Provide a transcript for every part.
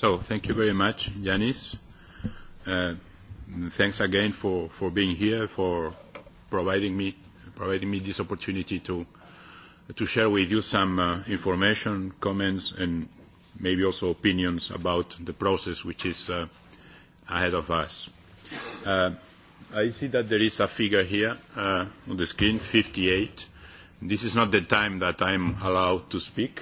So, thank you very much, Yanis. Uh, thanks again for, for being here, for providing me, providing me this opportunity to, to share with you some uh, information, comments, and maybe also opinions about the process which is uh, ahead of us. Uh, I see that there is a figure here uh, on the screen, 58. This is not the time that I am allowed to speak.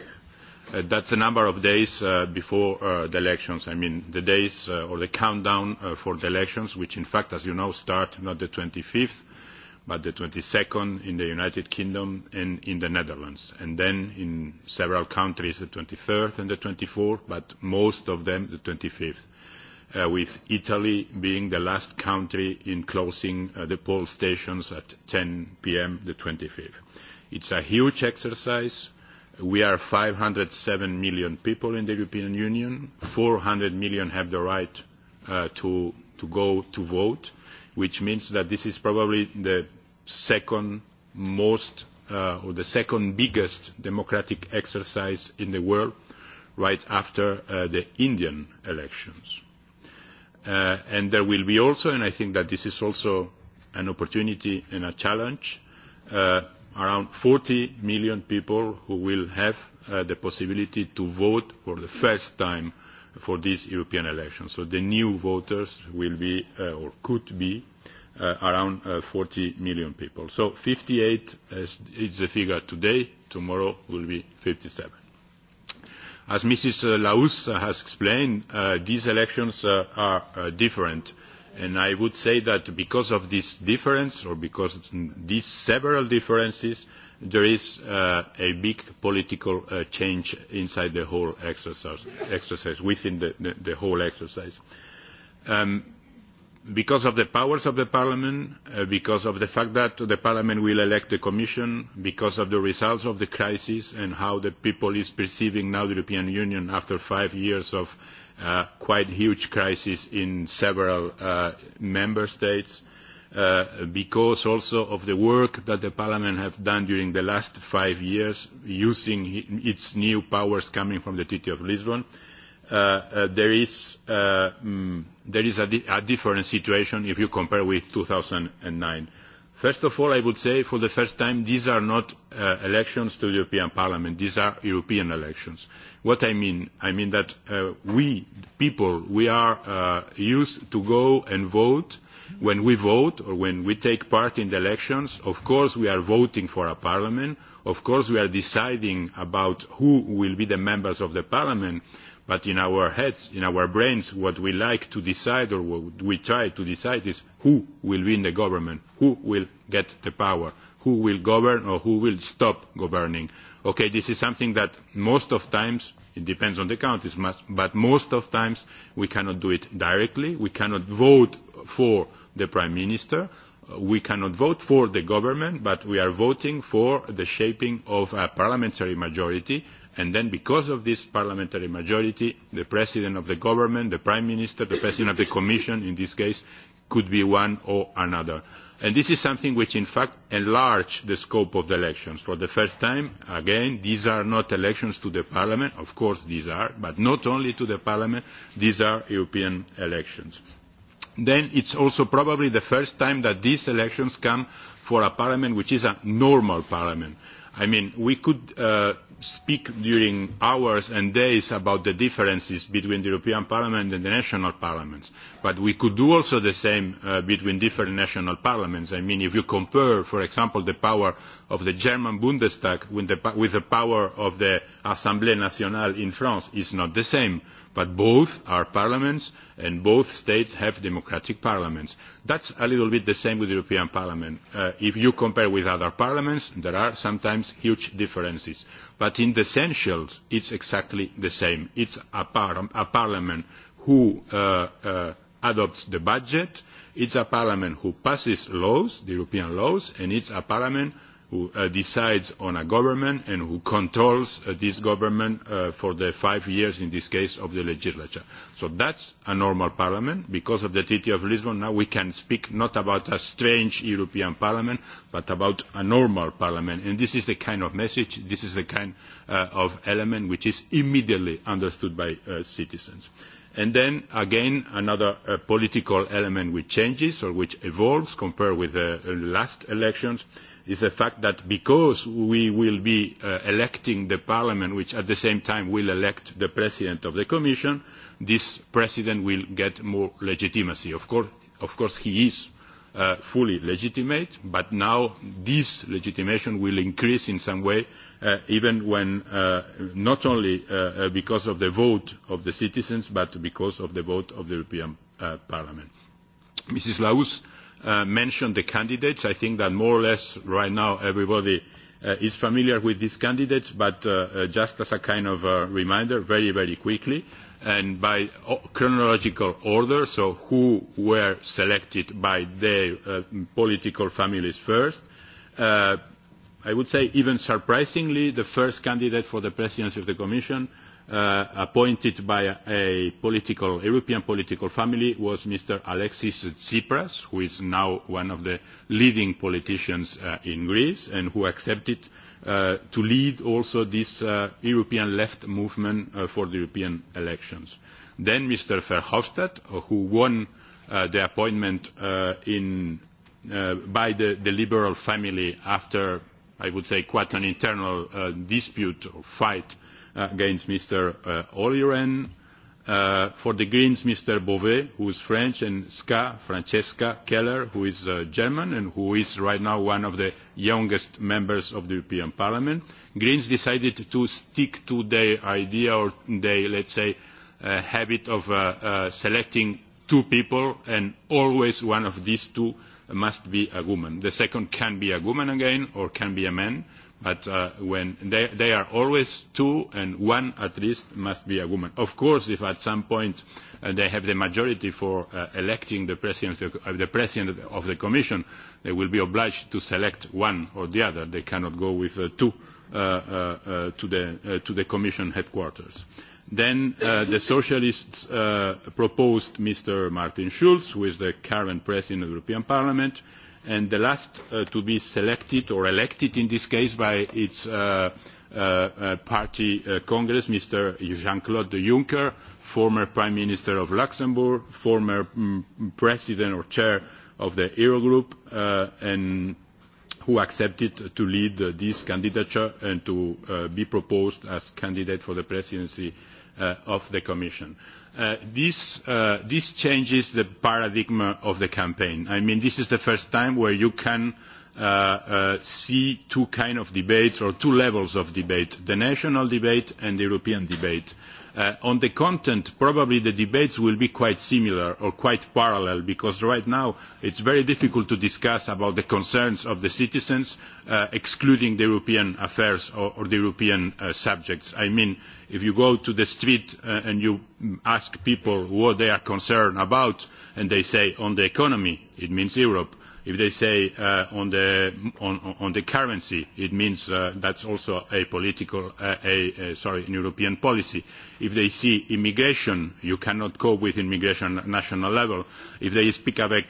That uh, that's the number of days uh, before uh, the elections i mean the days or the countdown for the elections which in fact as you know start not the twenty fifth but the twenty second in the united kingdom and in the netherlands and then in several countries the twenty third and the twenty fourth but most of them the twenty fifth with italy being the last country in closing the poll stations at ten pm the twenty fifth. it's a huge exercise we are five seven million people in the European Union. 400 million have the right uh, to, to go to vote, which means that this is probably the second most uh, or the second biggest democratic exercise in the world right after uh, the Indian elections. Uh, and there will be also, and I think that this is also an opportunity and a challenge, around 40 million people who will have uh, the possibility to vote for the first time for these European elections. So the new voters will be uh, or could be uh, around 40 million people. So 58 is, is the figure today. Tomorrow will be 57. As Mrs. Laus has explained, these elections are different and i would say that because of this difference or because of these several differences there is uh, a big political uh, change inside the whole exercise, within the, whole exercise um, because of the powers of the parliament uh, because of the fact that the parliament will elect the commission because of the results of the crisis and how the people is perceiving now the european union after five years of Uh, quite huge crisis in several uh, member states uh, because also of the work that the parliament has done during the last five years using its new powers coming from the treaty of lisbon uh, uh, there is mm, there is a, di a different situation if you compare with 2009 First of all, I would say for the first time these are not uh, elections to the European Parliament, these are European elections. What I mean? I mean that uh, we people we are uh, used to go and vote. When we vote or when we take part in the elections, of course we are voting for a Parliament, of course we are deciding about who will be the members of the Parliament But in our heads, in our brains, what we like to decide or what we try to decide is who will win the government, who will get the power, who will govern or who will stop governing. Okay, this is something that most of times, it depends on the counties but most of times we cannot do it directly. We cannot vote for the prime minister Uh, we cannot vote for the government but we are voting for the shaping of a parliamentary majority and then because of this parliamentary majority the president of the government the prime minister the president of the commission in this case could be one or another and this is something which in fact enlarged the scope of the elections for the first time again these are not elections to the parliament of course these are but not only to the parliament these are european elections then is also probably the first time that these elections come for a parliament which is a normal parliament. I mean, we could uh, speak during hours and days about the differences between the European Parliament and the national parliaments, but we could do also the same uh, between different national parliaments. I mean, if you compare, for example, the power of the German Bundestag with the, power of the Assemblée Nationale in France, is not the same but both are parliaments and both states have democratic parliaments. That's a little bit the same with the European Parliament. Uh, if you compare with other parliaments, there are sometimes huge differences. But in the essentials, is exactly the same. It's a, a parliament who uh, uh, adopts the budget, it is a parliament who passes laws, the European laws, and it is a parliament who uh, decides on a government and who controls uh, this government uh, for the five years in this case of the legislature. so that's a normal parliament. because of the treaty of lisbon now we can speak not about a strange european parliament but about a normal parliament and this is the kind of message this is the kind of element which is immediately understood by citizens. And then again another political element which changes or which evolves compared with the last elections is the fact that because we will be uh, electing the parliament which at the same time will elect the president of the commission this president will get more legitimacy. of course, of course he is uh, fully legitimate but now this legitimation will increase in some way uh, even when uh, not only uh, uh, because of the vote of the citizens but because of the vote of the european parliament. mrs Laus Uh, mention mentioned the candidates. I think that more or less right now everybody uh, is familiar with these candidates, but uh, just as a kind of reminder, very, very quickly, and by chronological order, so who were selected by their political families first. I would say even surprisingly, the first candidate for the presidency of the Commission Uh, appointed by a political European political family was Mr Alexis Tsipras, who is now one of the leading politicians uh, in Greece and who accepted uh, to lead also this European left movement for the European elections. Then Mr Verhofstadt, who won the appointment in, by the, the Liberal family after I would say quite an internal dispute or fight against Mr. Uh, Oliren. Uh, for the Greens, Mr. Beauvais, who is French, and Ska, Francesca Keller, who is uh, German and who is right now one of the youngest members of the European Parliament. Greens decided to stick to their idea or their, let's say, habit of selecting two people and always one of these two must be a woman. The second can be a woman again or can be a man but uh, when they, they are always two and one at least must be a woman. Of course, if at some point uh, they have the majority for uh, electing the president, of, uh, the president of the Commission, they will be obliged to select one or the other. They cannot go with uh, two uh, to the, to the Commission headquarters. Then the Socialists proposed Mr. Martin Schulz, who is the current president of the European Parliament, and the last uh, to be selected or elected in this case by its uh, uh, uh party uh, congress mr jean claude juncker former prime minister of luxembourg former um, president or chair of the eurogroup uh, and who accepted to lead this candidature and to be proposed as candidate for the presidency of the commission. Uh, this, uh, this changes the paradigm of the campaign. I mean, this is the first time where you can uh, uh see two kinds of debates or two levels of debate, the national debate and the European debate. Uh, on the content probably the debates will be quite similar or quite parallel because right now it is very difficult to discuss about the concerns of the citizens uh, excluding the european affairs or, the european uh, subjects. i mean if you go to the street and you ask people what they are concerned about and they say on the economy it means europe if they say uh, on the currency it means uh, that's also a political uh, a sorry european policy if they see immigration you cannot cope with immigration at national level if they speak about,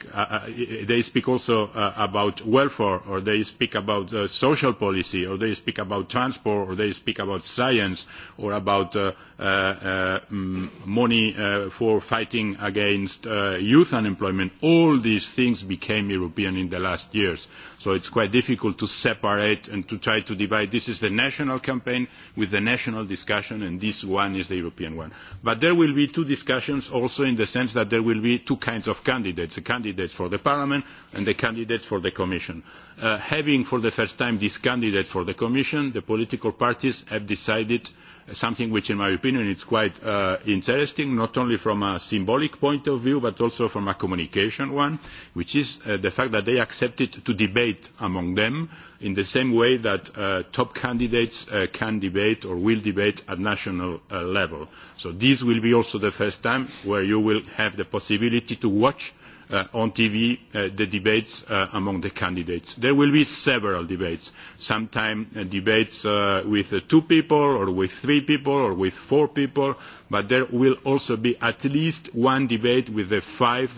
they speak also about welfare or they speak about social policy or they speak about transport or they speak about science or about um, money for fighting against youth unemployment all these things became european billion in the last years. So it's quite difficult to separate and to try to divide. This is the national campaign with the national discussion and this one is the European one. But there will be two discussions also in the sense that there will be two kinds of candidates, the candidates for the Parliament and the candidates for the Commission. Uh, having for the first time this candidate for the Commission, the political parties have decided something which in my opinion is quite uh, interesting not only from a symbolic point of view but also from a communication one which is uh, the fact that they accepted to debate among them in the same way that uh, top candidates uh, can debate or will debate at national uh, level. so this will be also the first time where you will have the possibility to watch Uh, on tv uh, the debates uh, among the candidates. there will be several debates sometimes debates with two people or with three people or with four people but there will also be at least one debate with the five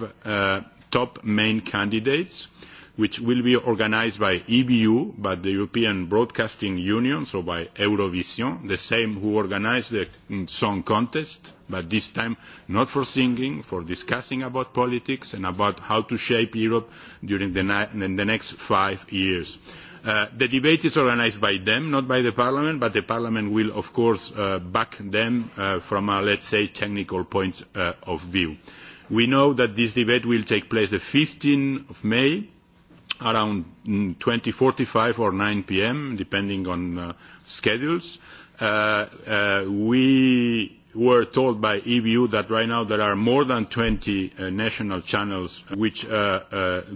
top main candidates which will be organised by EBU, by the European Broadcasting Union, so by Eurovision, the same who organised the song contest, but this time not for singing, for discussing about politics and about how to shape Europe during the, next five years. Uh, the debate is organised by them, not by the Parliament, but the Parliament will, of course, uh, back them uh, from a, let's say, technical point of view. We know that this debate will take place the 15 of May, around 20:45 mm, or 9 p.m. depending on uh, schedules. Uh, uh, we were told by EBU that right now there are more than 20 national channels which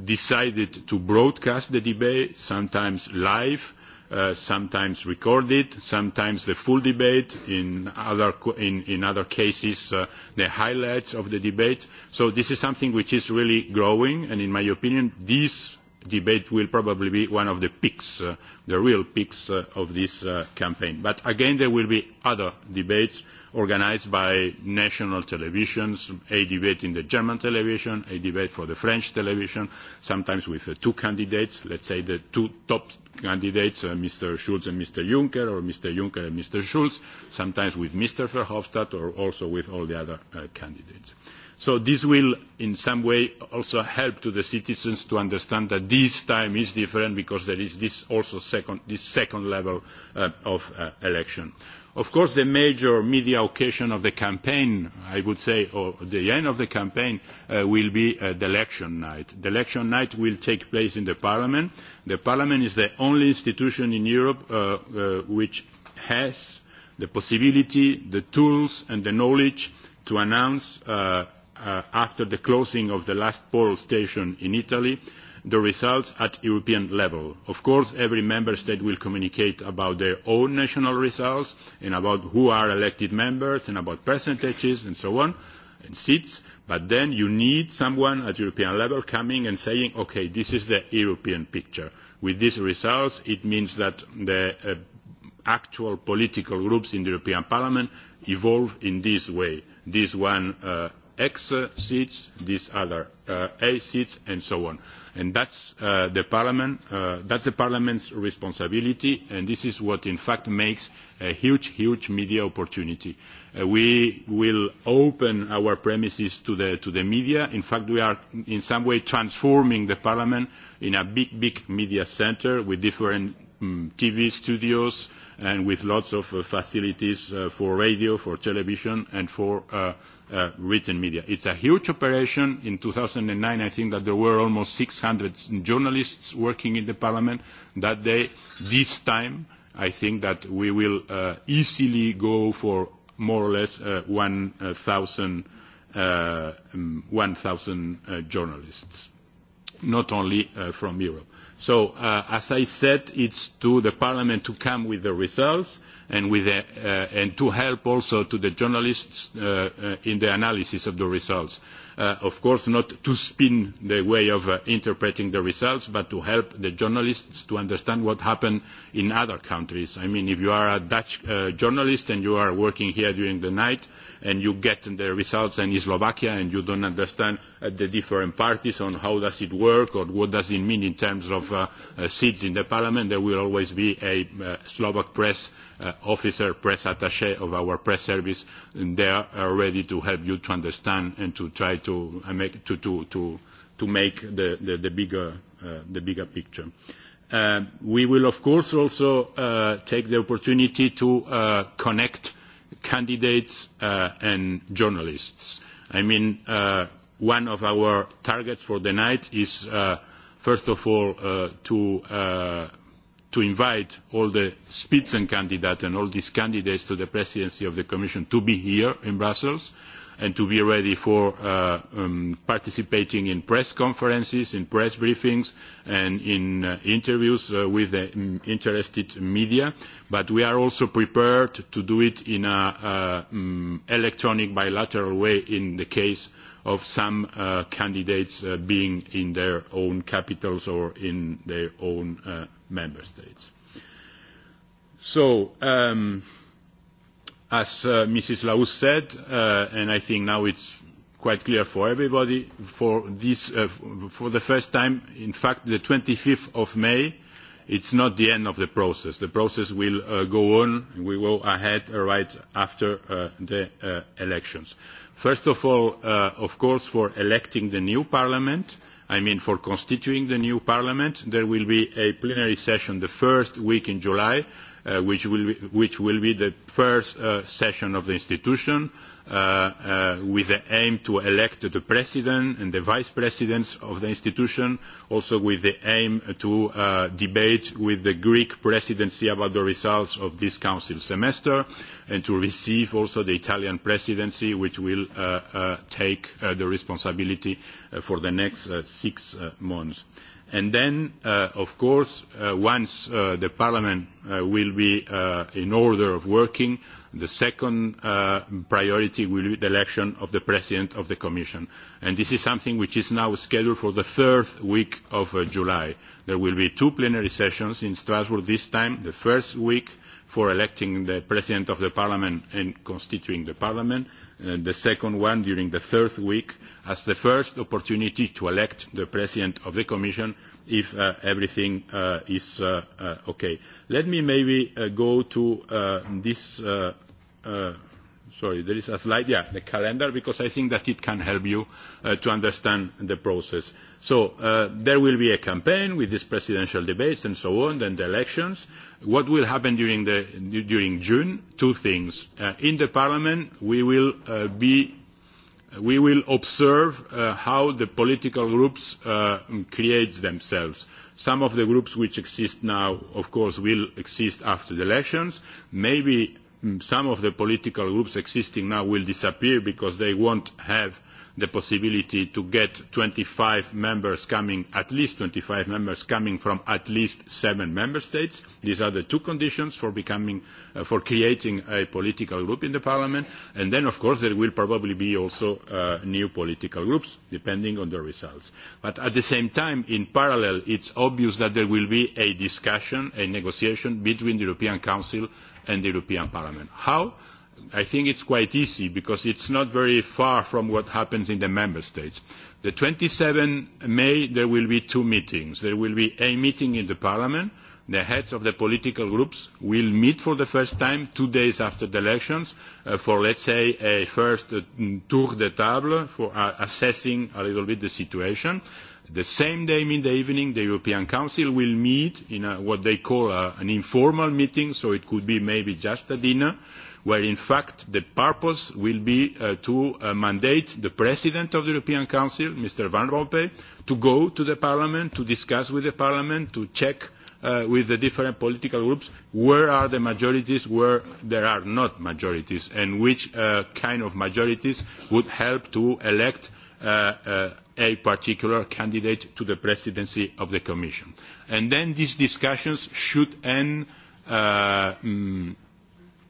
decided to broadcast the debate, sometimes live, sometimes recorded, sometimes the full debate, in other, in, other cases the highlights of the debate. So this is something which is really growing and in my opinion these debate will probably be one of the peaks, uh, the real peaks uh, of this uh, campaign. But again, there will be other debates organized by national televisions, a debate in the German television, a debate for the French television, sometimes with two candidates, let's say the two top candidates, Mr. Schulz and Mr. Juncker, or Mr. Juncker and Mr. Schulz, sometimes with Mr. Verhofstadt, or also with all the other candidates so this will in some way also help to the citizens to understand that this time is different because there is this also second, this second level uh, of uh, election. of course the major media occasion of the campaign i would say or the end of the campaign uh, will be the election night. the election night will take place in the parliament. the parliament is the only institution in europe which has the possibility the tools and the knowledge to announce Uh, after the closing of the last poll station in Italy the results at European level. Of course, every member state will communicate about their own national results and about who are elected members and about percentages and so on and seats, but then you need someone at European level coming and saying, okay, this is the European picture. With these results, it means that the uh, actual political groups in the European Parliament evolve in this way. This one uh, X seats, this other uh, A seats, and so on. And that's uh, the Parliament. Uh, that's the Parliament's responsibility, and this is what, in fact, makes a huge, huge media opportunity. We will open our premises to the to the media. In fact, we are in some way transforming the Parliament in a big, big media centre with different Mm, TV studios and with lots of uh, facilities uh, for radio, for television and for uh, written media. It's a huge operation. In 2009 I think that there were almost 600 journalists working in the parliament that day. This time I think that we will easily go for more or less uh, 1,000 mm, journalists, not only from Europe So uh, as I said, it's to the Parliament to come with the results and, uh, to help also to the journalists uh, in the analysis of the results. Uh, of course not to spin the way of uh, interpreting the results but to help the journalists to understand what happened in other countries. i mean if you are a dutch uh, journalist and you are working here during the night and you get the results in slovakia and you don't understand the different parties on how does it work or what does it mean in terms of seats in the parliament there will always be a slovak press Uh, officer, press attaché of our press service, they are ready to help you to understand and to try to uh, make, to, to, to, to make the, the, the, bigger, uh, the bigger picture. We will, of course, also take the opportunity to connect candidates and journalists. I mean, one of our targets for the night is, first of all, to to invite all the spitzenkandidaten and all these candidates to the presidency of the commission to be here in brussels and to be ready for uh, um, participating in press conferences in press briefings and in uh, interviews uh, with the mm, interested media but we are also prepared to do it in an mm, electronic bilateral way in the case of some candidates being in their own capitals or in their own member states. So, um, as uh, Mrs. Laus said, uh, and I think now it's quite clear for everybody, for, this, uh, for the first time, in fact, the 25th of May, it's not the end of the process. The process will uh, go on. And we will ahead uh, right after uh, the uh, elections. First of all, uh, of course, for electing the new parliament, i mean for constituting the new parliament. There will be a plenary session the first week in July, uh, which, will be, the first uh, session of the institution. Uh, uh, with the aim to elect the president and the vice presidents of the institution also with the aim to uh, debate with the greek presidency about the results of this council semester and to receive also the italian presidency which will take the responsibility for the next six months and then of course once the parliament will be in order of working the second uh, priority will be the election of the president of the commission and this is something which is now scheduled for the third week of uh, july. there will be two plenary sessions in strasbourg this time the first week for electing the president of the parliament and constituting the parliament and uh, the second one during the third week as the first opportunity to elect the president of the commission if uh, everything uh, is okay let me maybe go to this sorry, there is a slide, yeah, the calendar, because I think that it can help you uh, to understand the process. So uh, there will be a campaign with these presidential debates and so on, then the elections. What will happen during, June? Two things. Uh, in the Parliament, we will be we will observe how the political groups create themselves. Some of the groups which exist now, of course, will exist after the elections. Maybe Mm, some of the political groups existing now will disappear because they won't have the possibility to get twenty five members coming at least twenty five members coming from at least seven member states. these are the two conditions for becoming uh, for creating a political group in the parliament and then of course there will probably be also uh, new political groups depending on the results. but at the same time in parallel it is obvious that there will be a discussion a negotiation between the european council and the European Parliament. How? I think it's quite easy because it's not very far from what happens in the member states. The 27 May there will be two meetings. There will be a meeting in the Parliament. The heads of the political groups will meet for the first time two days after the elections uh, for let's say a first uh, tour de table for uh, assessing a little bit the situation the same day in the evening the european council will meet in a, what they call a, an informal meeting so it could be maybe just a dinner where in fact the purpose will be uh, to uh, mandate the president of the european council mr van rompuy to go to the parliament to discuss with the parliament to check uh, with the different political groups where are the majorities where there are not majorities and which uh, kind of majorities would help to elect uh, uh a particular candidate to the presidency of the commission and then these discussions should end uh, mm,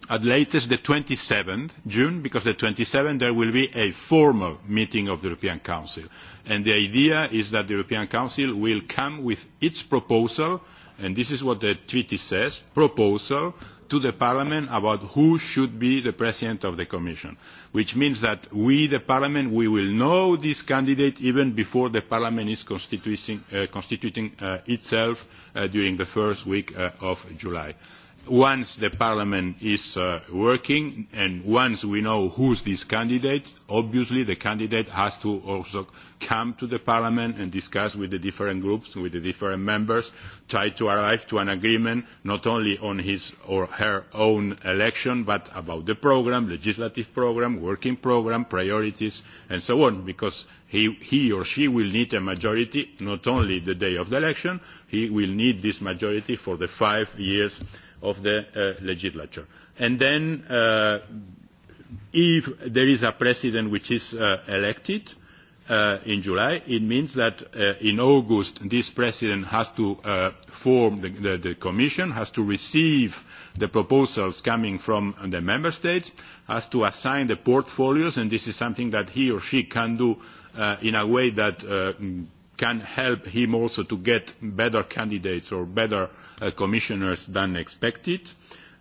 at latest the 27th June because the 27th there will be a formal meeting of the European Council and the idea is that the European Council will come with its proposal and this is what the treaty says proposal to the parliament about who should be the president of the commission which means that we the parliament we will know this candidate even before the parliament is constituting, uh, constituting uh, itself uh, during the first week uh, of july once the parliament is uh, working and once we know who is this candidate obviously the candidate has to also come to the parliament and discuss with the different groups with the different members try to arrive to an agreement not only on his or her own election but about the programme legislative programme working programme priorities and so on because he, he or she will need a majority not only the day of the election he will need this majority for the five years of the uh, legislature. And then uh, if there is a president which is uh, elected in July, it means that in August this president has to form the, the, the Commission, has to receive the proposals coming from the member states has to assign the portfolios and this is something that he or she can do uh, in a way that uh, can help him also to get better candidates or better uh, commissioners than expected.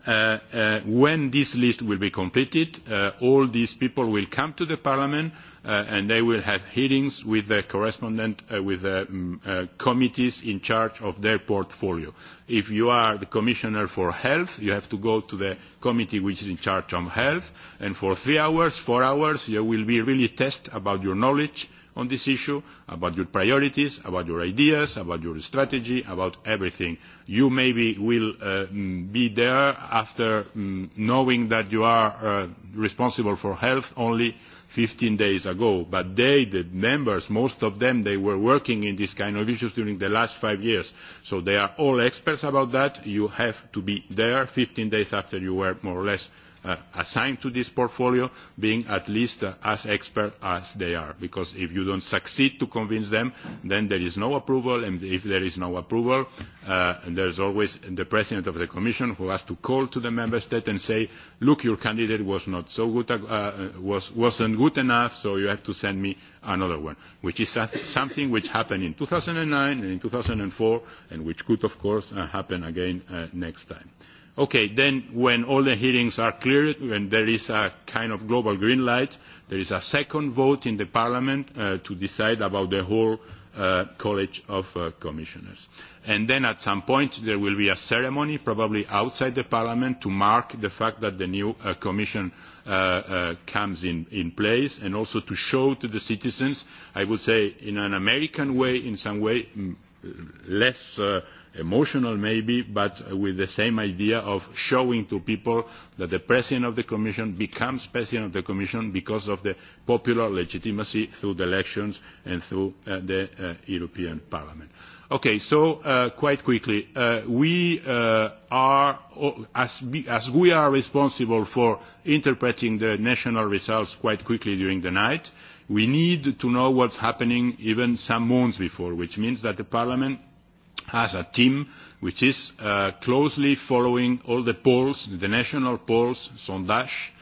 Uh, uh, when this list will be completed all these people will come to the parliament and they will have hearings with the correspondent with the mm, committees in charge of their portfolio. if you are the commissioner for health you have to go to the committee which is in charge of health and for three hours four hours you will be really tested about your knowledge on this issue, about your priorities, about your ideas, about your strategy, about everything. You maybe will uh, mm, be there after um, knowing that you are uh, responsible for health only 15 days ago. But they, the members, most of them, they were working in this kind of issues during the last five years. So they are all experts about that. You have to be there 15 days after you were more or less Uh, assigned to this portfolio being at least uh, as expert as they are because if you don't succeed to convince them then there is no approval and if there is no approval uh, there is always the president of the commission who has to call to the member state and say look your candidate was not so good was, wasn't good enough so you have to send me another one which is something which happened in 2009 and in 2004 and which could of course happen again next time Okay, then when all the hearings are cleared, when there is a kind of global green light, there is a second vote in the Parliament uh, to decide about the whole uh, College of uh, Commissioners. And then at some point there will be a ceremony, probably outside the Parliament, to mark the fact that the new Commission comes in, in place and also to show to the citizens, I would say in an American way, in some way mm, less emotional maybe but with the same idea of showing to people that the president of the commission becomes president of the commission because of the popular legitimacy through the elections and through uh, the uh, european parliament okay so uh, quite quickly we are oh, as, we are responsible for interpreting the national results quite quickly during the night we need to know what's happening even some months before which means that the parliament has a team which is uh, closely following all the polls, the national polls, sondage,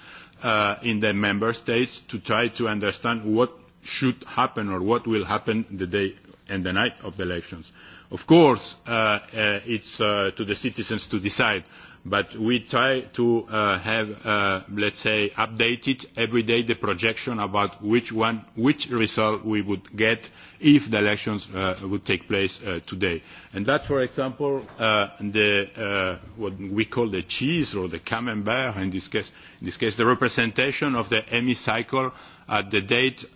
uh, in the member states to try to understand what should happen or what will happen the day and the night of the elections. Of course uh, uh it's uh, to the citizens to decide, but we try to uh, have let's say updated every day the projection about which one which result we would get if the elections would take place today. And that for example the what we call the cheese or the camembert in this case in this case the representation of the hemicycle at the date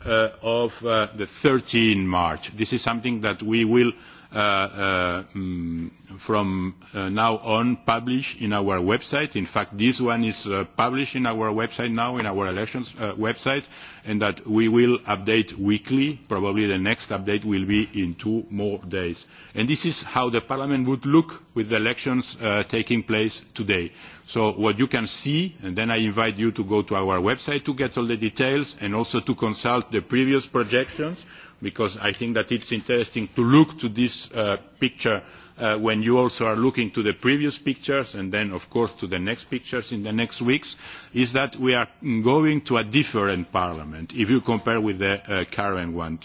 of the 13 March. This is something that we will Uh, uh, mm, from uh, now on published in our website. In fact, this one is published in our website now, in our elections website, and that we will update weekly. Probably the next update will be in two more days. And this is how the Parliament would look with the elections taking place today. So what you can see, and then I invite you to go to our website to get all the details and also to consult the previous projections because i think that it is interesting to look to this uh, picture uh, when you also are looking to the previous pictures and then of course to the next pictures in the next weeks is that we are going to a different parliament if you compare with the uh, current one.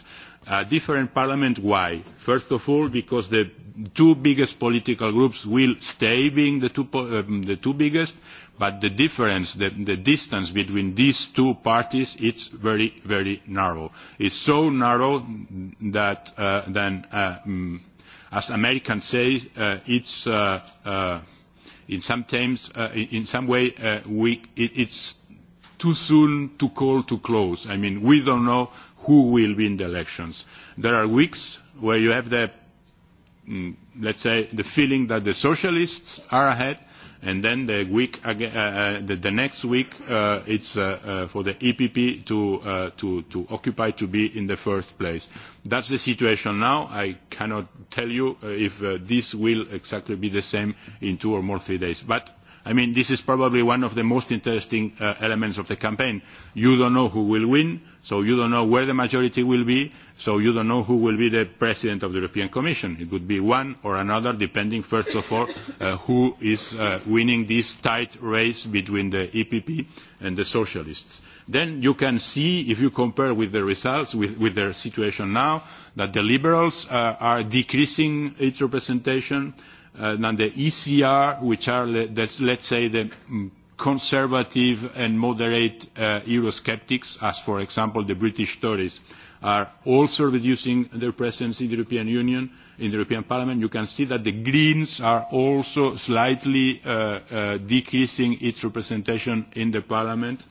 a different parliament why? first of all because the two biggest political groups will stay being the two um, biggest but the difference the, the distance between these two parties is very very narrow it's so narrow that uh, then uh, mm, as americans say uh, it's uh, in some terms in some way we it, it's too soon to call to close i mean we don't know who will win the elections there are weeks where you have the mm, let's say the feeling that the socialists are ahead and then the week uh, uh the, next week uh, it's uh, uh for the epp to uh, to to occupy to be in the first place that's the situation now i cannot tell you if this will exactly be the same in two or more three days but i mean this is probably one of the most interesting elements of the campaign you don't know who will win So you don't know where the majority will be, so you don't know who will be the President of the European Commission. It would be one or another, depending first of all uh, who is uh, winning this tight race between the EPP and the Socialists. Then you can see, if you compare with the results, with, their situation now, that the Liberals uh, are decreasing its representation, uh, and the ECR, which are, let's, let's say, the mm, conservative and moderate uh, Eurosceptics, as for example the British Tories, are also reducing their presence in the European Union, in the European Parliament. You can see that the Greens are also slightly uh, uh, decreasing its representation in the Parliament.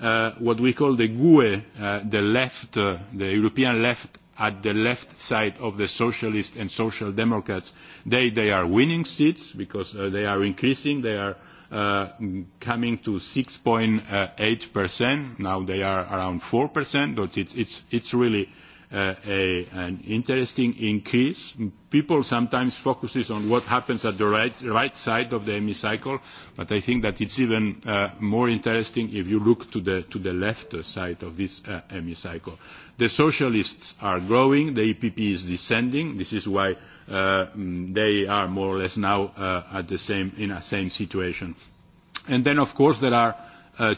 Uh, what we call the GUE, the left, the European left at the left side of the socialists and social democrats, they, they are winning seats because they are increasing, they are Uh, coming to 6.8%. Now they are around 4%, but it's really Uh, an interesting increase. People sometimes focus on what happens at the right, side of the hemicycle, but I think that it's even uh, more interesting if you look to the, left side of this uh, hemicycle. The socialists are growing, the EPP is descending. This is why mm, they are more or less now at the same, in the same situation. And then, of course, there are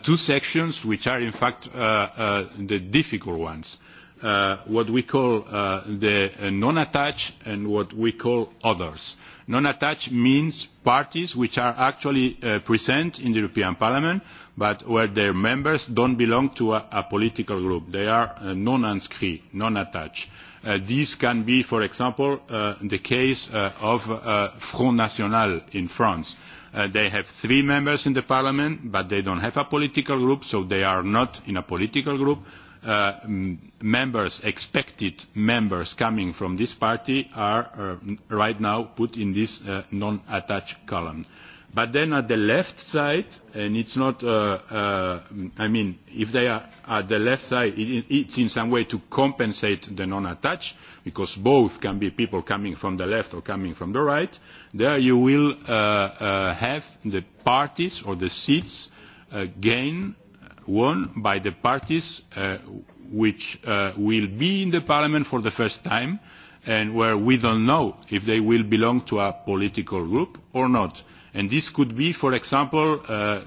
two sections which are, in fact, the difficult ones Uh, what we call uh, the uh, non attached and what we call others. non attached means parties which are actually present in the european parliament but where their members do not belong to a, political group. they are non inscrits non attached. this can be for example the case of front national in france. they have three members in the parliament but they don't have a political group so they are not in a political group Uh, members expected members coming from this party are uh, right now put in this uh, non attached column but then at the left side and it's not i mean if they are at the left side it it's in some way to compensate the non attached because both can be people coming from the left or coming from the right there you will have the parties or the seats gain won by the parties uh, which uh, will be in the parliament for the first time and where we don't know if they will belong to a political group or not. And this could be, for example, uh,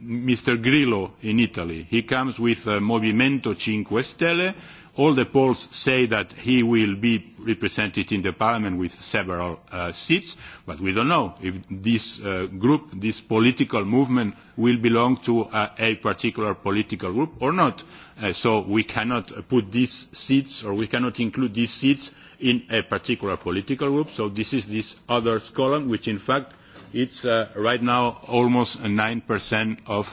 Mr. Grillo in Italy. He comes with Movimento Cinque Stelle, all the polls say that he will be represented in the parliament with several uh, seats but we don't know if this uh, group this political movement will belong to a particular political group or not uh, so we cannot put these seats or we cannot include these seats in a particular political group so this is this other column which in fact is right now almost 9% of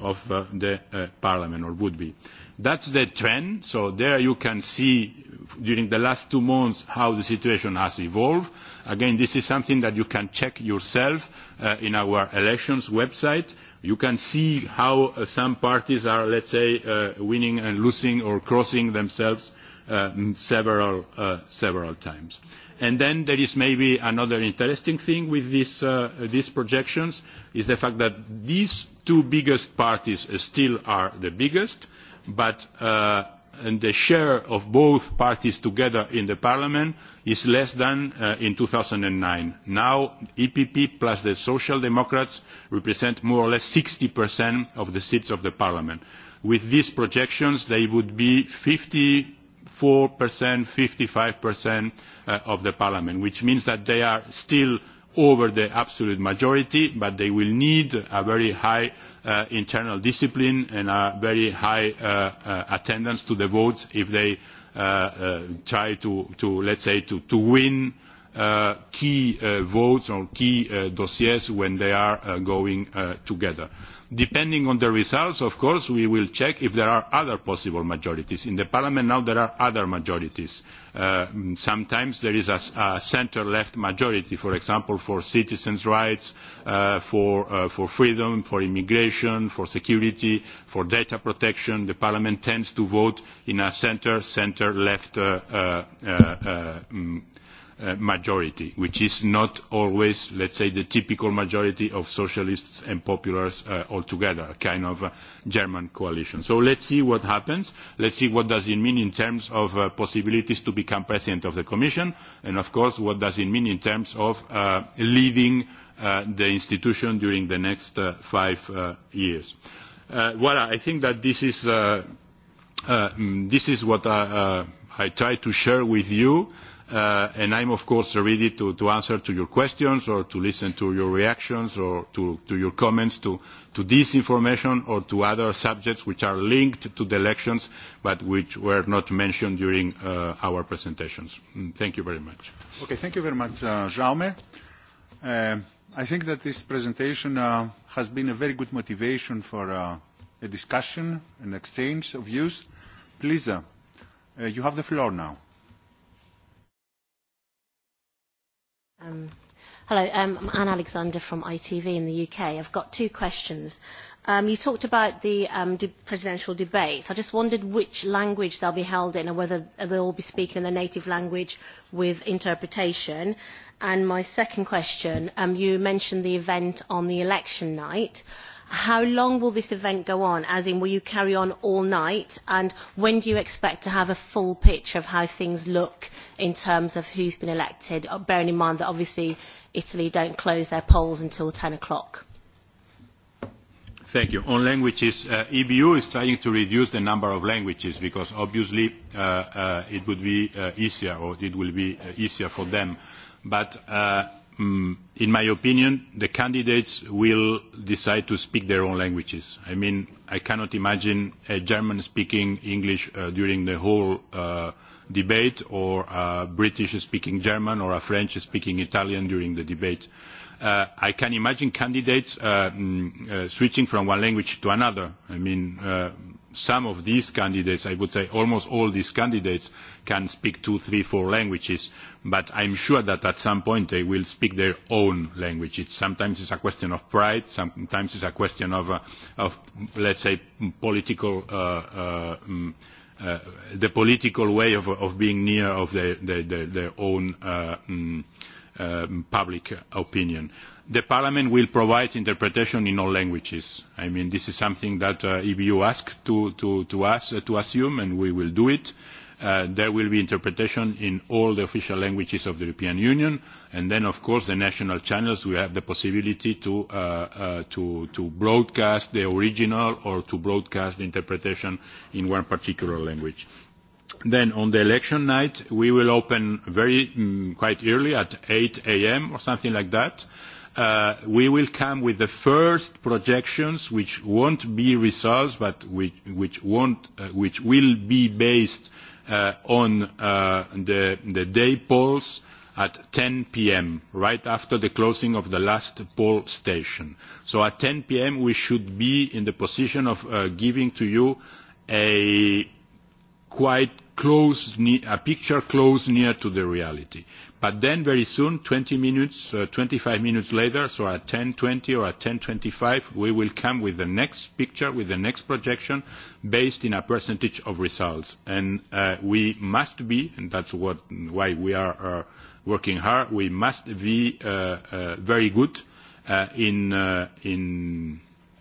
of the parliament or would be That's the trend. So there you can see during the last two months how the situation has evolved. Again, this is something that you can check yourself uh, in our elections website. You can see how uh, some parties are, let's say, uh, winning and losing or crossing themselves several, several times. And then there is maybe another interesting thing with these projections is the fact that these two biggest parties still are the biggest but uh, the share of both parties together in the parliament is less than uh, in thousand and nine. now epp plus the social democrats represent more or less sixty of the seats of the parliament with these projections they would be fifty four fifty five uh, of the parliament which means that they are still over the absolute majority but they will need a very high Uh, internal discipline and a very high uh, uh, attendance to the votes if they try to, to let's say to, to win Uh, key uh, votes or key uh, dossiers when they are going together. Depending on the results, of course, we will check if there are other possible majorities. In the Parliament now there are other majorities. Sometimes there is a, center centre left majority, for example, for citizens' rights, for, freedom, for immigration, for security, for data protection. The Parliament tends to vote in a centre centre left mm, Uh, majority which is not always let's say the typical majority of socialists and populars uh, altogether a kind of uh, german coalition so let's see what happens let's see what does it mean in terms of uh, possibilities to become president of the commission and of course what does it mean in terms of leading the institution during the next five years voilà i think that this is mm, this is what I try to share with you Uh, and I am of course ready to, answer to your questions or to listen to your reactions or to, your comments to, this information or to other subjects which are linked to the elections but which were not mentioned during uh, our presentations. Mm, thank you very much. Okay, thank you very much, uh, Jaume. I think that this presentation has been a very good motivation for a discussion, and exchange of views. Please, you have the floor now. Um, hello, um, I'm Anne Alexander from ITV in the UK. I've got two questions. Um, you talked about the um, de presidential debates. I just wondered which language they'll be held in and whether they'll all be speaking in their native language with interpretation. And my second question, um, you mentioned the event on the election night how long will this event go on as in will you carry on all night and when do you expect to have a full picture of how things look in terms of who's been elected uh, bearing in mind that obviously italy don't close their polls until 10 o'clock Thank you. On languages, uh, EBU is trying to reduce the number of languages because obviously uh, uh, it would be uh, easier or it will be uh, easier for them. But Mm, in my opinion the candidates will decide to speak their own languages. i mean i cannot imagine a german speaking english uh, during the whole uh, debate or a british speaking german or a french speaking italian during the debate. Uh, i can imagine candidates uh, mm, uh, switching from one language to another. i mean uh, some of these candidates i would say almost all these candidates can speak two three four languages but i am sure that at some point they will speak their own language. sometimes it is a question of pride sometimes it is a question of, uh, let us say political uh, uh, mm, the political way of, of being near of their, their own mm, Um, public opinion. The Parliament will provide interpretation in all languages. I mean, this is something that uh, you ask to, to, to us uh, to assume, and we will do it. Uh, there will be interpretation in all the official languages of the European Union, and then, of course, the national channels will have the possibility to, uh, uh, to, to broadcast the original or to broadcast the interpretation in one particular language Then on the election night we will open very mm, quite early at 8 a.m. or something like that. Uh, we will come with the first projections which won't be results but which, won't, uh, which will be based uh, on the, the day polls at 10 p.m. right after the closing of the last poll station. So at 10 p.m. we should be in the position of giving to you a quite close, a picture close near to the reality. But then very soon, 20 minutes, uh, 25 minutes later, so at 10.20 or at 10.25, we will come with the next picture, with the next projection, based in a percentage of results. And uh, we must be, and that's what, why we are uh, working hard, we must be uh, uh, very good uh, in, uh, in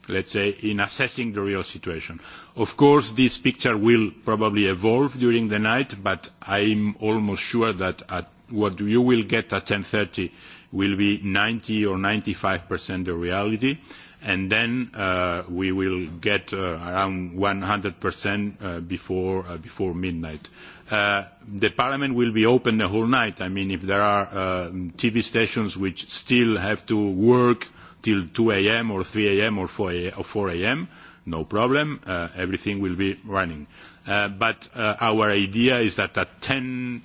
let's say in assessing the real situation. of course this picture will probably evolve during the night but i am almost sure that what you will get at ten thirty will be ninety or ninety five the reality and then uh, we will get uh, around one hundred uh, before before midnight. The Parliament will be open the whole night. I mean if there are TV stations which still have to work till 2 a.m. or 3 a.m. or 4 a.m., no problem. Uh, everything will be running. Uh, but uh, our idea is that at 10.25,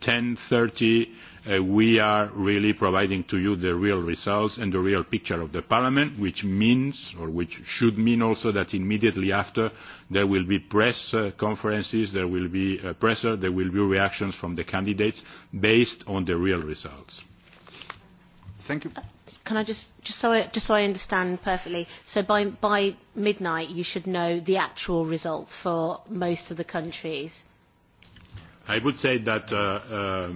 10.30, uh, we are really providing to you the real results and the real picture of the Parliament, which means, or which should mean also that immediately after there will be press uh, conferences, there will be uh, presser, there will be reactions from the candidates based on the real results. Thank you can I just, just, so I, just understand perfectly, so by, by midnight you should know the actual results for most of the countries? I would say that uh, uh,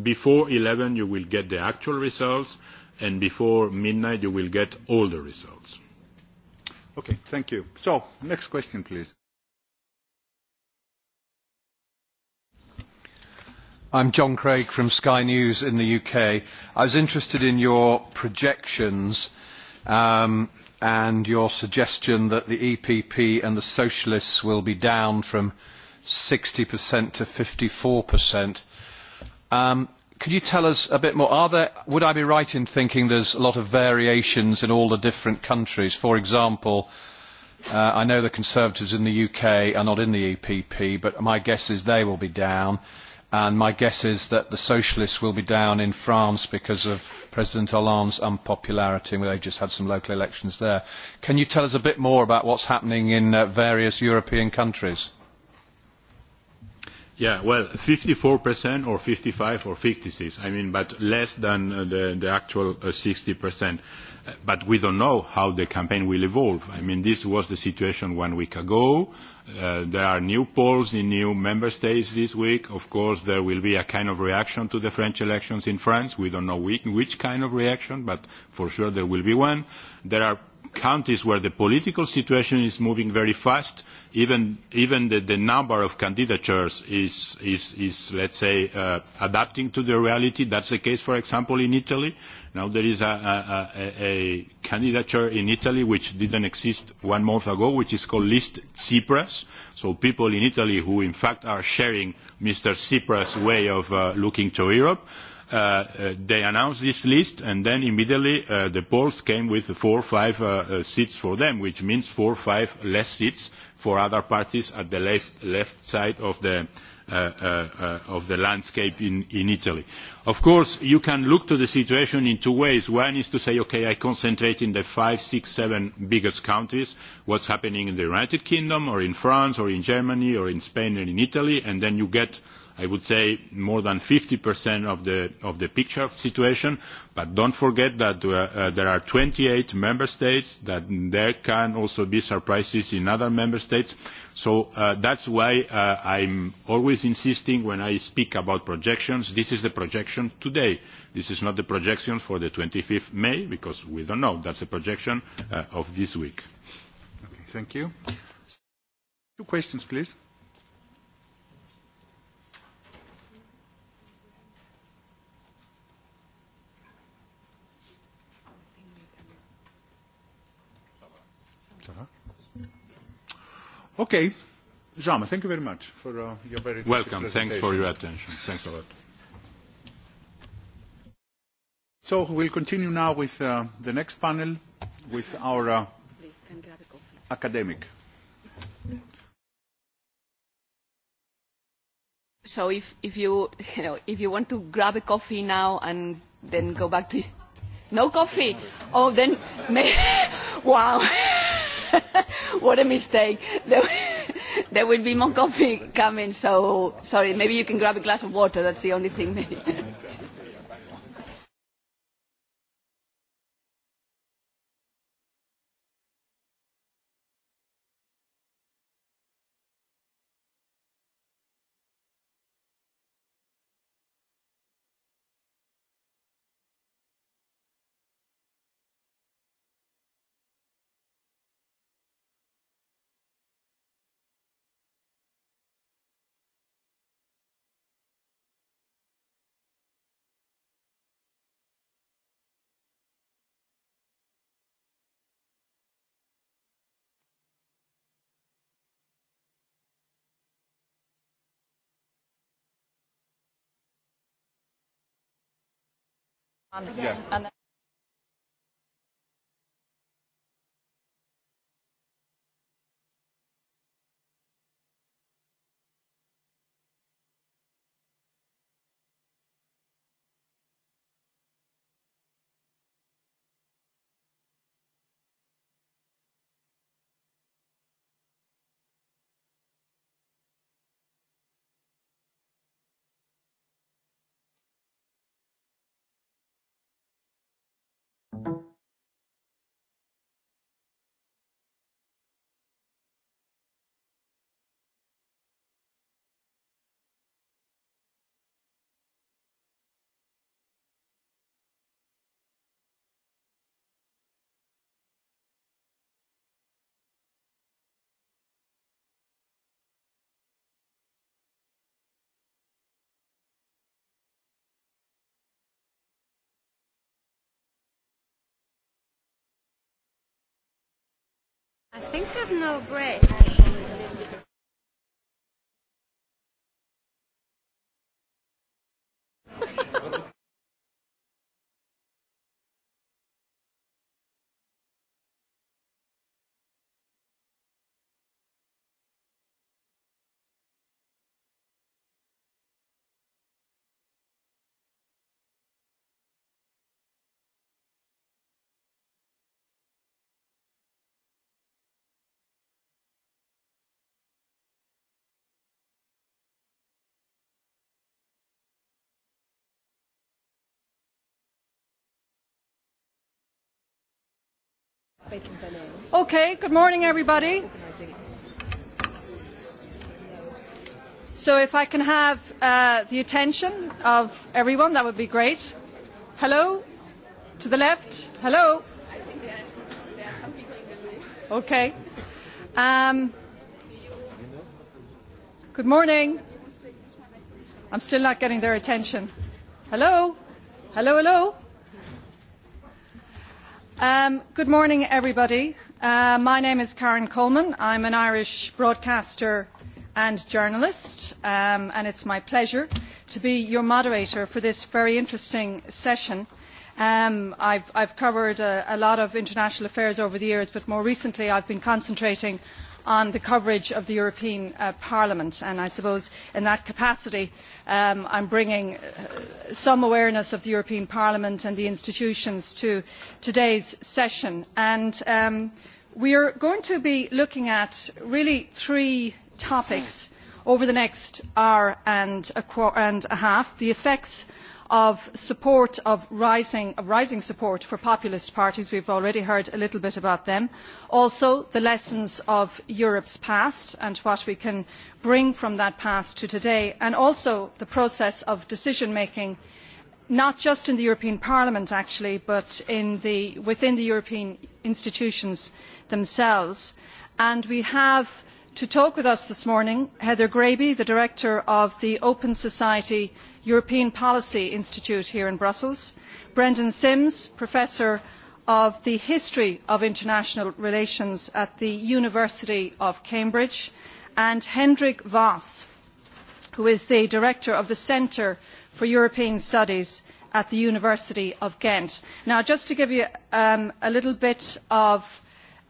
before 11 you will get the actual results and before midnight you will get all the results. Okay, thank you. So, next question please. I'm John Craig from Sky News in the UK. I was interested in your projections um, and your suggestion that the EPP and the Socialists will be down from 60% to 54%. Um, could you tell us a bit more? Are there, would I be right in thinking there's a lot of variations in all the different countries? For example, uh, I know the Conservatives in the UK are not in the EPP, but my guess is they will be down and my guess is that the socialists will be down in france because of president hollande's unpopularity and they just had some local elections there. can you tell us a bit more about what is happening in uh, various european countries? Yeah, well, 54% or 55 or 56, I mean, but less than uh, the, the actual uh, sixty 60% but we don't know how the campaign will evolve. I mean, this was the situation one week ago. Uh, there are new polls in new member states this week. Of course, there will be a kind of reaction to the French elections in France. We don't know which, which kind of reaction, but for sure there will be one. There are countries where the political situation is moving very fast even even the, number of candidatures is is is let's say uh, adapting to the reality that's the case for example in italy now there is a, a, candidature in italy which didn't exist one month ago which is called list tsipras so people in italy who in fact are sharing mr tsipras way of uh, looking to europe Uh, they announced this list and then immediately uh, the polls came with four or five uh, seats for them which means four or five less seats for other parties at the left, side of the landscape in, italy. of course you can look to the situation in two ways one is to say okay, i concentrate in the five six seven biggest countries what is happening in the united kingdom or in france or in germany or in spain and in italy and then you get i would say more than 50% of the, of the picture of situation, but don't forget that uh, uh, there are 28 member states, that there can also be surprises in other member states. So uh, that's why I'm always insisting when I speak about projections, this is the projection today. This is not the projection for the 25th May, because we don't know. That's a projection of this week. Okay, thank you. Two questions, please. Okay. Jaume, thank you very much for uh, your very Welcome. Thanks for your attention. Thanks a lot. So we'll continue now with uh, the next panel with our uh, academic. So if, if, you, you know, if you want to grab a coffee now and then go back to... No coffee? Oh, then... wow. what a mistake. There, will be more coffee coming, so sorry. Maybe you can grab a glass of water. That's the only thing, maybe. Um, yeah. thank I think there's no break. Okay, good morning everybody. So if I can have uh, the attention of everyone, that would be great. Hello? To the left? Hello? Okay. Um, good morning. I'm still not getting their attention. Hello? Hello, hello? Um, good morning everybody uh, my name is karen coleman i am an irish broadcaster and journalist um, and it is my pleasure to be your moderator for this very interesting session. Um, i have covered a, a lot of international affairs over the years but more recently i have been concentrating on the coverage of the european uh, parliament and i suppose in that capacity i am um, bringing uh, some awareness of the european parliament and the institutions to today's session. Um, we are going to be looking at really three topics over the next hour and a half the effects of support of rising, of rising support for populist parties we have already heard a little bit about them also the lessons of europe's past and what we can bring from that past to today and also the process of decision making not just in the european parliament actually but the, within the european institutions themselves and we have to talk with us this morning heather graby the director of the open society european policy institute here in brussels brendan sims professor of the history of international relations at the university of cambridge and hendrik voss who is the director of the centre for european studies at the university of ghent. now just to give you um, a little bit of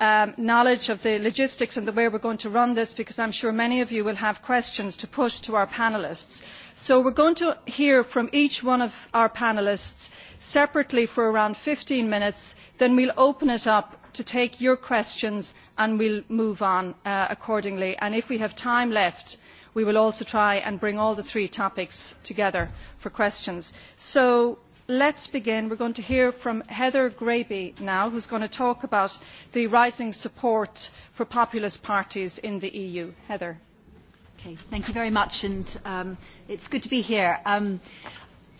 Um, knowledge of the logistics and the way we are going to run this because i am sure many of you will have questions to put to our panellists. so we are going to hear from each one of our panellists separately for around fifteen minutes then we will open it up to take your questions and we will move on uh, accordingly and if we have time left we will also try and bring all the three topics together for questions. so let us begin we are going to hear from heather graby now who is going to talk about the rising support for populist parties in the eu. heather. thank you very much and um, it is good to be here. Um,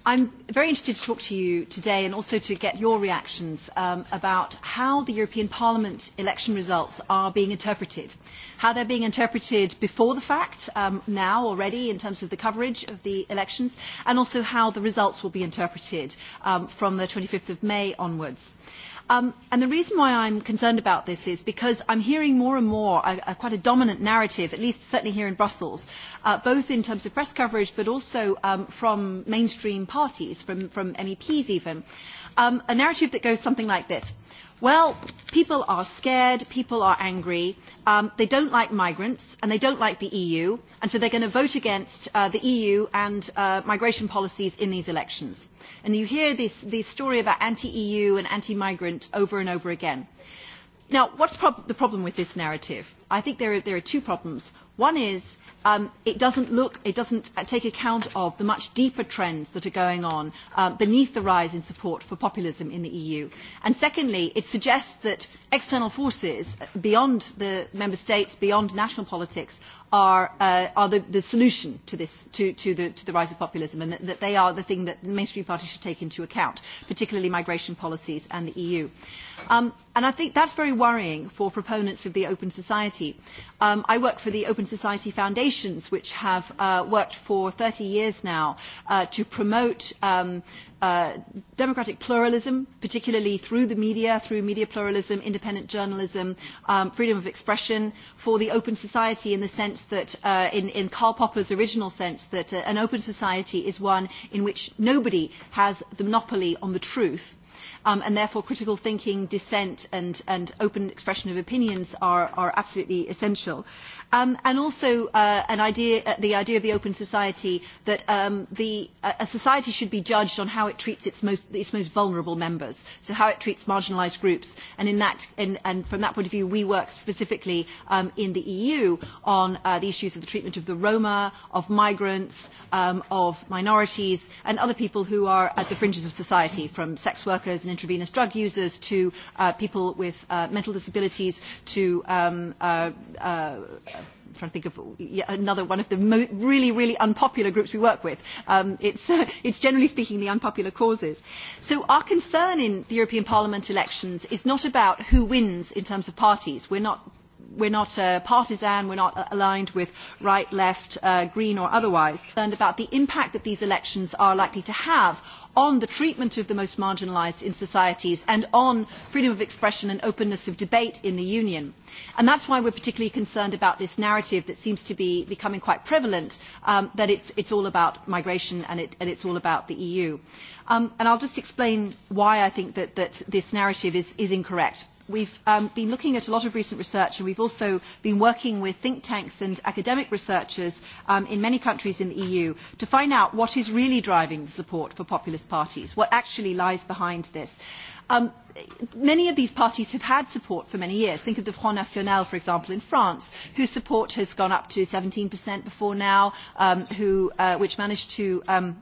I'm very interested to talk to you today and also to get your reactions um, about how the European Parliament election results are being interpreted. How they're being interpreted before the fact, um, now already, in terms of the coverage of the elections, and also how the results will be interpreted um, from the 25th of May onwards. Um, and the reason why I'm concerned about this is because I'm hearing more and more a, quite a dominant narrative, at least certainly here in Brussels, uh, both in terms of press coverage but also um, from mainstream parties, from, from MEPs even, um, a narrative that goes something like this Well, people are scared, people are angry, um, they don't like migrants and they don't like the EU, and so they're going to vote against uh, the EU and uh, migration policies in these elections. And you hear this, this story about anti-EU and anti-migrant over and over again. Now, what's prob the problem with this narrative? I think there are, there are two problems. One is Um, it doesn't look, it doesn't uh, take account of the much deeper trends that are going on um, beneath the rise in support for populism in the EU. And secondly, it suggests that external forces uh, beyond the member states, beyond national politics, are, uh, are the, solution to, this, to, the, to the rise of populism and that, they are the thing that the mainstream parties should take into account, particularly migration policies and the EU. Um, and i think that's very worrying for proponents of the open society um, i work for the open society foundations which have uh, worked for 30 years now uh, to promote um, uh, democratic pluralism particularly through the media through media pluralism independent journalism um, freedom of expression for the open society in the sense that in in karl popper's original sense that an open society is one in which nobody has the monopoly on the truth Um, and therefore critical thinking dissent and, and open expression of opinions are, are absolutely essential Um, and also uh, an idea, uh, the idea of the open society that um, the, uh, a society should be judged on how it treats its most, its most vulnerable members, so how it treats marginalised groups. And, in that, and from that point of view, we work specifically um, in the EU on the issues of the treatment of the Roma, of migrants, of minorities, and other people who are at the fringes of society, from sex workers and intravenous drug users to people with mental disabilities to I'm trying to think of another one of the mo really, really unpopular groups we work with. Um, it's, uh, it's generally speaking the unpopular causes. So our concern in the European Parliament elections is not about who wins in terms of parties. We're not we're not uh, partisan, we're not aligned with right, left, uh, green or otherwise. Concerned about the impact that these elections are likely to have on the treatment of the most marginalised in societies and on freedom of expression and openness of debate in the union. that is why we are particularly concerned about this narrative that seems to be becoming quite prevalent um, that it is all about migration and it is all about the eu. i um, will just explain why i think that, that this narrative is, is incorrect We've um, been looking at a lot of recent research and we've also been working with think tanks and academic researchers um, in many countries in the EU to find out what is really driving the support for populist parties, what actually lies behind this. Um, many of these parties have had support for many years. Think of the Front National, for example, in France, whose support has gone up to 17% before now, um, who, uh, which managed to... Um,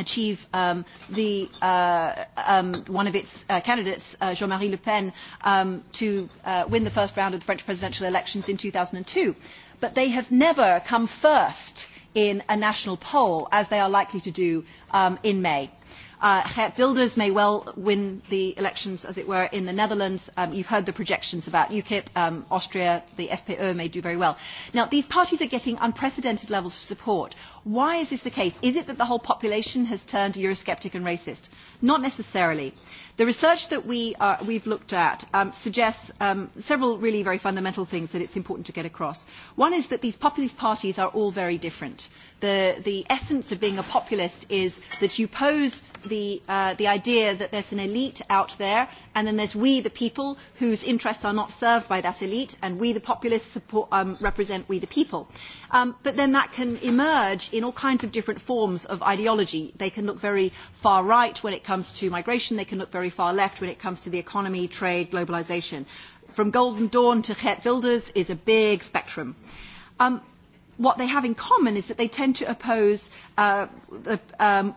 achieve um, the, uh, um, one of its uh, candidates, uh, Jean-Marie Le Pen, um, to uh, win the first round of the French presidential elections in 2002. But they have never come first in a national poll, as they are likely to do um, in May. Uh, Wilders may well win the elections, as it were, in the Netherlands. Um, you've heard the projections about UKIP, um, Austria, the FPÖ may do very well. Now, these parties are getting unprecedented levels of support Why is this the case? Is it that the whole population has turned Eurosceptic and racist? Not necessarily. The research that we are, uh, we've looked at um, suggests um, several really very fundamental things that it's important to get across. One is that these populist parties are all very different. The, the essence of being a populist is that you pose the, uh, the idea that there's an elite out there and then is we the people whose interests are not served by that elite and we the populists support, um, represent we the people. Um, but then that can emerge in all kinds of different forms of ideology. They can look very far right when it comes to migration, they can look very far left when it comes to the economy, trade, globalisation. From Golden Dawn to Geert Wilders is a big spectrum. Um, what they have in common is that they tend to oppose uh,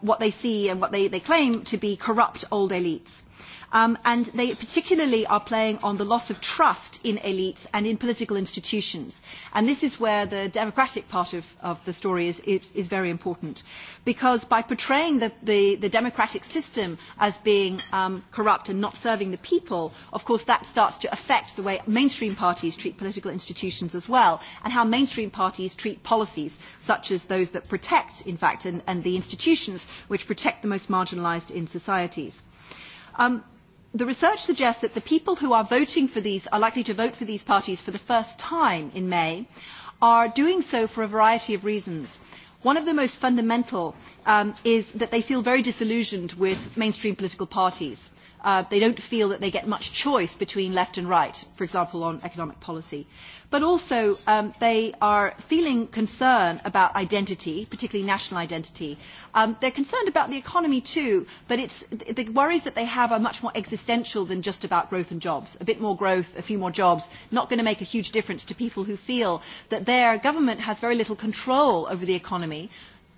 what they see and what they, they claim to be corrupt old elites um, and they particularly are playing on the loss of trust in elites and in political institutions. And this is where the democratic part of, the story is, is, very important, because by portraying the, the, democratic system as being um, corrupt and not serving the people, of course that starts to affect the way mainstream parties treat political institutions as well, and how mainstream parties treat policies, such as those that protect, in fact, and, the institutions which protect the most marginalised in societies. Um, the research suggests that the people who are voting for these are likely to vote for these parties for the first time in may are doing so for a variety of reasons one of the most fundamental um, is that they feel very disillusioned with mainstream political parties They uh, they don't feel that they get much choice between left and right, for example, on economic policy. But also, um, they are feeling concern about identity, particularly national identity. They um, they're concerned about the economy too, but it's, the worries that they have are much more existential than just about growth and jobs. A bit more growth, a few more jobs, not going to make a huge difference to people who feel that their government has very little control over the economy,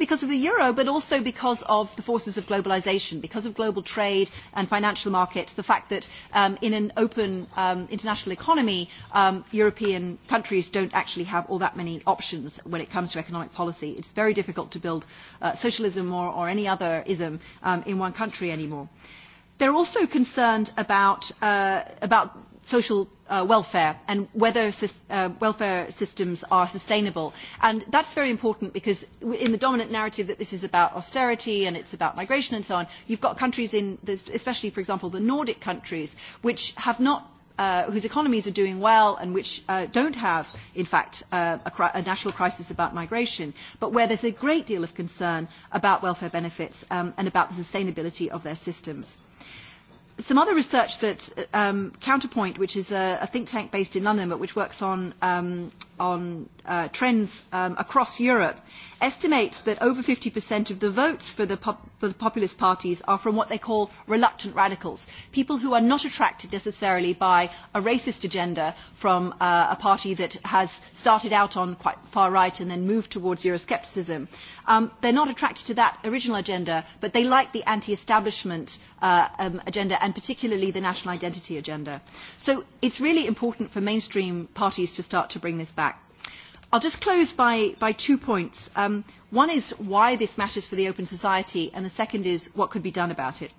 because of the euro but also because of the forces of globalisation because of global trade and financial markets the fact that um, in an open um, international economy um, european countries don't actually have all that many options when it comes to economic policy it's very difficult to build uh, socialism or, or any other ism in one country anymore they're also concerned about uh, about social uh, welfare and whether uh, welfare systems are sustainable. And that's very important because in the dominant narrative that this is about austerity and it's about migration and so on, you've got countries in, especially for example the Nordic countries, which have not uh, whose economies are doing well and which uh, don't have, in fact, uh, a, national crisis about migration, but where there's a great deal of concern about welfare benefits um, and about the sustainability of their systems some other research that uh, um, Counterpoint, which is a, a think tank based in London, but which works on um, on uh, trends um, across Europe estimates that over 50% of the votes for the, pop for the populist parties are from what they call reluctant radicals, people who are not attracted necessarily by a racist agenda from uh, a party that has started out on quite far right and then moved towards Euroscepticism. Um, they're not attracted to that original agenda, but they like the anti-establishment uh, um, agenda and particularly the national identity agenda. So it's really important for mainstream parties to start to bring this back. I'll just close by, by two points. Um, one is why this matters for the open society, and the second is what could be done about it.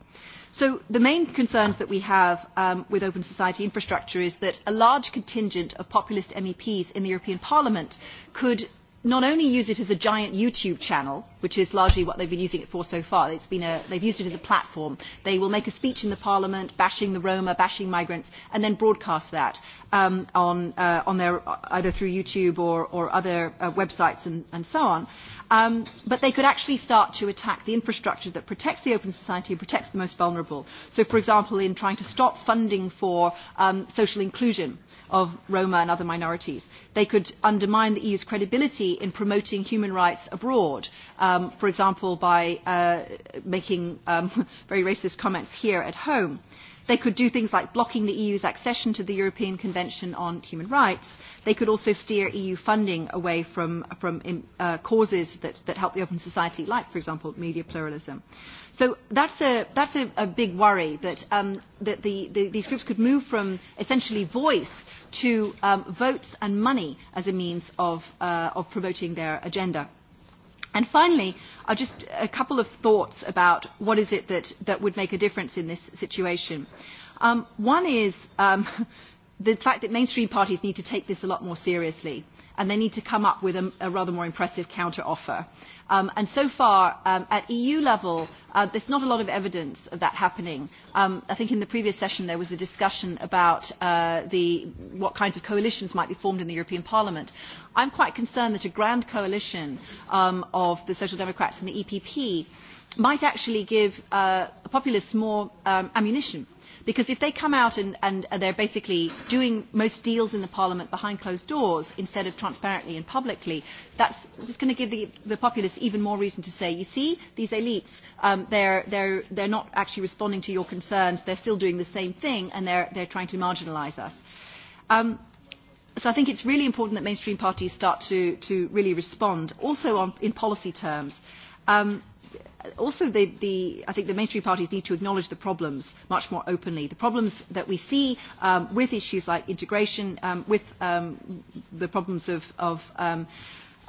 So the main concerns that we have um, with open society infrastructure is that a large contingent of populist MEPs in the European Parliament could not only use it as a giant youtube channel which is largely what they've been using it for so far it's been a, they've used it as a platform they will make a speech in the parliament bashing the roma bashing migrants and then broadcast that um, on, uh, on their uh, either through youtube or, or other uh, websites and, and so on um, but they could actually start to attack the infrastructure that protects the open society and protects the most vulnerable so for example in trying to stop funding for um, social inclusion of Roma and other minorities. They could undermine the EU's credibility in promoting human rights abroad, um, for example, by uh, making um, very racist comments here at home. They could do things like blocking the EU's accession to the European Convention on Human Rights. They could also steer EU funding away from, from uh, causes that, that help the open society, like, for example, media pluralism. So that's a, that's a, big worry that, um, that these groups could move from essentially voice to um, votes and money as a means of, uh, of promoting their agenda. And finally, uh, just a couple of thoughts about what is it that, that would make a difference in this situation. Um, one is um, the fact that mainstream parties need to take this a lot more seriously and they need to come up with a, a rather more impressive offer. Um, and so far, um, at EU level, uh, there's not a lot of evidence of that happening. Um, I think in the previous session there was a discussion about uh, the, what kinds of coalitions might be formed in the European Parliament. I'm quite concerned that a grand coalition um, of the Social Democrats and the EPP might actually give uh, populists more um, ammunition because if they come out and, and they're basically doing most deals in the parliament behind closed doors instead of transparently and publicly that's, that's going to give the, the populace even more reason to say you see these elites um, they're, they're, they're not actually responding to your concerns they're still doing the same thing and they're, they're trying to marginalise us. Um, so i think it's really important that mainstream parties start to, to really respond also on, in policy terms. Um, also the, the, I think the mainstream parties need to acknowledge the problems much more openly. The problems that we see um, with issues like integration, um, with um, the problems of, of um,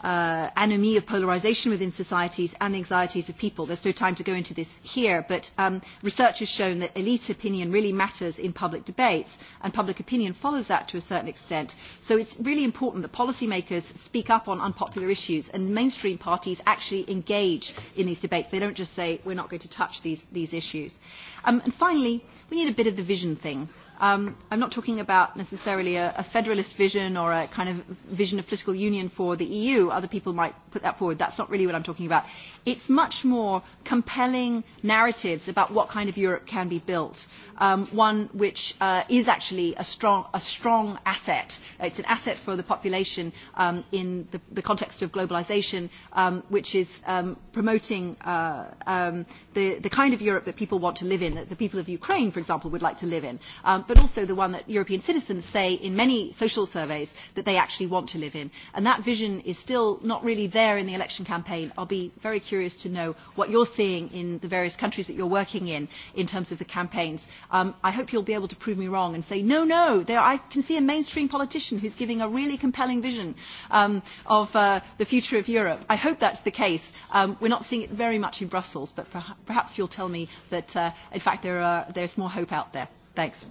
uh, anomie of polarization within societies and the anxieties of people. There's no time to go into this here, but um, research has shown that elite opinion really matters in public debates, and public opinion follows that to a certain extent. So it's really important that policymakers speak up on unpopular issues, and mainstream parties actually engage in these debates. They don't just say, we're not going to touch these, these issues. Um, and finally, we need a bit of the vision thing. Um, I'm not talking about necessarily a, a federalist vision or a kind of vision of political union for the EU. Other people might put that forward. That's not really what I'm talking about it's much more compelling narratives about what kind of Europe can be built, um, one which uh, is actually a strong, a strong asset. It's an asset for the population um, in the, the context of globalization, um, which is um, promoting uh, um, the, the kind of Europe that people want to live in, that the people of Ukraine, for example, would like to live in, um, but also the one that European citizens say in many social surveys that they actually want to live in. And that vision is still not really there in the election campaign. I'll be very curious curious to know what you're seeing in the various countries that you're working in, in terms of the campaigns. Um, I hope you'll be able to prove me wrong and say, no, no, there, I can see a mainstream politician who's giving a really compelling vision um, of uh, the future of Europe. I hope that's the case. Um, we're not seeing it very much in Brussels, but perhaps you'll tell me that, uh, in fact, there are, there's more hope out there. Thanks.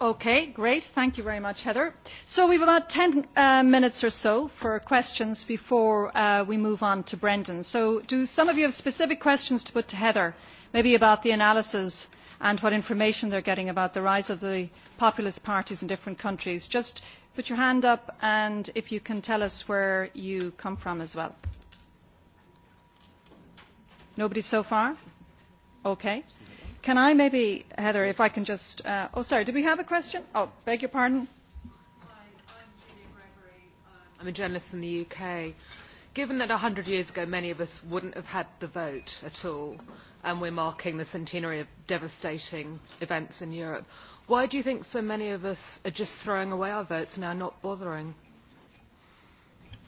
Okay, great. Thank you very much, Heather. So we have about 10 uh, minutes or so for questions before uh, we move on to Brendan. So do some of you have specific questions to put to Heather, maybe about the analysis and what information they're getting about the rise of the populist parties in different countries? Just put your hand up and if you can tell us where you come from as well. Nobody so far? Okay. Can I maybe, Heather, if I can just... Uh, oh, sorry, do we have a question? Oh, beg your pardon. I'm a journalist in the UK. Given that 100 years ago many of us wouldn't have had the vote at all, and we're marking the centenary of devastating events in Europe, why do you think so many of us are just throwing away our votes and are not bothering?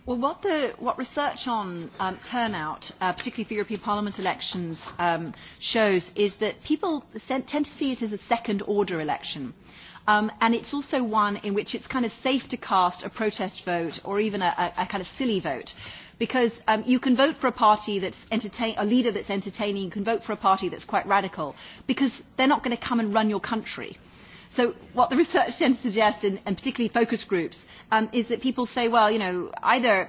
Well, what, the, what research on um, turnout, uh, particularly for European Parliament elections, um, shows is that people tend to see it as a second-order election. Um, and it's also one in which it's kind of safe to cast a protest vote or even a, a, a kind of silly vote because um, you can vote for a party that's entertain a leader that's entertaining you can vote for a party that's quite radical because they're not going to come and run your country So what the research tends to suggest, and, and particularly focus groups, um, is that people say, well, you know, either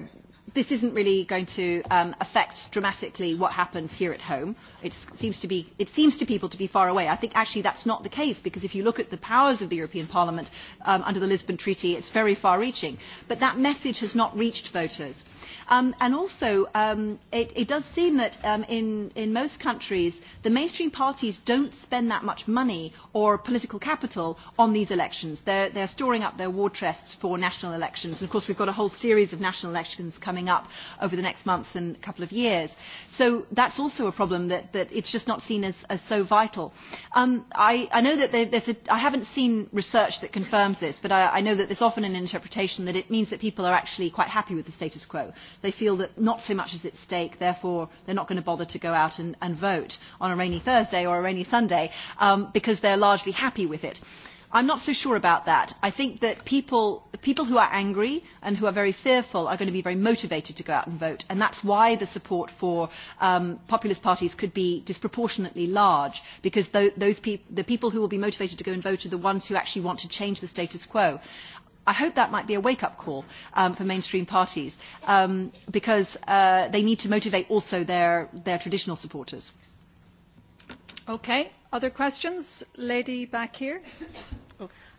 this isn't really going to um, affect dramatically what happens here at home. It seems, to be, it seems to people to be far away. I think actually that's not the case because if you look at the powers of the European Parliament um, under the Lisbon Treaty, it's very far reaching. But that message has not reached voters Um, and also, um, it, it does seem that um, in, in most countries, the mainstream parties don't spend that much money or political capital on these elections. they are storing up their war chests for national elections. And of course, we've got a whole series of national elections coming up over the next months and couple of years. So that's also a problem that, that it's just not seen as, as so vital. Um, I, I know that there's a, I haven't seen research that confirms this, but I, I know that is often an interpretation that it means that people are actually quite happy with the status quo They feel that not so much is at stake, therefore they're not going to bother to go out and, and vote on a rainy Thursday or a rainy Sunday um, because they're largely happy with it. I'm not so sure about that. I think that people, people who are angry and who are very fearful are going to be very motivated to go out and vote. And that's why the support for um, populist parties could be disproportionately large, because those pe- the people who will be motivated to go and vote are the ones who actually want to change the status quo. I hope that might be a wake-up call um, for mainstream parties um, because uh, they need to motivate also their, their traditional supporters. Okay. Other questions? Lady back here.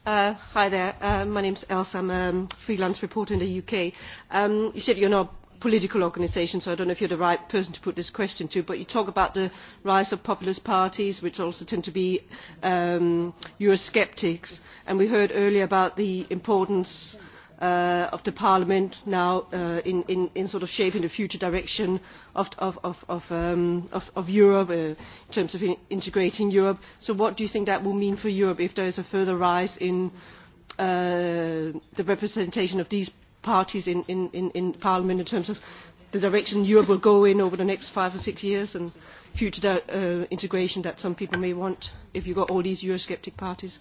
Uh, hi there. Uh, my name's Elsa. I'm a freelance reporter in the UK. Um, you said you're not political organisations, so i don't know if you are the right person to put this question to but you talk about the rise of populist parties which also tend to be um, eurosceptics and we heard earlier about the importance uh, of the parliament now uh, in, in, sort of shaping the future direction of, of, of, of um, europe uh, in terms of integrating europe. so what do you think that will mean for europe if there is a further rise in the representation of these parties in, in, in, in Parliament in terms of the direction Europe will go in over the next five or six years and future uh, integration that some people may want if you've got all these Eurosceptic parties?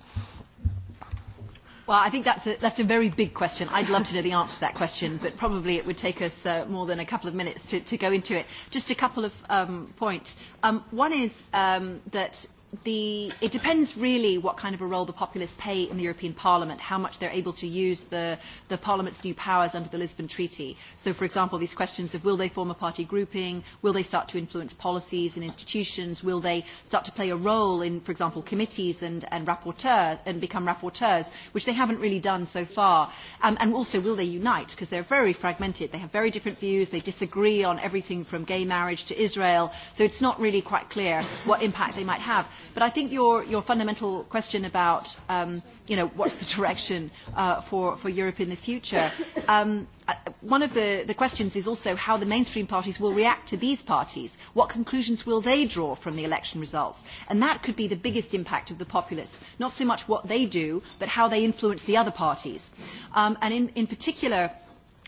Well, I think that's a, that's a very big question. I'd love to know the answer to that question, but probably it would take us uh, more than a couple of minutes to, to go into it. Just a couple of um, points. Um, one is um, that the, it depends really what kind of a role the populists play in the European Parliament, how much they're able to use the, the Parliament's new powers under the Lisbon Treaty. So, for example, these questions of will they form a party grouping, will they start to influence policies and institutions, will they start to play a role in, for example, committees and, and, and become rapporteurs, which they haven't really done so far. Um, and also, will they unite, because they're very fragmented. They have very different views. They disagree on everything from gay marriage to Israel. So it's not really quite clear what impact they might have But I think your, your fundamental question about, what um, you know, what's the direction uh, for, for Europe in the future, um, uh, one of the, the questions is also how the mainstream parties will react to these parties. What conclusions will they draw from the election results? And that could be the biggest impact of the populists, not so much what they do, but how they influence the other parties. Um, and in particular,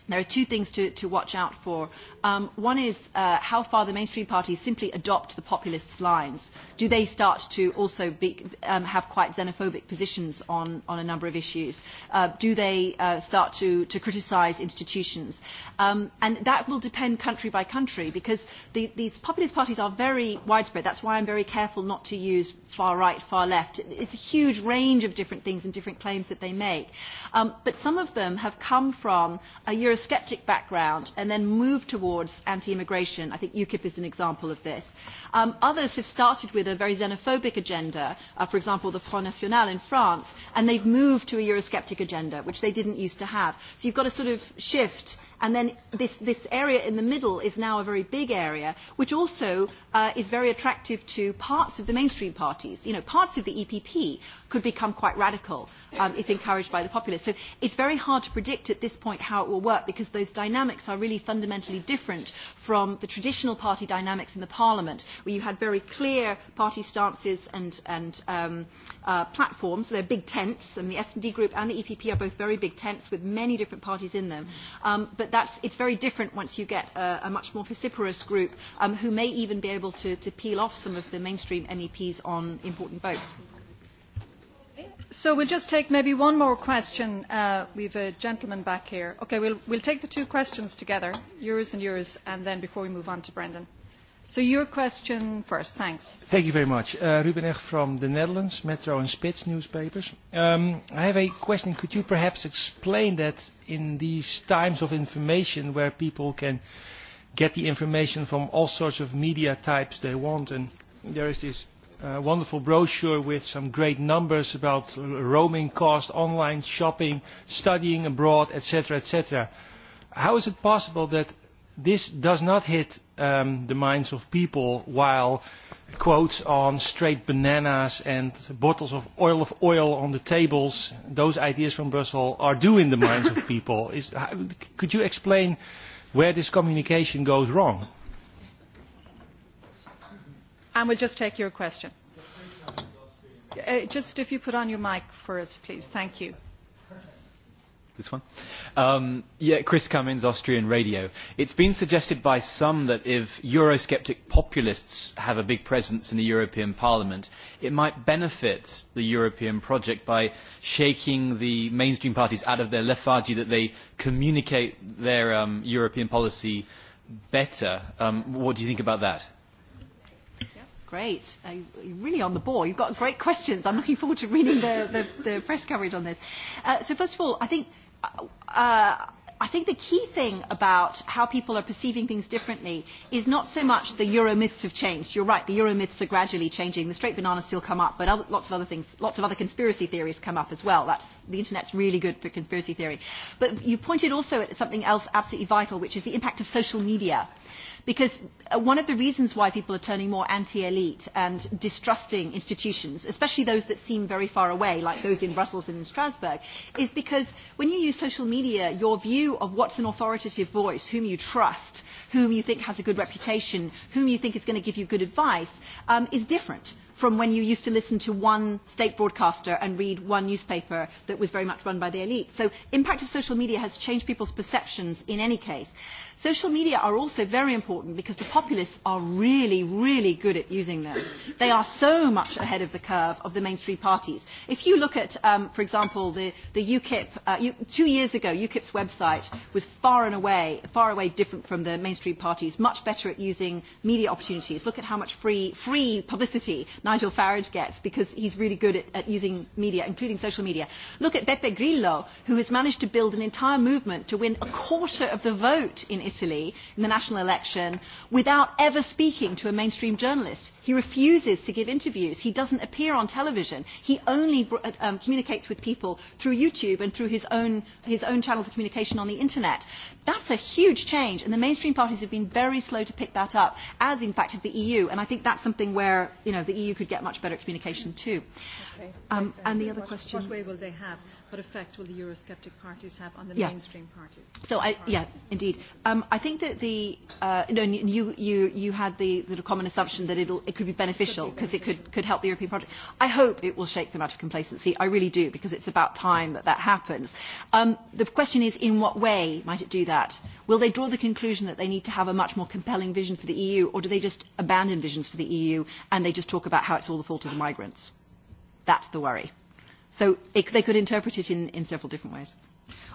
There are two things to, to watch out for. Um, one is uh, how far the mainstream parties simply adopt the populist lines. Do they start to also be, um, have quite xenophobic positions on, on a number of issues? Uh, do they uh, start to, to criticise institutions? Um, and that will depend country by country because the, these populist parties are very widespread. That's why I'm very careful not to use far right, far left. It's a huge range of different things and different claims that they make. Um, but some of them have come from a Euro Eurosceptic background and then move towards anti-immigration. I think UKIP is an example of this. Um, others have started with a very xenophobic agenda, uh, for example the Front National in France, and they've moved to a Eurosceptic agenda, which they didn't used to have. So you've got a sort of shift and then this, area in the middle is now a very big area, which also uh, is very attractive to parts of the mainstream parties. You know, parts of the EPP could become quite radical um, if encouraged by the populace. So it's very hard to predict at this point how it will work because those dynamics are really fundamentally different from the traditional party dynamics in the parliament, where you had very clear party stances and, and um, uh, platforms. They're big tents, and the S&D group and the EPP are both very big tents with many different parties in them. Um, but that's, it's very different once you get a, much more vociferous group um, who may even be able to, peel off some of the mainstream MEPs on important votes. So we'll just take maybe one more question. Uh, we have a gentleman back here. Okay, we'll, we'll take the two questions together, yours and yours, and then before we move on to Brendan. So your question first. Thanks. Thank you very much. Uh, Ruben Ech from the Netherlands, Metro and Spits newspapers. Um, I have a question. Could you perhaps explain that in these times of information where people can get the information from all sorts of media types they want and there is this uh, wonderful brochure with some great numbers about roaming cost, online shopping, studying abroad, etc., etc. How is it possible that this does not hit um, the minds of people while quotes on straight bananas and bottles of oil of oil on the tables, those ideas from Brussels are doing the minds of people. Is, could you explain where this communication goes wrong? And we'll just take your question. Uh, just if you put on your mic for us, please. Thank you this one. Um, yeah, Chris Cummins, Austrian Radio. It's been suggested by some that if Eurosceptic populists have a big presence in the European Parliament, it might benefit the European project by shaking the mainstream parties out of their lethargy that they communicate their um, European policy better. Um, what do you think about that? Great. Uh, you're really on the ball. You've got great questions. I'm looking forward to reading the, the, the press coverage on this. Uh, so first of all, I think uh, I think the key thing about how people are perceiving things differently is not so much the Euro myths have changed. You're right, the Euro myths are gradually changing. The straight banana still come up, but other, lots of other things, lots of other conspiracy theories come up as well. That's, the internet's really good for conspiracy theory. But you pointed also at something else absolutely vital, which is the impact of social media because uh, one of the reasons why people are turning more anti-elite and distrusting institutions, especially those that seem very far away, like those in Brussels and in Strasbourg, is because when you use social media, your view of what's an authoritative voice, whom you trust, whom you think has a good reputation, whom you think is going to give you good advice, um, is different from when you used to listen to one state broadcaster and read one newspaper that was very much run by the elite. So impact of social media has changed people's perceptions in any case. Social media are also very important because the populists are really, really good at using them. They are so much ahead of the curve of the mainstream parties. If you look at, um, for example, the, the UKIP, uh, two years ago, UKIP's website was far and away, far away different from the mainstream parties, much better at using media opportunities. Look at how much free, free publicity Nigel Farage gets because he's really good at, at using media, including social media. Look at Beppe Grillo, who has managed to build an entire movement to win a quarter of the vote in Italy in the national election without ever speaking to a mainstream journalist He refuses to give interviews. He doesn't appear on television. He only uh, um, communicates with people through YouTube and through his own, his own channels of communication on the internet. That's a huge change, and the mainstream parties have been very slow to pick that up, as in fact have the EU, and I think that's something where you know, the EU could get much better communication too. Um, and the other what, question... What way will they have? What effect will the Eurosceptic parties have on the mainstream parties? So, I, yeah, indeed. Um, I think that the... Uh, no, you, you, you had the, the common assumption that it'll, it could be beneficial because it could, could help the European project. I hope it will shake them out of complacency. I really do because it's about time that that happens. Um, the question is in what way might it do that? Will they draw the conclusion that they need to have a much more compelling vision for the EU or do they just abandon visions for the EU and they just talk about how it's all the fault of the migrants? That's the worry. So it, they could interpret it in, in several different ways.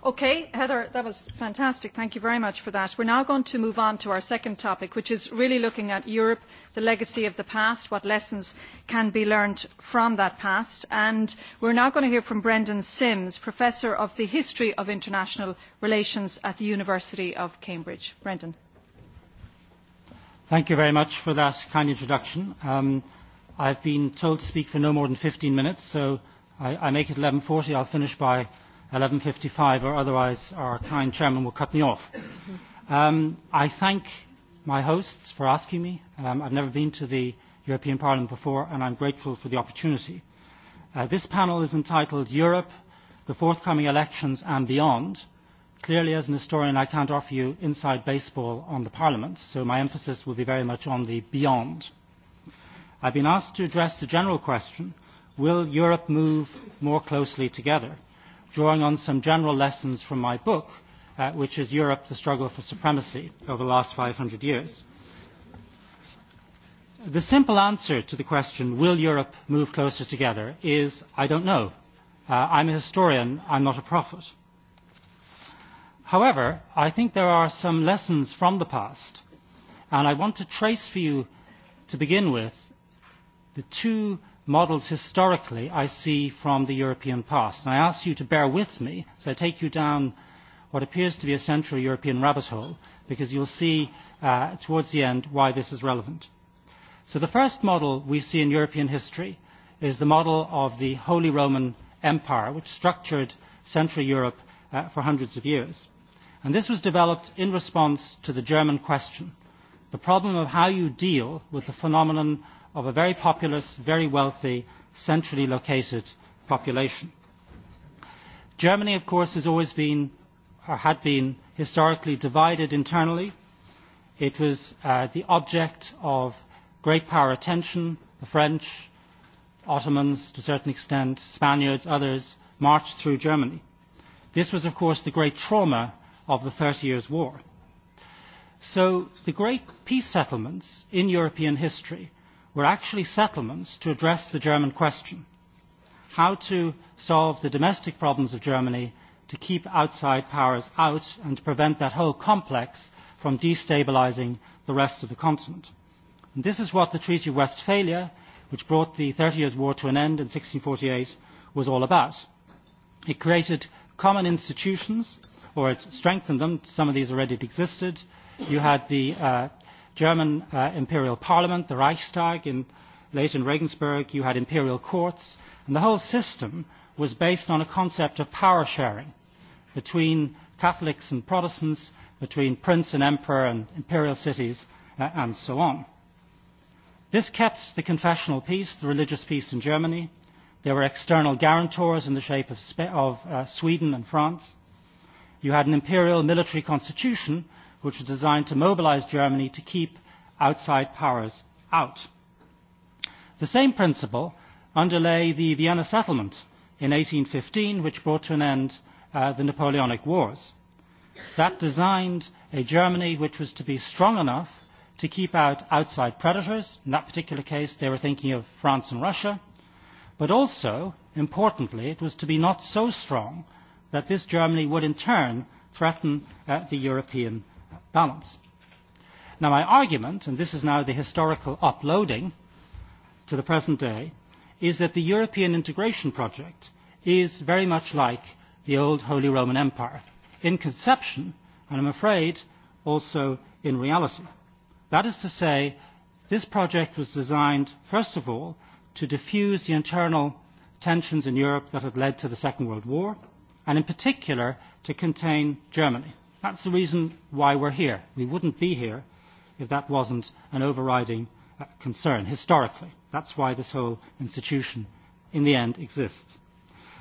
Okay, Heather, that was fantastic. Thank you very much for that. We are now going to move on to our second topic, which is really looking at Europe, the legacy of the past, what lessons can be learned from that past. And are now going to hear from Brendan Sims, Professor of the History of International Relations at the University of Cambridge. Brendan. Thank you very much for that kind introduction. I um, I've been told to speak for no more than 15 minutes, so I, I make it 11.40. I'll finish by 11.55 or otherwise our kind chairman will cut me off. Um, I thank my hosts for asking me. Um, I've never been to the European Parliament before and I'm grateful for the opportunity. Uh, this panel is entitled Europe, the forthcoming elections and beyond. Clearly as an historian I can't offer you inside baseball on the Parliament so my emphasis will be very much on the beyond. I've been asked to address the general question, will Europe move more closely together? drawing on some general lessons from my book, uh, which is Europe, the Struggle for Supremacy over the last 500 years. The simple answer to the question, will Europe move closer together, is I don't know. Uh, I'm a historian, I'm not a prophet. However, I think there are some lessons from the past, and I want to trace for you, to begin with, the two models historically I see from the European past. And I ask you to bear with me as I take you down what appears to be a central European rabbit hole, because you'll see uh, towards the end why this is relevant. So the first model we see in European history is the model of the Holy Roman Empire, which structured Central Europe uh, for hundreds of years. And this was developed in response to the German question, the problem of how you deal with the phenomenon of a very populous, very wealthy, centrally located population. Germany, of course, has always been or had been historically divided internally. It was uh, the object of great power attention. The French, Ottomans to a certain extent, Spaniards, others marched through Germany. This was, of course, the great trauma of the Thirty Years' War. So the great peace settlements in European history were actually settlements to address the German question how to solve the domestic problems of Germany to keep outside powers out and to prevent that whole complex from destabilizing the rest of the continent. And this is what the Treaty of Westphalia, which brought the Thirty Years' War to an end in 1648, was all about. It created common institutions, or it strengthened them. Some of these already existed. You had the uh, German uh, imperial parliament, the Reichstag in, late in Regensburg, you had imperial courts, and the whole system was based on a concept of power sharing between Catholics and Protestants, between prince and emperor and imperial cities, uh, and so on. This kept the confessional peace, the religious peace in Germany. There were external guarantors in the shape of, of uh, Sweden and France. You had an imperial military constitution which was designed to mobilize Germany to keep outside powers out. The same principle underlay the Vienna settlement in 1815, which brought to an end uh, the Napoleonic Wars. That designed a Germany which was to be strong enough to keep out outside predators. In that particular case, they were thinking of France and Russia. But also, importantly, it was to be not so strong that this Germany would in turn threaten uh, the European balance. Now my argument, and this is now the historical uploading to the present day, is that the European integration project is very much like the old Holy Roman Empire, in conception and I'm afraid also in reality. That is to say, this project was designed, first of all, to diffuse the internal tensions in Europe that had led to the Second World War, and in particular to contain Germany. That's the reason why we're here. We wouldn't be here if that wasn't an overriding uh, concern historically. That's why this whole institution in the end exists.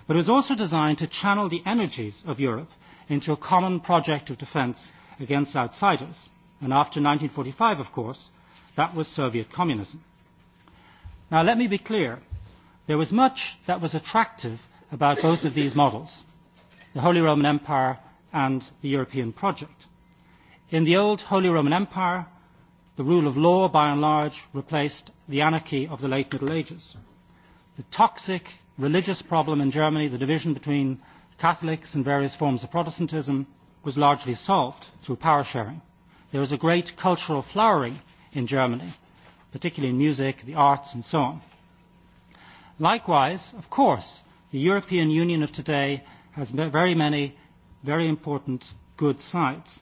But it was also designed to channel the energies of Europe into a common project of defence against outsiders. And after 1945, of course, that was Soviet communism. Now, let me be clear. There was much that was attractive about both of these models. The Holy Roman Empire and the European project. In the old Holy Roman Empire, the rule of law, by and large, replaced the anarchy of the late Middle Ages. The toxic religious problem in Germany, the division between Catholics and various forms of Protestantism, was largely solved through power sharing. There was a great cultural flowering in Germany, particularly in music, the arts and so on. Likewise, of course, the European Union of today has very many very important good sites.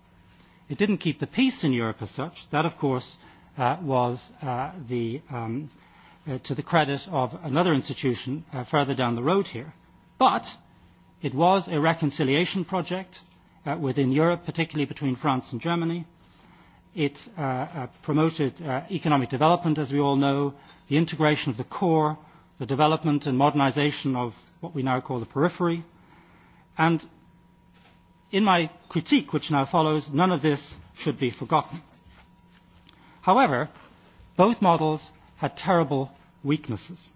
It didn't keep the peace in Europe as such. That, of course, uh, was uh, the, um, uh, to the credit of another institution further down the road here. But it was a reconciliation project within Europe, particularly between France and Germany. It promoted economic development, as we all know, the integration of the core, the development and modernization of what we now call the periphery. And in my critique which now follows none of this should be forgotten. however both models had terrible weaknesses.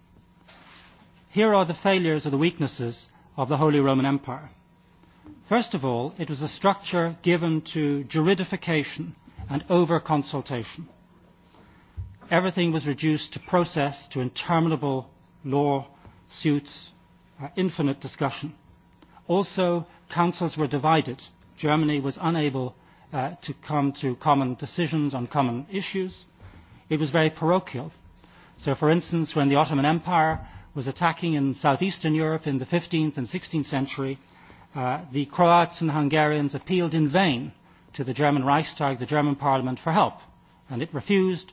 here are the failures or the weaknesses of the holy roman empire. first of all it was a structure given to juridification and over consultation. everything was reduced to process to interminable law suits uh, infinite discussion. also councils were divided. Germany was unable uh, to come to common decisions on common issues. It was very parochial. So, for instance, when the Ottoman Empire was attacking in southeastern Europe in the 15th and 16th century, uh, the Croats and Hungarians appealed in vain to the German Reichstag, the German parliament, for help. And it refused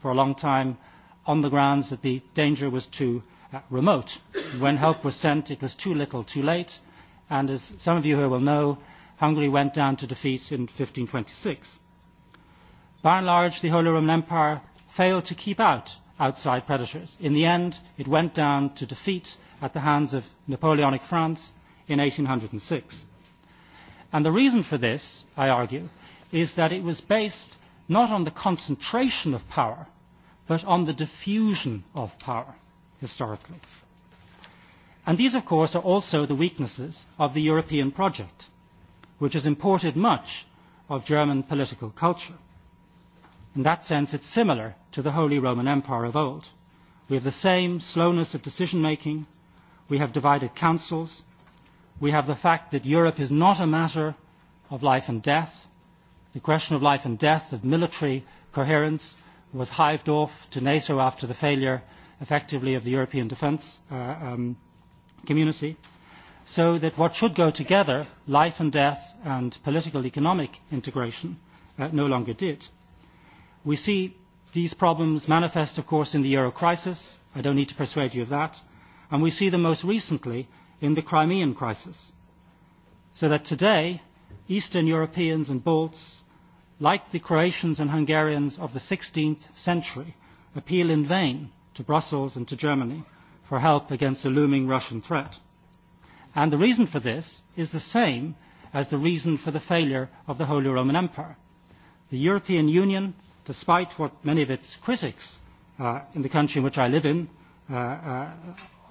for a long time on the grounds that the danger was too uh, remote. When help was sent, it was too little, too late and as some of you here will know, Hungary went down to defeat in 1526. By and large, the Holy Roman Empire failed to keep out outside predators. In the end, it went down to defeat at the hands of Napoleonic France in 1806. And the reason for this, I argue, is that it was based not on the concentration of power, but on the diffusion of power, historically. And these, of course, are also the weaknesses of the European project, which has imported much of German political culture. In that sense, it's similar to the Holy Roman Empire of old. We have the same slowness of decision-making, we have divided councils, we have the fact that Europe is not a matter of life and death. The question of life and death, of military coherence, was hived off to NATO after the failure, effectively, of the European defence uh, um, community so that what should go together life and death and political economic integration uh, no longer did. we see these problems manifest of course in the euro crisis i don't need to persuade you of that and we see them most recently in the crimean crisis so that today eastern europeans and balts like the croatians and hungarians of the 16th century appeal in vain to brussels and to germany for help against the looming Russian threat. And the reason for this is the same as the reason for the failure of the Holy Roman Empire. The European Union, despite what many of its critics uh, in the country in which I live in, uh, uh,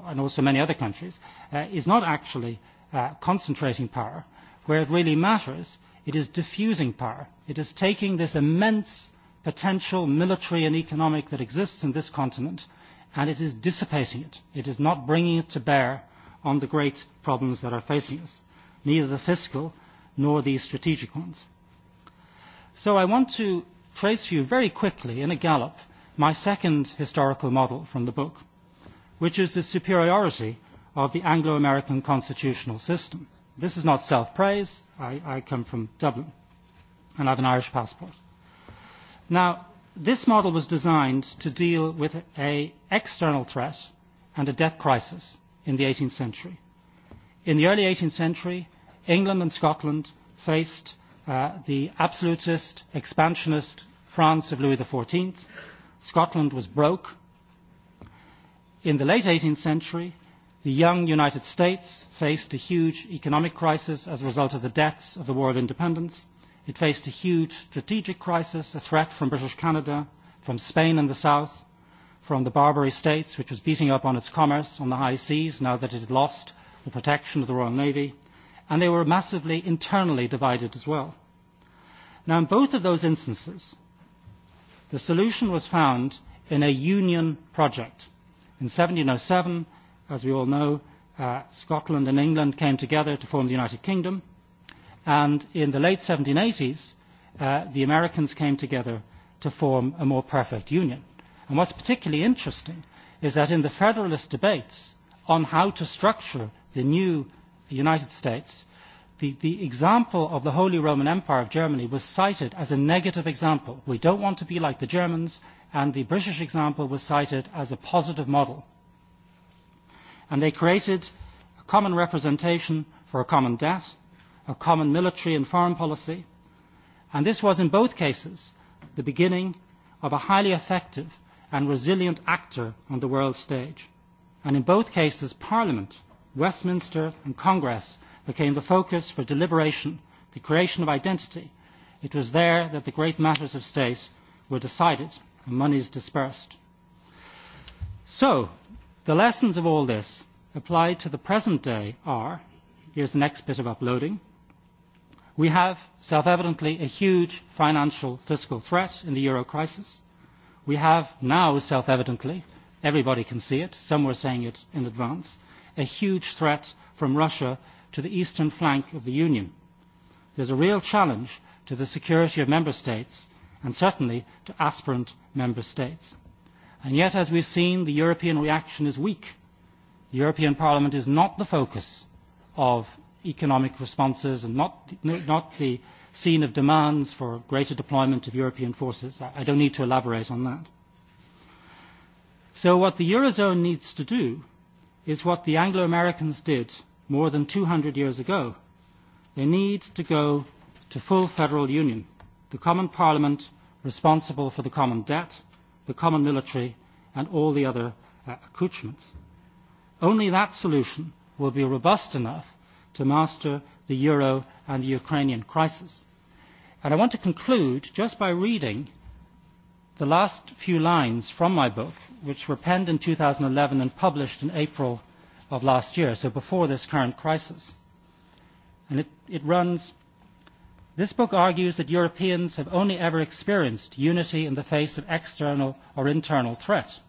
and also many other countries, uh, is not actually uh, concentrating power. Where it really matters, it is diffusing power. It is taking this immense potential military and economic that exists in this continent and it is dissipating it. It is not bringing it to bear on the great problems that are facing us, neither the fiscal nor the strategic ones. So I want to trace for you very quickly in a gallop my second historical model from the book, which is the superiority of the Anglo-American constitutional system. This is not self-praise. I, I come from Dublin, and I have an Irish passport. Now, this model was designed to deal with an external threat and a debt crisis in the 18th century. In the early 18th century, England and Scotland faced uh, the absolutist, expansionist France of Louis XIV. Scotland was broke. In the late 18th century, the young United States faced a huge economic crisis as a result of the debts of the War of Independence. It faced a huge strategic crisis, a threat from British Canada, from Spain in the south, from the Barbary States, which was beating up on its commerce on the high seas now that it had lost the protection of the Royal Navy, and they were massively internally divided as well. Now, in both of those instances, the solution was found in a union project. In 1707, as we all know, uh, Scotland and England came together to form the United Kingdom and in the late 1780s uh, the Americans came together to form a more perfect union. And what's particularly interesting is that in the Federalist debates on how to structure the new United States, the, the example of the Holy Roman Empire of Germany was cited as a negative example. We don't want to be like the Germans, and the British example was cited as a positive model. And they created a common representation for a common debt, a common military and foreign policy and this was in both cases the beginning of a highly effective and resilient actor on the world stage and in both cases parliament westminster and congress became the focus for deliberation the creation of identity it was there that the great matters of state were decided and monies dispersed so the lessons of all this applied to the present day are here's the next bit of uploading we have self evidently a huge financial fiscal threat in the euro crisis. we have now self evidently everybody can see it some were saying it in advance a huge threat from russia to the eastern flank of the union. there is a real challenge to the security of member states and certainly to aspirant member states. and yet as we have seen the european reaction is weak. the european parliament is not the focus of economic responses and not, not the scene of demands for greater deployment of European forces. I, don't need to elaborate on that. So what the Eurozone needs to do is what the Anglo-Americans did more than 200 years ago. They need to go to full federal union, the common parliament responsible for the common debt, the common military and all the other uh, accoutrements. Only that solution will be robust enough to master the euro and the Ukrainian crisis. And I want to conclude just by reading the last few lines from my book, which were penned in 2011 and published in April of last year, so before this current crisis. And it, it runs, this book argues that Europeans have only ever experienced unity in the face of external or internal threat.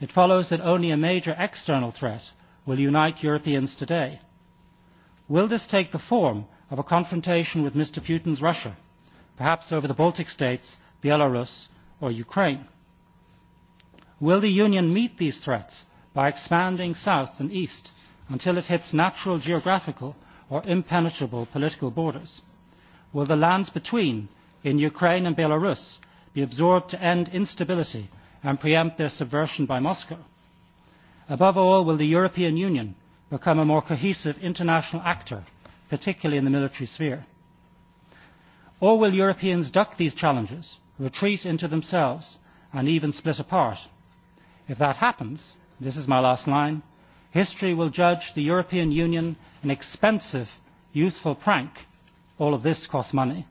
It follows that only a major external threat will unite Europeans today – Will this take the form of a confrontation with Mr. Putin's Russia, perhaps over the Baltic states, Belarus or Ukraine? Will the Union meet these threats by expanding south and east until it hits natural geographical or impenetrable political borders? Will the lands between, in Ukraine and Belarus, be absorbed to end instability and preempt their subversion by Moscow? Above all, will the European Union become a more cohesive international actor, particularly in the military sphere? Or will Europeans duck these challenges, retreat into themselves, and even split apart? If that happens, this is my last line, history will judge the European Union an expensive, youthful prank. All of this costs money,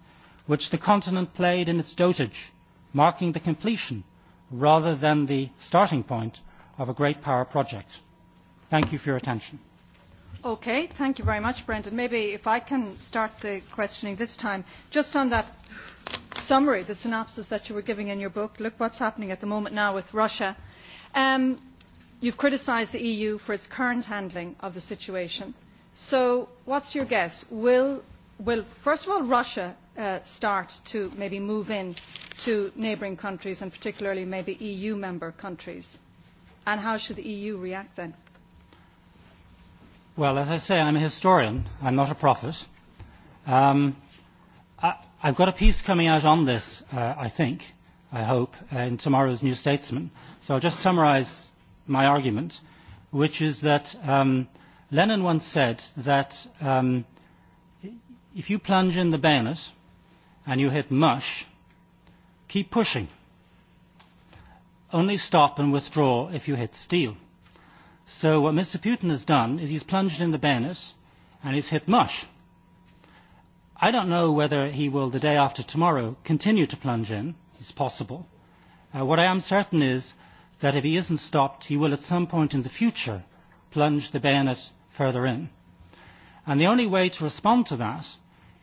which the continent played in its dotage, marking the completion rather than the starting point of a great power project. Thank you for your attention. Okay, thank you very much, Brendan. Maybe if I can start the questioning this time, just on that summary, the synopsis that you were giving in your book, look what's happening at the moment now with Russia. Um, you've criticised the EU for its current handling of the situation. So what's your guess? Will, will first of all, Russia uh, start to maybe move in to neighbouring countries and particularly maybe EU member countries? And how should the EU react then? Well, as I say, I'm a historian. I'm not a prophet. Um, I, I've got a piece coming out on this, uh, I think, I hope, uh, in tomorrow's New Statesman. So I'll just summarize my argument, which is that um, Lenin once said that um, if you plunge in the bayonet and you hit mush, keep pushing. Only stop and withdraw if you hit steel. So what Mr. Putin has done is he's plunged in the bayonet and he's hit mush. I don't know whether he will, the day after tomorrow, continue to plunge in. It's possible. Uh, what I am certain is that if he isn't stopped, he will at some point in the future plunge the bayonet further in. And the only way to respond to that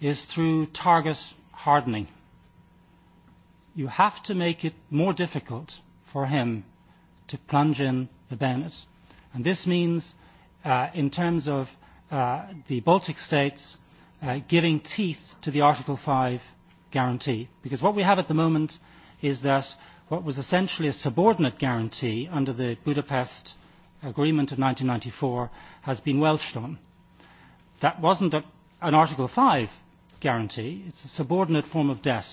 is through target hardening. You have to make it more difficult for him to plunge in the bayonet. And this means, uh, in terms of uh, the Baltic states, uh, giving teeth to the Article 5 guarantee. Because what we have at the moment is that what was essentially a subordinate guarantee under the Budapest Agreement of 1994 has been welched on. That wasn't a, an Article 5 guarantee. It's a subordinate form of debt.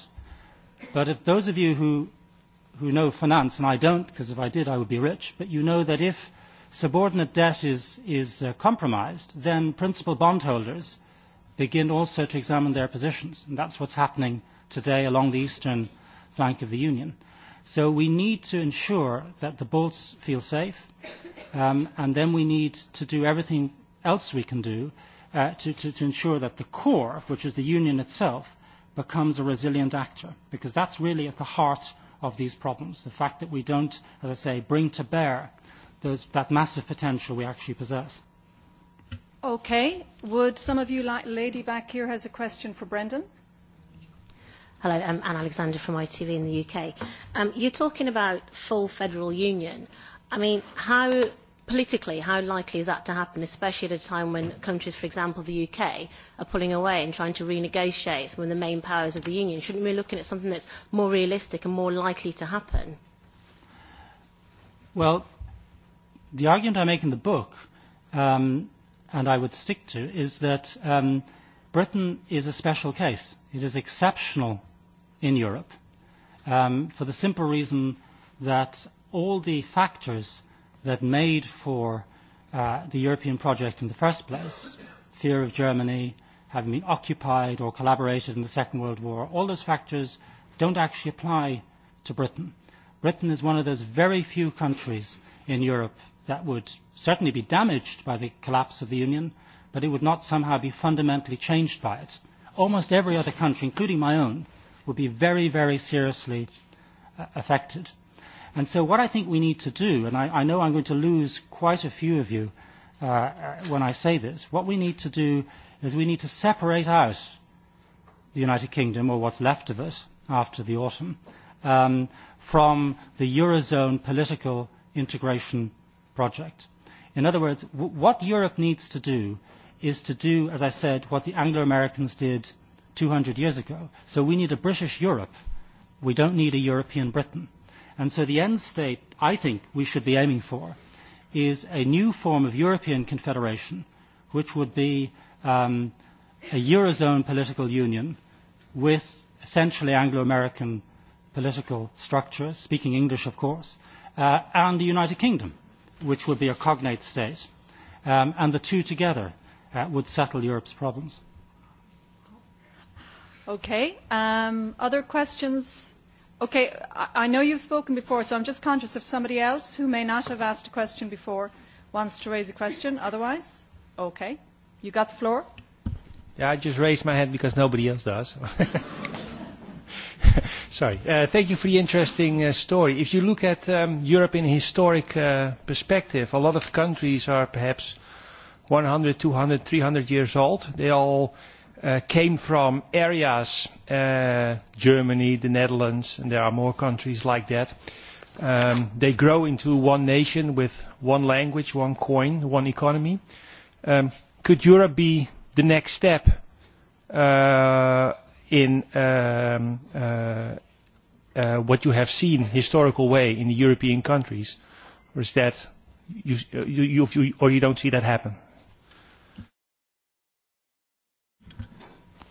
But if those of you who, who know finance, and I don't, because if I did I would be rich, but you know that if subordinate debt is, is uh, compromised, then principal bondholders begin also to examine their positions. And that's what's happening today along the eastern flank of the Union. So we need to ensure that the bolts feel safe, um, and then we need to do everything else we can do uh, to, to, to ensure that the core, which is the Union itself, becomes a resilient actor, because that's really at the heart of these problems, the fact that we don't, as I say, bring to bear those, that massive potential we actually possess. Okay. Would some of you, like lady back here, has a question for Brendan? Hello, I'm Anne Alexander from ITV in the UK. Um, you're talking about full federal union. I mean, how politically, how likely is that to happen, especially at a time when countries, for example, the UK, are pulling away and trying to renegotiate some of the main powers of the union? Shouldn't we be looking at something that's more realistic and more likely to happen? Well, The argument I make in the book, um, and I would stick to, is that um, Britain is a special case. It is exceptional in Europe um, for the simple reason that all the factors that made for uh, the European project in the first place, fear of Germany, having been occupied or collaborated in the Second World War, all those factors don't actually apply to Britain. Britain is one of those very few countries in Europe that would certainly be damaged by the collapse of the Union, but it would not somehow be fundamentally changed by it. Almost every other country, including my own, would be very, very seriously uh, affected. And so what I think we need to do, and I, I know I'm going to lose quite a few of you uh, uh when I say this, what we need to do is we need to separate out the United Kingdom, or what's left of it after the autumn, um, from the Eurozone political integration project. In other words, what Europe needs to do is to do, as I said, what the Anglo-Americans did 200 years ago. So we need a British Europe. We don't need a European Britain. And so the end state I think we should be aiming for is a new form of European confederation, which would be um, a Eurozone political union with essentially Anglo-American political structures, speaking English of course, uh, and the United Kingdom which would be a cognate state. Um, and the two together uh, would settle Europe's problems. Okay. Um, other questions? Okay, I, I know you've spoken before, so I'm just conscious of somebody else who may not have asked a question before wants to raise a question. Otherwise, okay. You got the floor? Yeah, I just raised my hand because nobody else does. Sorry. Uh, thank you for the interesting uh, story. If you look at um, Europe in a historic uh, perspective, a lot of countries are perhaps 100, 200, 300 years old. They all uh, came from areas, uh, Germany, the Netherlands, and there are more countries like that. Um, they grow into one nation with one language, one coin, one economy. Um, could Europe be the next step uh, in um, uh, Uh, what you have seen historical way in the European countries, or is that you, you, you, or you don't see that happen?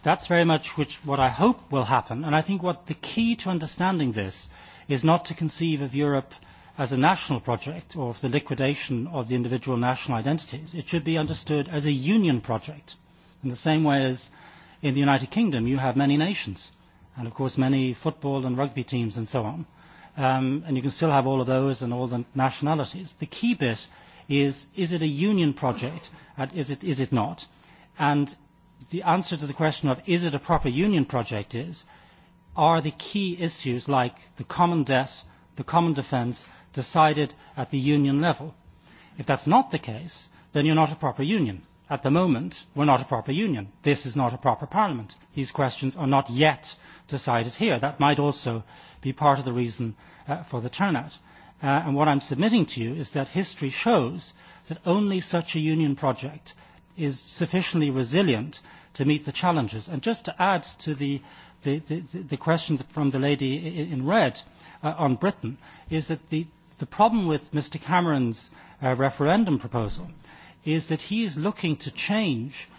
That's very much which, what I hope will happen, and I think what the key to understanding this is not to conceive of Europe as a national project or of the liquidation of the individual national identities. It should be understood as a union project, in the same way as in the United Kingdom you have many nations and of course many football and rugby teams and so on. Um, and you can still have all of those and all the nationalities. The key bit is, is it a union project and is it, is it not? And the answer to the question of is it a proper union project is, are the key issues like the common debt, the common defence, decided at the union level? If that's not the case, then you're not a proper union. At the moment, we're not a proper union. This is not a proper parliament. These questions are not yet decided here. That might also be part of the reason uh, for the turnout. Uh, and what I'm submitting to you is that history shows that only such a union project is sufficiently resilient to meet the challenges. And just to add to the, the, the, the question from the lady in red uh, on Britain, is that the, the problem with Mr Cameron's uh, referendum proposal is that he is looking to change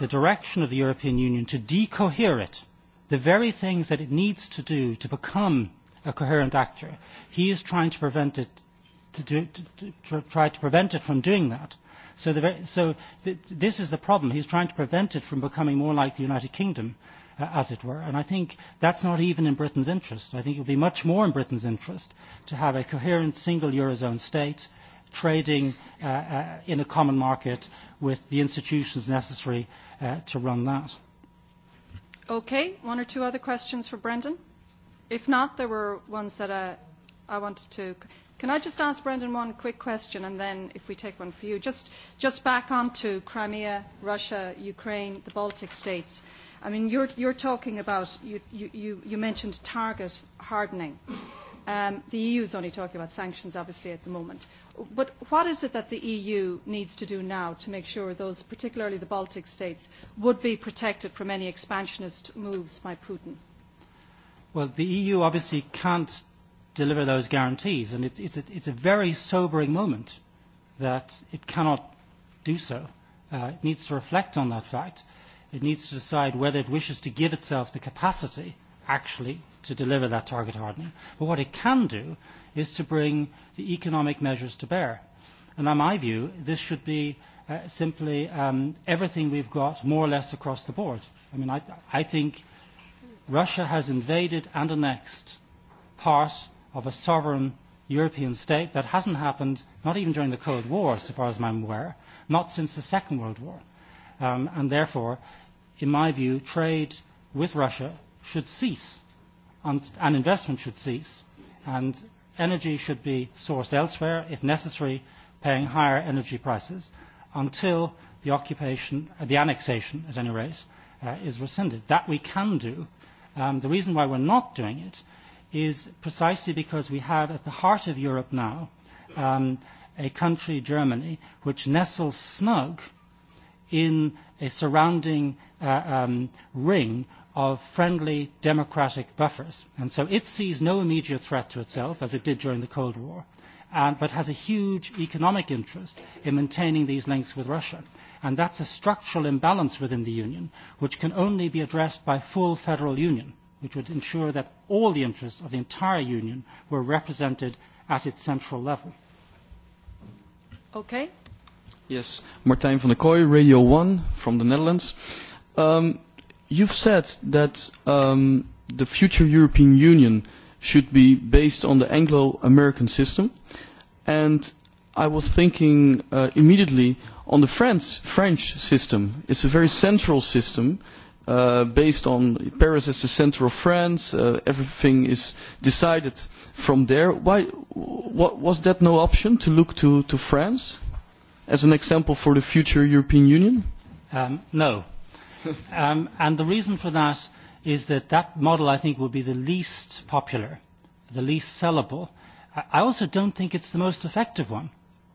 the direction of the European Union, to decohere it the very things that it needs to do to become a coherent actor he is trying to prevent it to, try to prevent it from doing that so, the, so this is the problem he's trying to prevent it from becoming more like the united kingdom uh, as it were and i think that's not even in britain's interest i think it would be much more in britain's interest to have a coherent single eurozone state trading uh, uh, in a common market with the institutions necessary to run that Okay, one or two other questions for Brendan? If not, there were ones that I, uh, I wanted to... Can I just ask Brendan one quick question and then if we take one for you? Just, just back onto Crimea, Russia, Ukraine, the Baltic states. I mean, you're, you're talking about, you, you, you mentioned target hardening. Um, the EU is only talking about sanctions, obviously, at the moment. But what is it that the EU needs to do now to make sure those, particularly the Baltic states, would be protected from any expansionist moves by Putin? Well, the EU obviously can't deliver those guarantees, and it's, it's, a, a very sobering moment that it cannot do so. Uh, it needs to reflect on that fact. It needs to decide whether it wishes to give itself the capacity, actually, to deliver that target hardening. But what it can do is to bring the economic measures to bear. And in my view, this should be uh, simply um, everything we've got more or less across the board. I mean, I, I think Russia has invaded and annexed part of a sovereign European state that hasn't happened, not even during the Cold War, so far as I'm aware, not since the Second World War. Um, and therefore, in my view, trade with Russia should cease and, investment should cease and energy should be sourced elsewhere if necessary paying higher energy prices until the occupation uh, the annexation at any rate uh, is rescinded. that we can do. Um, the reason why we're not doing it is precisely because we have at the heart of europe now um, a country germany which nestles snug in a surrounding uh, um, ring of friendly democratic buffers and so it sees no immediate threat to itself as it did during the cold war and, but has a huge economic interest in maintaining these links with russia and that's a structural imbalance within the union which can only be addressed by full federal union which would ensure that all the interests of the entire union were represented at its central level okay yes martijn van der kooi radio 1 from the netherlands um you've said that um, the future European Union should be based on the Anglo-American system. And I was thinking uh, immediately on the French, French system. It's a very central system uh, based on Paris as the center of France. Uh, everything is decided from there. Why, what, was that no option to look to, to France as an example for the future European Union? Um, no Um, and the reason for that is that that model, I think, would be the least popular, the least sellable. I also don't think it's the most effective one.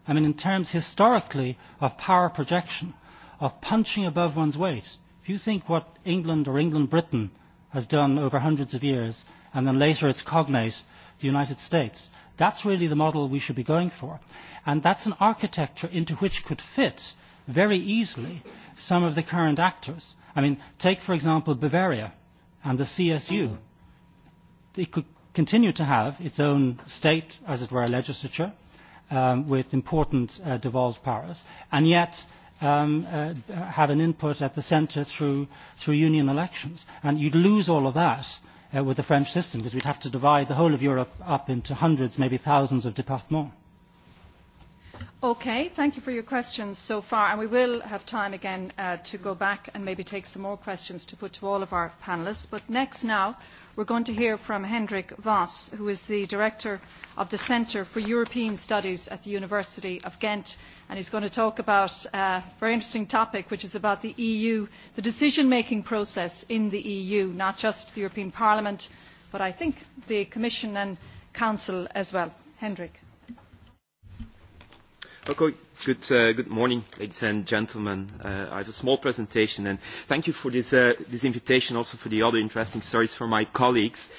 I mean, in terms historically of power projection, of punching above one's weight. If you think what England or England Britain has done over hundreds of years, and then later its cognate, the United States, that's really the model we should be going for. And that's an architecture into which could fit very easily some of the current actors i mean, take, for example, Bavaria and the CSU. It could continue to have its own state, as it were, legislature, um, with important uh, devolved powers, and yet um, uh, have an input at the centre through, through union elections. And you'd lose all of that uh, with the French system, because we'd have to divide the whole of Europe up into hundreds, maybe thousands of départements Okay, thank you for your questions so far, and we will have time again uh, to go back and maybe take some more questions to put to all of our panelists. But next now, we're going to hear from Hendrik Voss, who is the director of the Centre for European Studies at the University of Ghent, and he's going to talk about a very interesting topic, which is about the EU, the decision-making process in the EU, not just the European Parliament, but I think the Commission and Council as well. Hendrik. Uh, good, morning, ladies and gentlemen. Uh, I have a small presentation, and thank you for this, uh, this invitation, also for the other interesting stories from my colleagues.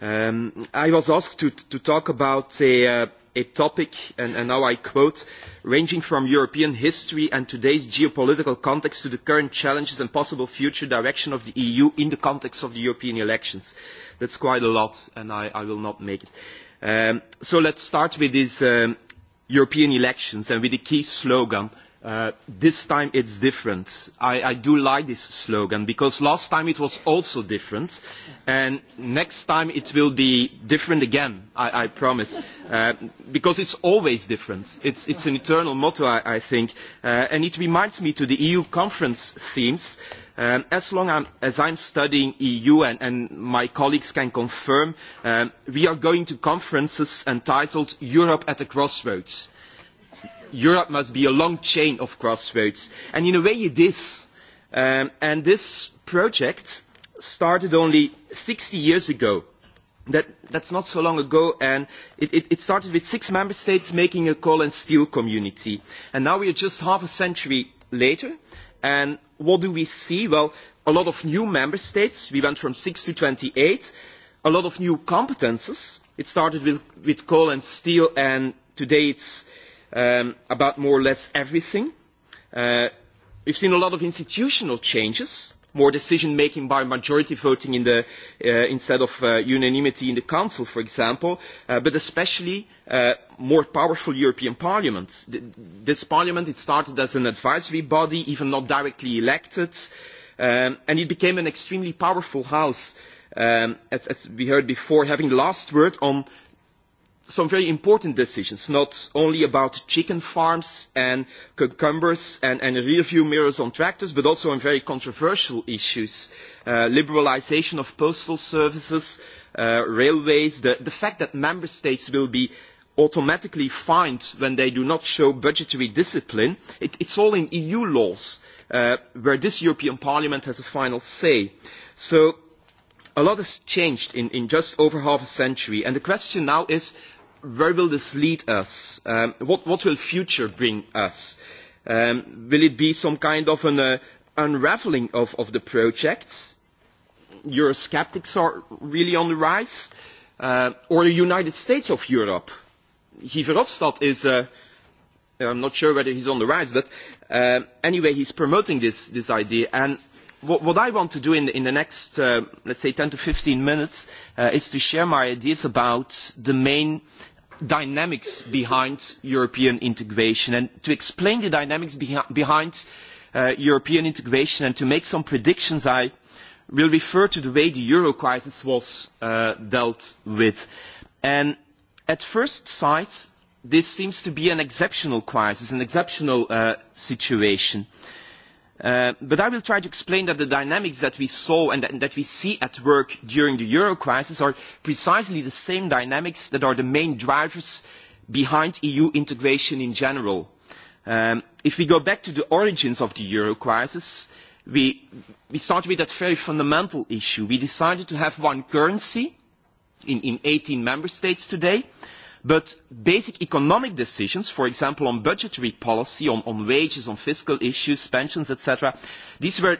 Um, I was asked to, to talk about a, a topic, and, and now I quote, ranging from European history and today's geopolitical context to the current challenges and possible future direction of the EU in the context of the European elections. That's quite a lot, and I, I will not make it. Um, so let's start with this um, European elections and with the key slogan Uh, this time it's different. I, I do like this slogan because last time it was also different and next time it will be different again, I, I promise, uh, because it's always different. It's, it's an eternal motto, I, I think, uh, and it reminds me to the EU conference themes. Um, as long I'm, as I am studying EU and, and my colleagues can confirm, um, we are going to conferences entitled Europe at the Crossroads Europe must be a long chain of crossroads. And in a way it is. Um, and this project started only sixty years ago. That, that's not so long ago, and it, started with six member states making a coal and steel community. And now we are just half a century later, and what do we see? Well, a lot of new member states. We went from six to twenty eight, A lot of new competences. It started with, coal and steel, and today it's Um, about more or less everything. Uh, we've seen a lot of institutional changes, more decision making by majority voting uh, instead of uh, unanimity in the Council, for example, uh, but especially more powerful European Parliament. This Parliament it started as an advisory body, even not directly elected, um, and it became an extremely powerful house. Um, as, as we heard before, having the last word on some very important decisions, not only about chicken farms and cucumbers and, rear view mirrors on tractors, but also on very controversial issues, the uh, liberalisation of postal services, uh, railways, the, fact that member states will be automatically fined when they do not show budgetary discipline. It, is all in EU laws uh, where this European Parliament has a final say. So a lot has changed in just over half a century, and the question now is where will this lead us? Um, what, what will future bring us? Um, will it be some kind of an uh, unraveling of, of the projects? Eurosceptics are really on the rise. Uh, or the United States of Europe? Guy Verhofstadt is, uh, I'm not sure whether he's on the rise, but uh, anyway, he's promoting this, this idea. And what, what I want to do in, in the next, uh, let's say, 10 to 15 minutes uh, is to share my ideas about the main dynamics behind European integration. And to explain the dynamics behind uh, European integration and to make some predictions, I will refer to the way the euro crisis was uh, dealt with. at first sight, this seems to be an exceptional crisis, an exceptional uh, situation. Uh, but I will try to explain that the dynamics that we saw and that we see at work during the euro crisis are precisely the same dynamics that are the main drivers behind EU integration in general. Um, if we go back to the origins of the euro crisis, we, we start with that very fundamental issue. We decided to have one currency in, in 18 member states today, but basic economic decisions for example on budgetary policy on, on wages on fiscal issues pensions etc these were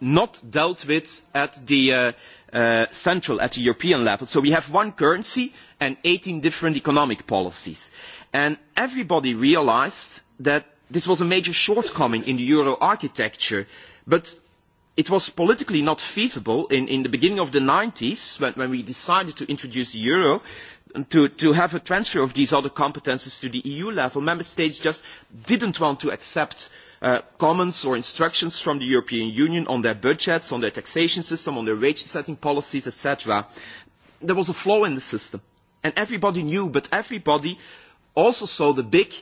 not dealt with at the uh, uh, central at the european level so we have one currency and 18 different economic policies and everybody realized that this was a major shortcoming in the euro architecture but it was politically not feasible in, in the beginning of the 90s when, when we decided to introduce the euro to, to have a transfer of these other competences to the EU level. Member states just didn't want to accept uh, comments or instructions from the European Union on their budgets, on their taxation system, on their wage setting policies, etc. There was a flaw in the system. And everybody knew, but everybody also saw the big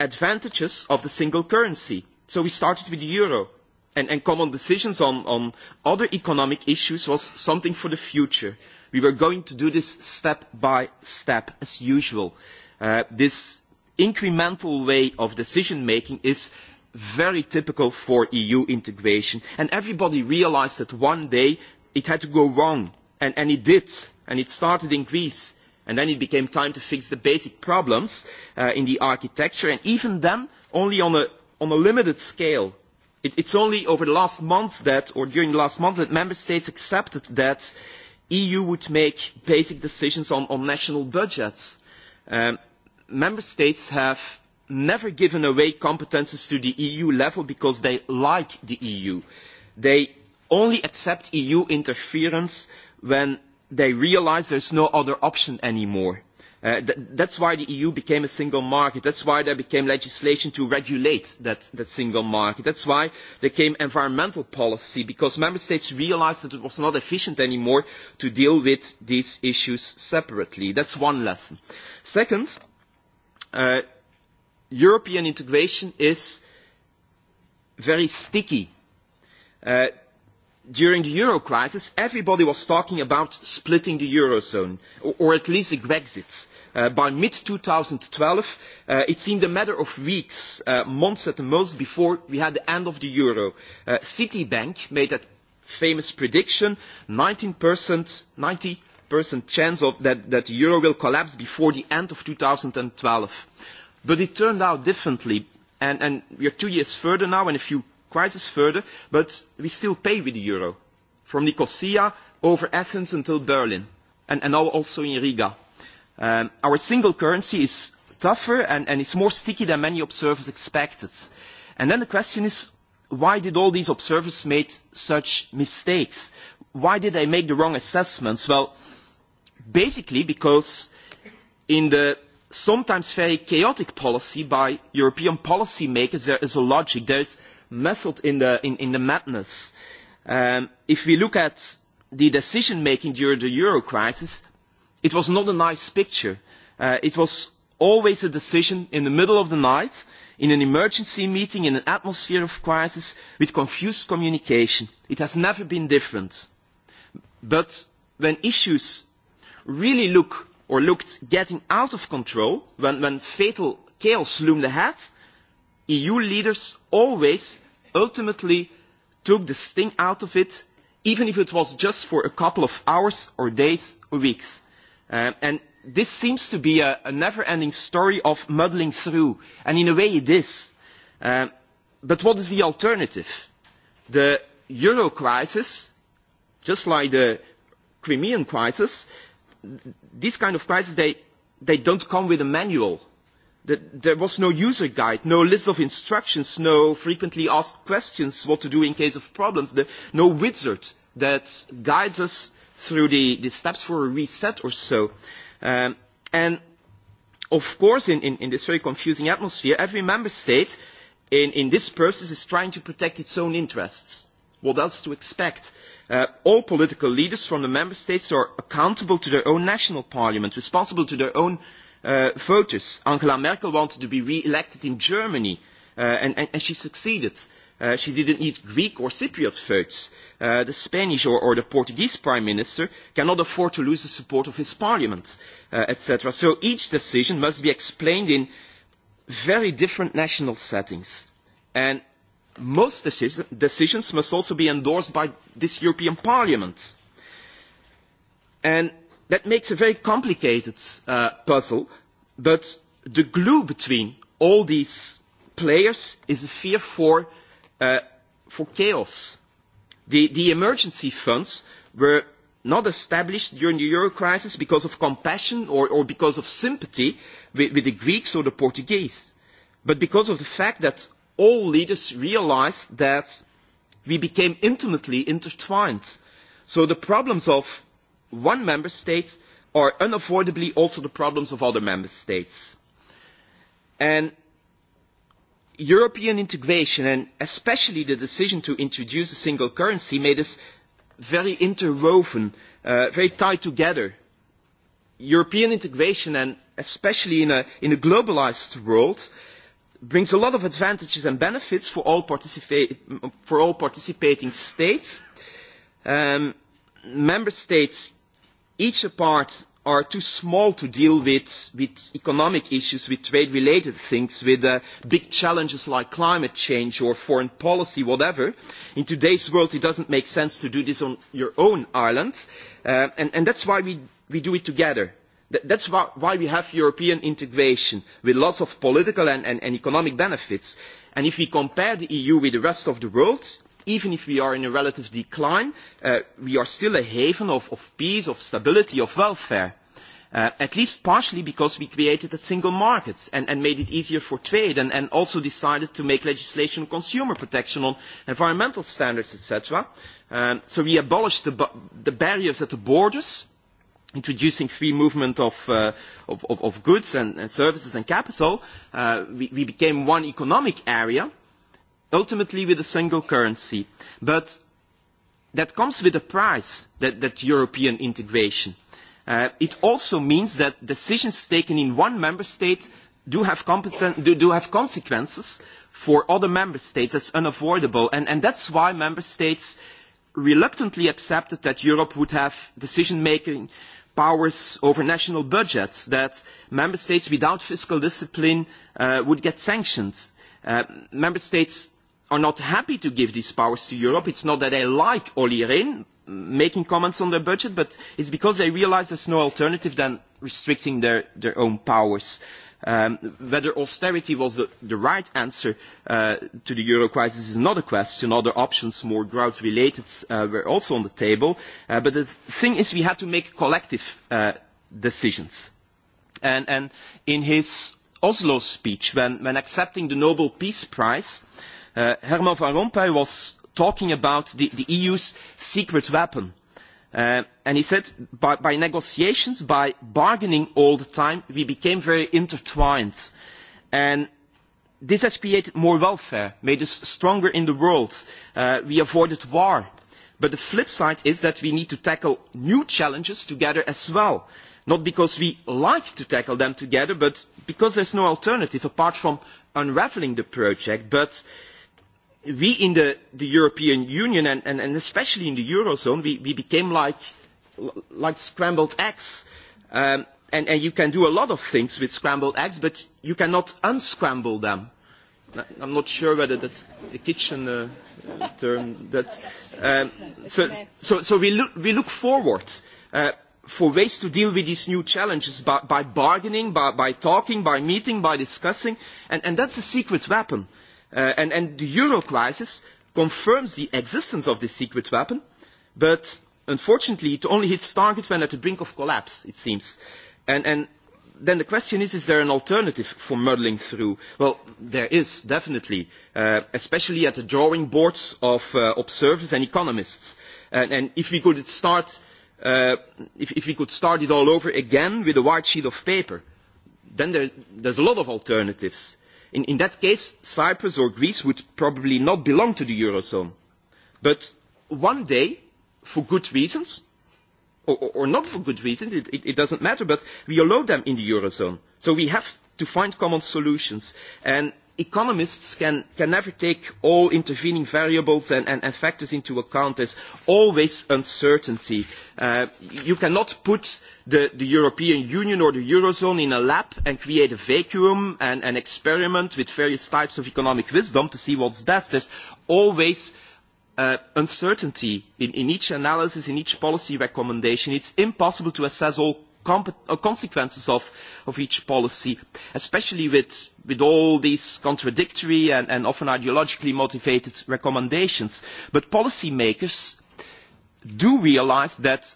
advantages of the single currency. So we started with the euro and, and common decisions on, on other economic issues was something for the future. We were going to do this step by step, as usual. Uh, this incremental way of decision making is very typical for EU integration, and everybody realised that one day it had to go wrong, and, and it did, and it started in Greece, and then it became time to fix the basic problems uh, in the architecture, and even then only on a, on a limited scale it, is only over the last months that, or during the last months, that member states accepted that the EU would make basic decisions on, national budgets. Um, member states have never given away competences to the EU level because they like the EU. They only accept EU interference when they realise there is no other option anymore Uh, that is that's why the eu became a single market that's why there became legislation to regulate that, single market that's why there came environmental policy because member states realised that it was not efficient anymore to deal with these issues separately is one lesson second uh, european integration is very sticky uh, during the euro crisis everybody was talking about splitting the eurozone or, at least a grexit. Uh, by mid 2012 uh, it seemed a matter of weeks uh, months at the most before we had the end of the euro. citibank made that famous prediction 19% ninety chance that, the euro will collapse before the end of 2012. but it turned out differently and, and we are two years further now and if you crisis further, but we still pay with the euro, from Nicosia over Athens until Berlin, and, now also in Riga. Um, our single currency is tougher and, is more sticky than many observers expected. And then the question is, why did all these observers make such mistakes? Why did they make the wrong assessments? Well, basically because in the sometimes very chaotic policy by European policy makers there is a logic. There is method in the, in, in madness. Um, if we look at the decision making during the euro crisis, it was not a nice picture. Uh, it was always a decision in the middle of the night, in an emergency meeting, in an atmosphere of crisis, with confused communication. It has never been different. But when issues really look or looked getting out of control, when, when fatal chaos loomed ahead, EU leaders always ultimately took the sting out of it, even if it was just for a couple of hours or days or weeks. Uh, and this seems to be a, a never-ending story of muddling through, and in a way it is. Uh, but what is the alternative? The euro crisis, just like the Crimean crisis, these kind of crises, they, they don't come with a manual that there was no user guide, no list of instructions, no frequently asked questions, what to do in case of problems, no wizard that guides us through the, steps for a reset or so. Um, and of course, in, in, this very confusing atmosphere, every member state in, in this process is trying to protect its own interests. What else to expect? Uh, all political leaders from the member states are accountable to their own national parliament, responsible to their own Uh, voters. Angela Merkel wanted to be re-elected in Germany uh, and, and, and she succeeded. Uh, she didn't need Greek or Cypriot votes. Uh, the Spanish or, or the Portuguese Prime Minister cannot afford to lose the support of his parliament, uh, etc. So each decision must be explained in very different national settings. And most decision, decisions must also be endorsed by this European Parliament. And that makes a very complicated uh, puzzle but the glue between all these players is a fear for, uh, for chaos. The, emergency funds were not established during the euro crisis because of compassion or, or because of sympathy with, with the greeks or the portuguese but because of the fact that all leaders realised that we became intimately intertwined. so the problems of one member state are unavoidably also the problems of other member states. And European integration, and especially the decision to introduce a single currency, made us very interwoven, uh, very tied together. European integration, and especially in a, in a globalized world, brings a lot of advantages and benefits for all, for all participating states. Um, member states each apart are too small to deal with, with economic issues, with trade-related things, with uh, big challenges like climate change or foreign policy, whatever. In today's world, it doesn't make sense to do this on your own island, uh, and, and that's why we, we do it together. Th that's why, why we have European integration, with lots of political and, and, and economic benefits. And if we compare the EU with the rest of the world, even if we are in a relative decline, uh, we are still a haven of, of peace, of stability, of welfare. Uh, at least partially because we created a single market and, and made it easier for trade and, and also decided to make legislation on consumer protection, on environmental standards, etc. Um, so we abolished the, the barriers at the borders, introducing free movement of, uh, of, of, of goods and, and services and capital. Uh, we, we became one economic area ultimately with a single currency. But that comes with a price, that, that European integration. Uh, it also means that decisions taken in one member state do have, do, have consequences for other member states. That's unavoidable. And, and that's why member states reluctantly accepted that Europe would have decision-making powers over national budgets, that member states without fiscal discipline uh, would get sanctioned. Uh, member states are not happy to give these powers to Europe. It's not that they like Olli Rehn making comments on their budget, but it's because they realise is no alternative than restricting their, their own powers. Um, whether austerity was the, right answer uh, to the euro crisis is another question. Other options, more drought-related, uh, were also on the table. Uh, but the thing is, we had to make collective decisions. And, in his Oslo speech, when, when accepting the Nobel Peace Prize, Uh, Herman Van Rompuy was talking about the, the EU's secret weapon. Uh, and he said by, by negotiations, by bargaining all the time, we became very intertwined. And this has created more welfare, made us stronger in the world. Uh, we avoided war. But the flip side is that we need to tackle new challenges together as well. Not because we like to tackle them together, but because there is no alternative apart from unraveling the project. But we in the, the European Union and, and, and especially in the Eurozone, we, we became like, like scrambled eggs. Um, and, and you can do a lot of things with scrambled eggs, but you cannot unscramble them. I'm not sure whether that's a kitchen uh, term. But, um, so so, so we, look, we look forward uh, for ways to deal with these new challenges by, by bargaining, by, by talking, by meeting, by discussing. And, and that's a secret weapon. Uh, and, the euro crisis confirms the existence of this secret weapon but unfortunately it only hits target when at the brink of collapse it seems. then the question is is there an alternative for muddling through? well there is definitely uh, especially at the drawing boards of uh, observers and economists and, if we could start it all over again with a white sheet of paper then there are a lot of alternatives in, that case cyprus or greece would probably not belong to the eurozone but one day for good reasons or, not for good reasons it, it, it doesn't matter but we allow them in the eurozone so we have to find common solutions and economists can, can never take all intervening variables and, and, factors into account. There is always uncertainty. Uh, you cannot put the, the European Union or the Eurozone in a lab and create a vacuum and, and experiment with various types of economic wisdom to see what's best. There's always uh, uncertainty in, in each analysis, in each policy recommendation. It's impossible to assess all Uh, consequences of, of each policy, especially with, with all these contradictory and, often ideologically motivated recommendations. But policymakers do realise that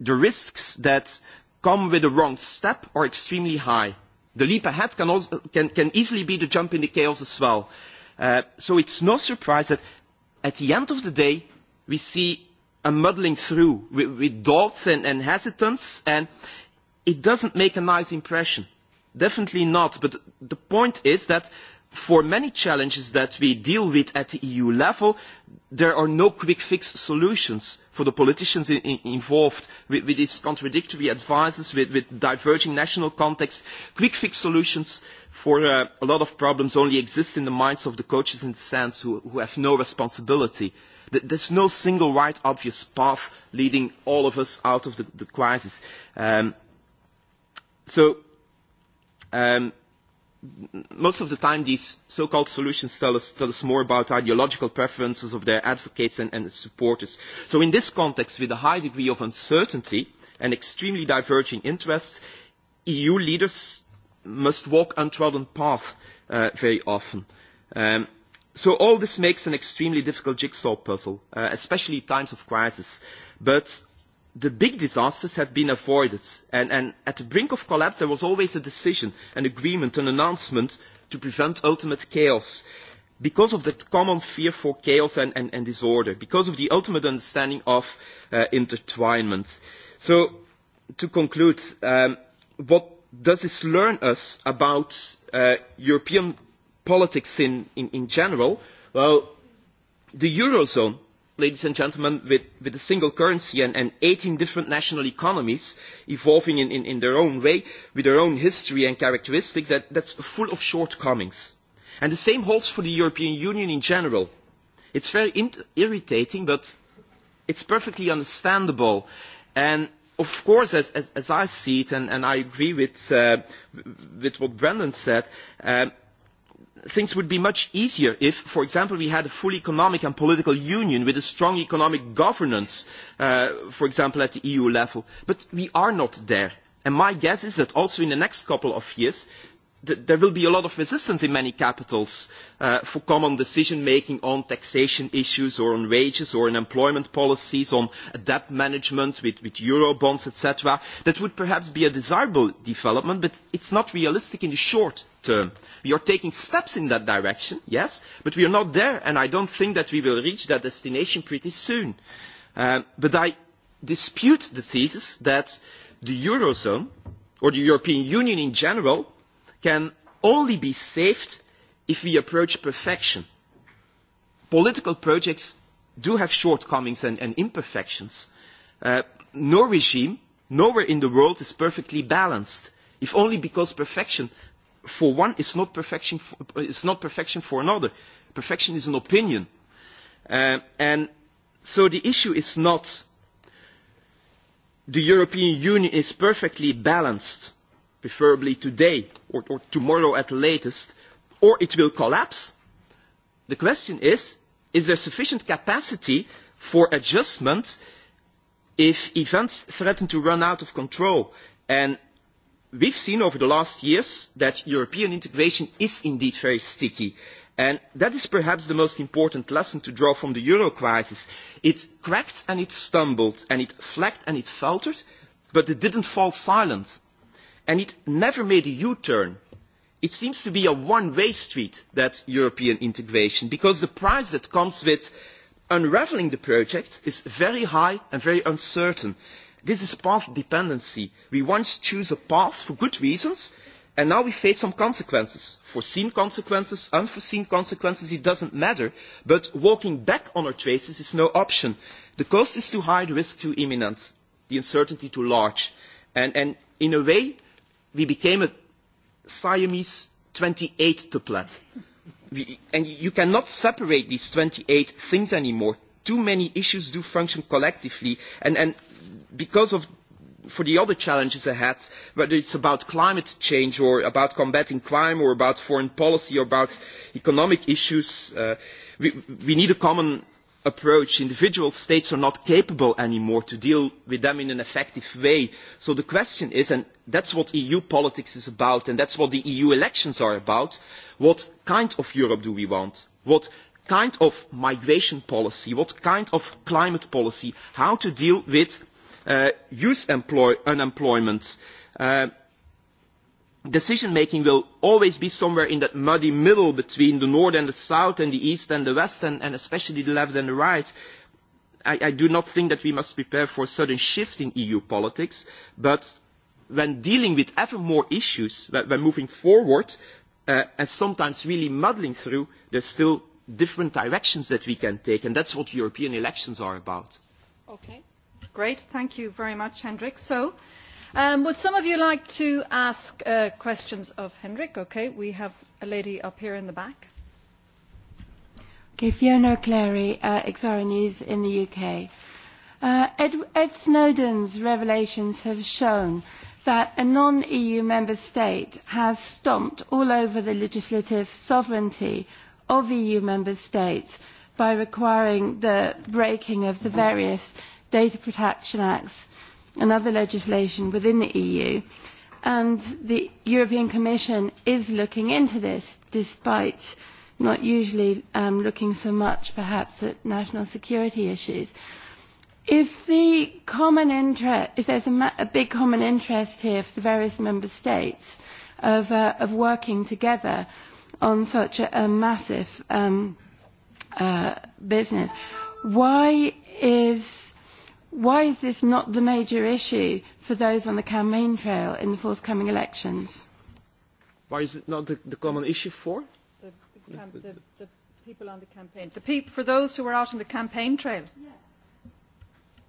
the risks that come with a wrong step are extremely high. The leap ahead can, also, can, can easily be the jump in the chaos as well. So uh, so it's no surprise that at the end of the day we see a muddling through with, doubts and, and hesitance and it doesn't make a nice impression. Definitely not. But the point is that for many challenges that we deal with at the EU level, there are no quick fix solutions for the politicians in, in, involved with, with these contradictory advices, with, with diverging national contexts. Quick fix solutions for uh, a lot of problems only exist in the minds of the coaches in the sense who, who have no responsibility. There's no single right obvious path leading all of us out of the, the crisis. Um, So um, most of the time these so-called solutions tell us, tell us more about ideological preferences of their advocates and, and supporters. So in this context, with a high degree of uncertainty and extremely diverging interests, EU leaders must walk untrodden paths uh, very often. Um, so all this makes an extremely difficult jigsaw puzzle, uh, especially in times of crisis. But the big disasters have been avoided and, and at the brink of collapse there was always a decision an agreement an announcement to prevent ultimate chaos because of that common fear for chaos and, and, and disorder because of the ultimate understanding of uh, intertwinement. so to conclude um, what does this learn us about uh, european politics in, in, in general? well the eurozone ladies and gentlemen, with, with a single currency and, and 18 different national economies evolving in, in, their own way, with their own history and characteristics, that, that's full of shortcomings. And the same holds for the European Union in general. It's very irritating, but it's perfectly understandable. And of course, as, as, I see it, and, and I agree with, uh, what Brendan said, uh, things would be much easier if for example we had a full economic and political union with a strong economic governance uh, for example at the eu level but we are not there and my guess is that also in the next couple of years there will be a lot of resistance in many capitals uh, for common decision making on taxation issues or on wages or on employment policies on debt management with, with euro bonds etc. that would perhaps be a desirable development but it is not realistic in the short term. we are taking steps in that direction yes but we are not there and i do not think that we will reach that destination pretty soon. Uh, but i dispute the thesis that the eurozone or the european union in general can only be saved if we approach perfection. Political projects do have shortcomings and, and imperfections. Uh, no regime, nowhere in the world is perfectly balanced, if only because perfection for one is not perfection for, is not perfection for another. Perfection is an opinion. Uh, and so the issue is not the European Union is perfectly balanced preferably today or, or tomorrow at the latest, or it will collapse. The question is, is there sufficient capacity for adjustment if events threaten to run out of control? And we've seen over the last years that European integration is indeed very sticky. And that is perhaps the most important lesson to draw from the euro crisis. It cracked and it stumbled and it flagged and it faltered, but it didn't fall silent and it never made a u turn. it seems to be a one way street that european integration because the price that comes with unravelling the project is very high and very uncertain. this is path dependency. we once chose a path for good reasons and now we face some consequences foreseen consequences unforeseen consequences it does not matter but walking back on our traces is no option. the cost is too high the risk too imminent the uncertainty too large and in a way we became a Siamese 28 tuplet. We, and you cannot separate these 28 things anymore. Too many issues do function collectively. And, and because of for the other challenges ahead, whether it's about climate change or about combating crime or about foreign policy or about economic issues, uh, we, we need a common approach individual states are not capable anymore to deal with them in an effective way so the question is and that's what eu politics is about and that's what the eu elections are about what kind of europe do we want what kind of migration policy what kind of climate policy how to deal with uh, youth unemployment uh, decision making will always be somewhere in that muddy middle between the north and the south and the east and the west and, especially the left and the right. I, I do not think that we must prepare for a sudden shift in EU politics, but when dealing with ever more issues, when, moving forward uh, and sometimes really muddling through, there's still different directions that we can take, and that's what European elections are about. Okay, great. Thank you very much, Hendrik. So, Um, would some of you like to ask uh, questions of Hendrik? Okay, we have a lady up here in the back. Okay, Fiona Clary, uh, Exara News in the UK. Uh, Ed, Ed Snowden's revelations have shown that a non-EU member state has stomped all over the legislative sovereignty of EU member states by requiring the breaking of the various data protection acts and other legislation within the eu and the european commission is looking into this despite not usually um, looking so much perhaps at national security issues. If the common interest, if there's a, a big common interest here for the various member states of, uh, working together on such a, massive um, uh, business, why is why is this not the major issue for those on the campaign trail in the forthcoming elections? Why is it not the, the common issue for? The, the, the, people on the campaign. The peop for those who are out on the campaign trail? Yeah.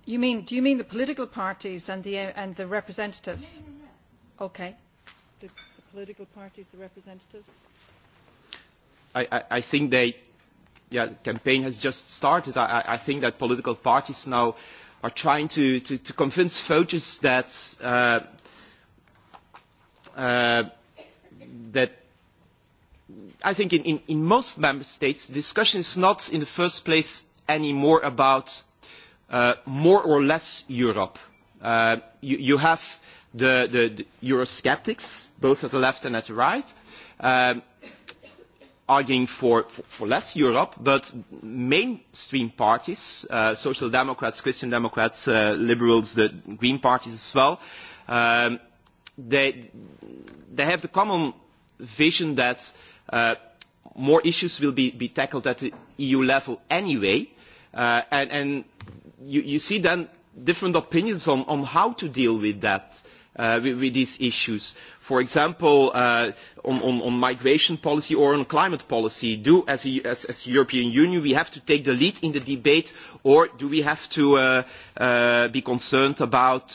You mean, do you mean the political parties and the, and the representatives? Yeah, yeah, yeah. Okay. The, the political parties, the representatives? I, I, I think they, yeah, the campaign has just started. I, I think that political parties now are trying to, to, to convince voters that, uh, uh, that I think in, in, in most member states, the discussion is not in the first place anymore about uh, more or less Europe. Uh, you, you have the, the, the Eurosceptics, both at the left and at the right. Um, arguing for, for, less Europe, but mainstream parties, uh, social democrats, Christian democrats, uh, liberals, the green parties as well, um, they, they have the common vision that uh, more issues will be, tackled at the EU level anyway, and, and you, see then different opinions on, how to deal with that. Uh, with, these issues. For example, uh, on, on, on migration policy or on climate policy, do as a as, European Union we have to take the lead in the debate or do we have to uh, be concerned about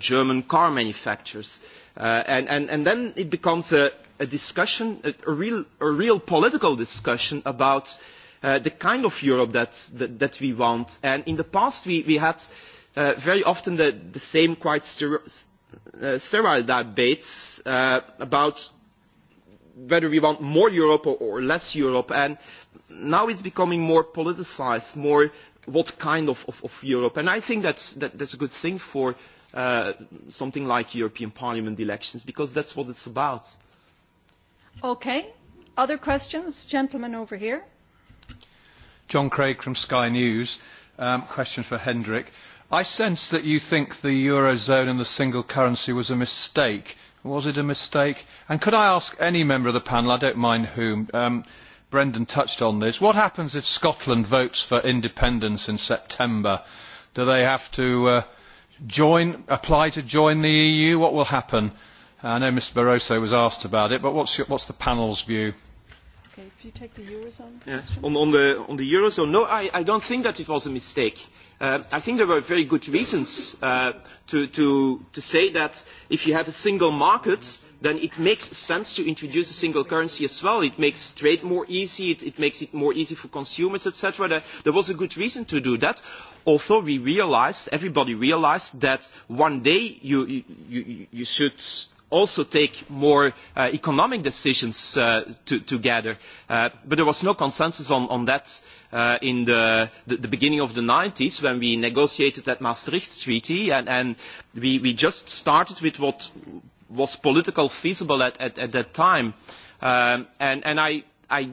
German car manufacturers? and, and, then it becomes a, discussion, a, real, a real political discussion about the kind of Europe that, that, we want. And in the past we, we had very often the, same quite Uh, several debates uh, about whether we want more Europe or, or less Europe and now it's becoming more politicized, more what kind of, of, of Europe. And I think that's, that, that's a good thing for uh, something like European Parliament elections because that's what it's about. Okay. Other questions? Gentlemen over here. John Craig from Sky News. Um, question for Hendrik i sense that you think the Eurozone and the single currency was a mistake. Was it a mistake? And could I ask any member of the panel, I don't mind whom, um, Brendan touched on this, what happens if Scotland votes for independence in September? Do they have to uh, join, apply to join the EU? What will happen? I know Mr Barroso was asked about it, but what's, your, what's the panel's view? Okay, if you take the Eurozone yeah. on, on, the, on the Eurozone, no, I, I don't think that it was a mistake Uh, I think there were very good reasons uh, to, to, to say that if you have a single market, then it makes sense to introduce a single currency as well. It makes trade more easy, it, makes it more easy for consumers, etc. There, was a good reason to do that. Although we realized, everybody realized that one day you, you, you, you should also take more uh, economic decisions uh, to, together. Uh, but there was no consensus on, on that uh, in the, the, the beginning of the 90s when we negotiated that Maastricht Treaty and, and we, we just started with what was politically feasible at, at, at that time. Um, and, and I, I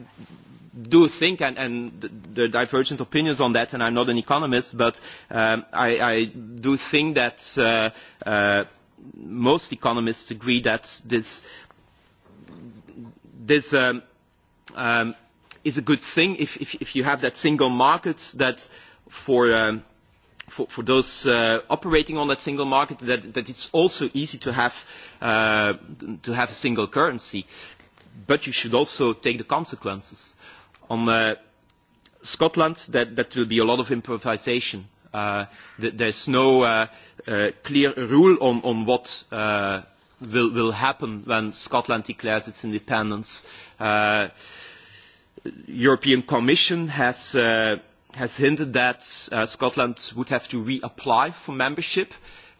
do think and, and there are divergent opinions on that and I'm not an economist but um, I, I do think that uh, uh, most economists agree that this, this um, um, is a good thing if, if, if you have that single market that for, um, for, for those uh, operating on that single market that, that it's also easy to have, uh, to have a single currency. But you should also take the consequences. On uh, Scotland, that, that will be a lot of improvisation Eh, There is no eh, eh, clear rule on, on what will, will happen when Scotland declares its independence. Uh, European Commission has, has hinted that Scotland would have to reapply for membership.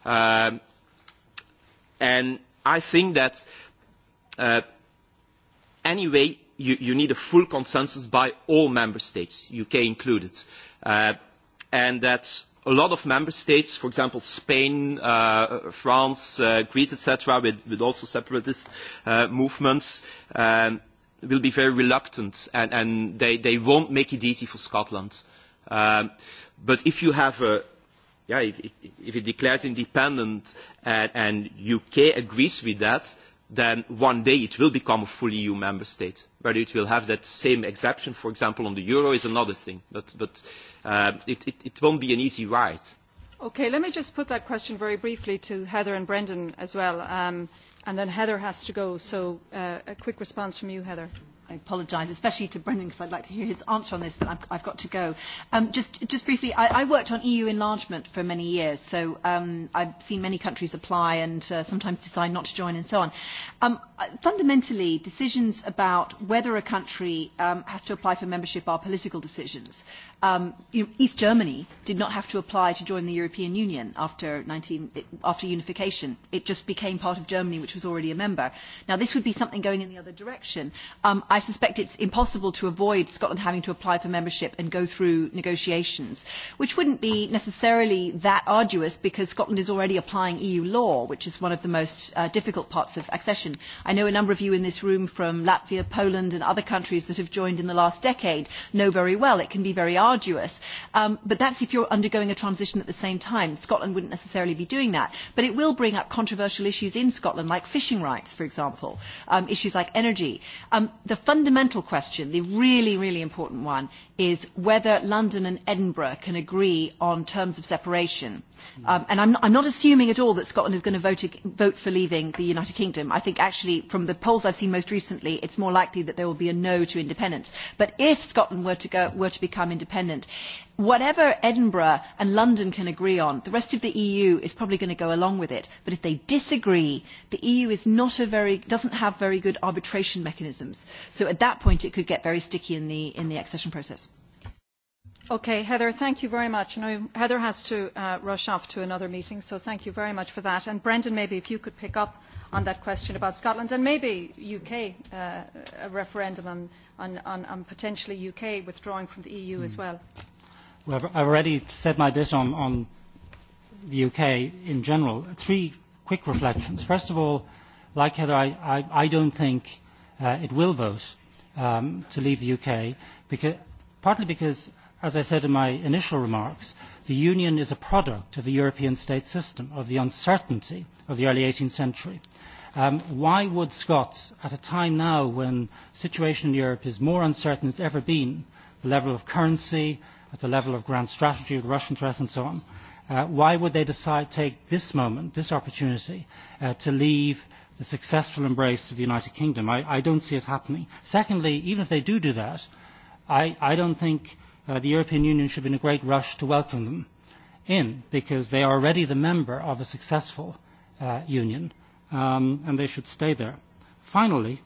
and I think that anyway, you, need a full consensus by all member states, UK included. Uh, and that a lot of member states for example spain uh, france uh, greece etc with, with also separatist uh, movements um, will be very reluctant and, and they, they won't make it easy for scotland. Um, but if you have a yeah, if, if it declares independent and, and uk agrees with that then one day it will become a fully EU member state. Whether it will have that same exemption, for example, on the euro is another thing, but, um, it, it, won't be an easy ride. Okay, let me just put that question very briefly to Heather and Brendan as well, um, and then Heather has to go, so uh, a quick response from you, Heather. I apologise, especially to Brendan, because I'd like to hear his answer on this, but I've, I've got to go. Um, just, just briefly, I, I worked on EU enlargement for many years, so um, I've seen many countries apply and uh, sometimes decide not to join and so on. Um, uh, fundamentally, decisions about whether a country um, has to apply for membership are political decisions. Um, you know, East Germany did not have to apply to join the European Union after, 19, after unification. It just became part of Germany, which was already a member. Now, this would be something going in the other direction. Um, i suspect it's impossible to avoid Scotland having to apply for membership and go through negotiations, which wouldn't be necessarily that arduous because Scotland is already applying EU law, which is one of the most uh, difficult parts of accession. I know a number of you in this room from Latvia, Poland and other countries that have joined in the last decade know very well it can be very arduous, um, but that's if you're undergoing a transition at the same time. Scotland wouldn't necessarily be doing that, but it will bring up controversial issues in Scotland, like fishing rights, for example, um, issues like energy. Um, fundamental question, the really, really important one, is whether London and Edinburgh can agree on terms of separation. Um, and I'm, I'm not assuming at all that Scotland is going to vote, vote for leaving the United Kingdom. I think actually from the polls I've seen most recently, it's more likely that there will be a no to independence. But if Scotland were to, go, were to become independent, whatever Edinburgh and London can agree on, the rest of the EU is probably going to go along with it. But if they disagree, the EU is not a very, doesn't have very good arbitration mechanisms. So at that point, it could get very sticky in the, in the accession process. Okay, Heather, thank you very much. Now, Heather has to uh, rush off to another meeting, so thank you very much for that. And Brendan, maybe if you could pick up on that question about Scotland and maybe UK, uh, a referendum on, on, on, on potentially UK withdrawing from the EU mm. as hmm. well. Well, I've already said my bit on, on the UK in general. Three quick reflections. First of all, like Heather, I, I, I don't think uh, it will vote um, to leave the UK, because, partly because as i said in my initial remarks the union is a product of the european state system of the uncertainty of the early 18th century. Um, why would scots at a time now when the situation in europe is more uncertain than it has ever been the level of currency at the level of grand strategy of the russian threat and so on uh, why would they decide to take this moment this opportunity uh, to leave the successful embrace of the united kingdom? i, I don't see it happening. secondly even if they do do that i, I don't think uh, the European Union should be in a great rush to welcome them in because they are already the member of a successful uh, union um, and they should stay there. Finally,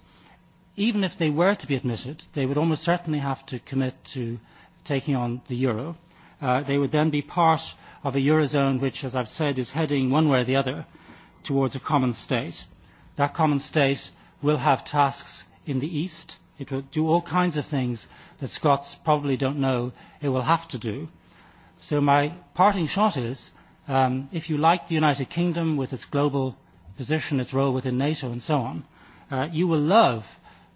even if they were to be admitted, they would almost certainly have to commit to taking on the euro. Uh, they would then be part of a eurozone which, as I've said, is heading one way or the other towards a common state. That common state will have tasks in the east It will do all kinds of things that Scots probably don't know it will have to do. So my parting shot is, um, if you like the United Kingdom with its global position, its role within NATO and so on, uh, you will love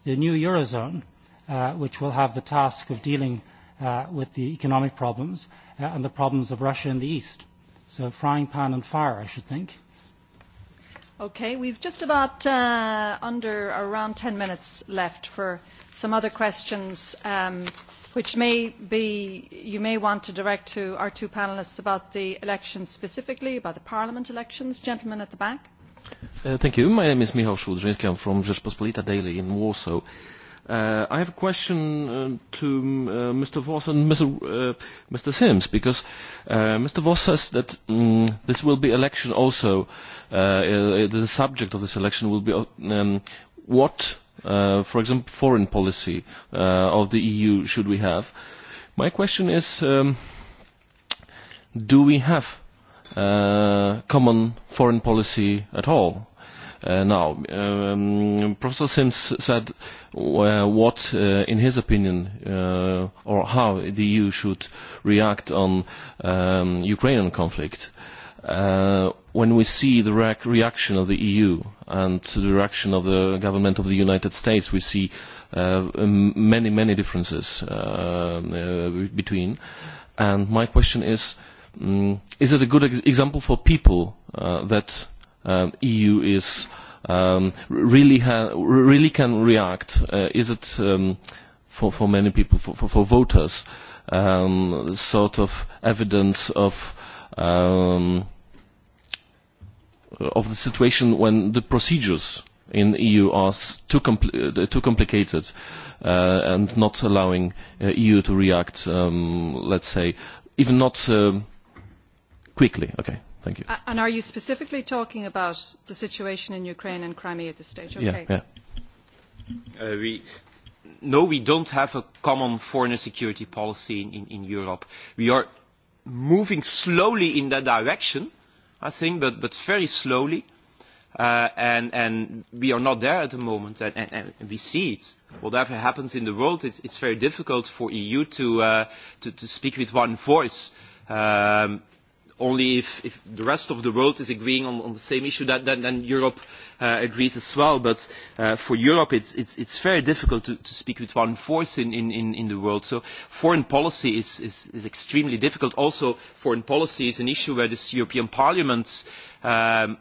the new Eurozone, uh, which will have the task of dealing uh, with the economic problems and the problems of Russia in the East. So frying pan and fire, I should think. Okay, we've just about uh, under around 10 minutes left for some other questions um, which may be you may want to direct to our two panelists about the elections specifically, about the parliament elections. Gentlemen at the back. Uh, thank you. My name is Michał Szudrzyński. I'm from Rzeczpospolita Daily in Warsaw Uh, I have a question uh, to uh, Mr. Voss and Mr. Uh, Mr. Sims, because uh, Mr. Voss says that mm, this will be election also. Uh, uh, the subject of this election will be uh, um, what, uh, for example, foreign policy uh, of the EU should we have. My question is, um, do we have uh, common foreign policy at all? Uh, now, um, Professor Sims said uh, what, uh, in his opinion, uh, or how the EU should react on um, Ukrainian conflict. Uh, when we see the re reaction of the EU and the reaction of the government of the United States, we see uh, many, many differences uh, uh, between. And my question is, um, is it a good ex example for people uh, that um, EU is um, really ha really can react. Uh, is it um, for for many people for for, for voters um, sort of evidence of um, of the situation when the procedures in EU are too, compl uh, too complicated uh, and not allowing uh, EU to react, um, let's say, even not um, quickly. Okay. Thank you. And are you specifically talking about the situation in Ukraine and Crimea at this stage? Okay. Yeah, yeah. Uh, we, no, we don't have a common foreign and security policy in, in, in Europe. We are moving slowly in that direction, I think, but, but very slowly. Uh, and, and we are not there at the moment, and, and, and we see it. Whatever happens in the world, it's, it's very difficult for EU to, uh, to, to speak with one voice. Um, only if, if the rest of the world is agreeing on, on the same issue that, then, then Europe uh, agrees as well. But uh, for Europe, it's, it's, it's very difficult to, to speak with one voice in, in, in the world. So foreign policy is, is, is extremely difficult. Also, foreign policy is an issue where this European Parliament um,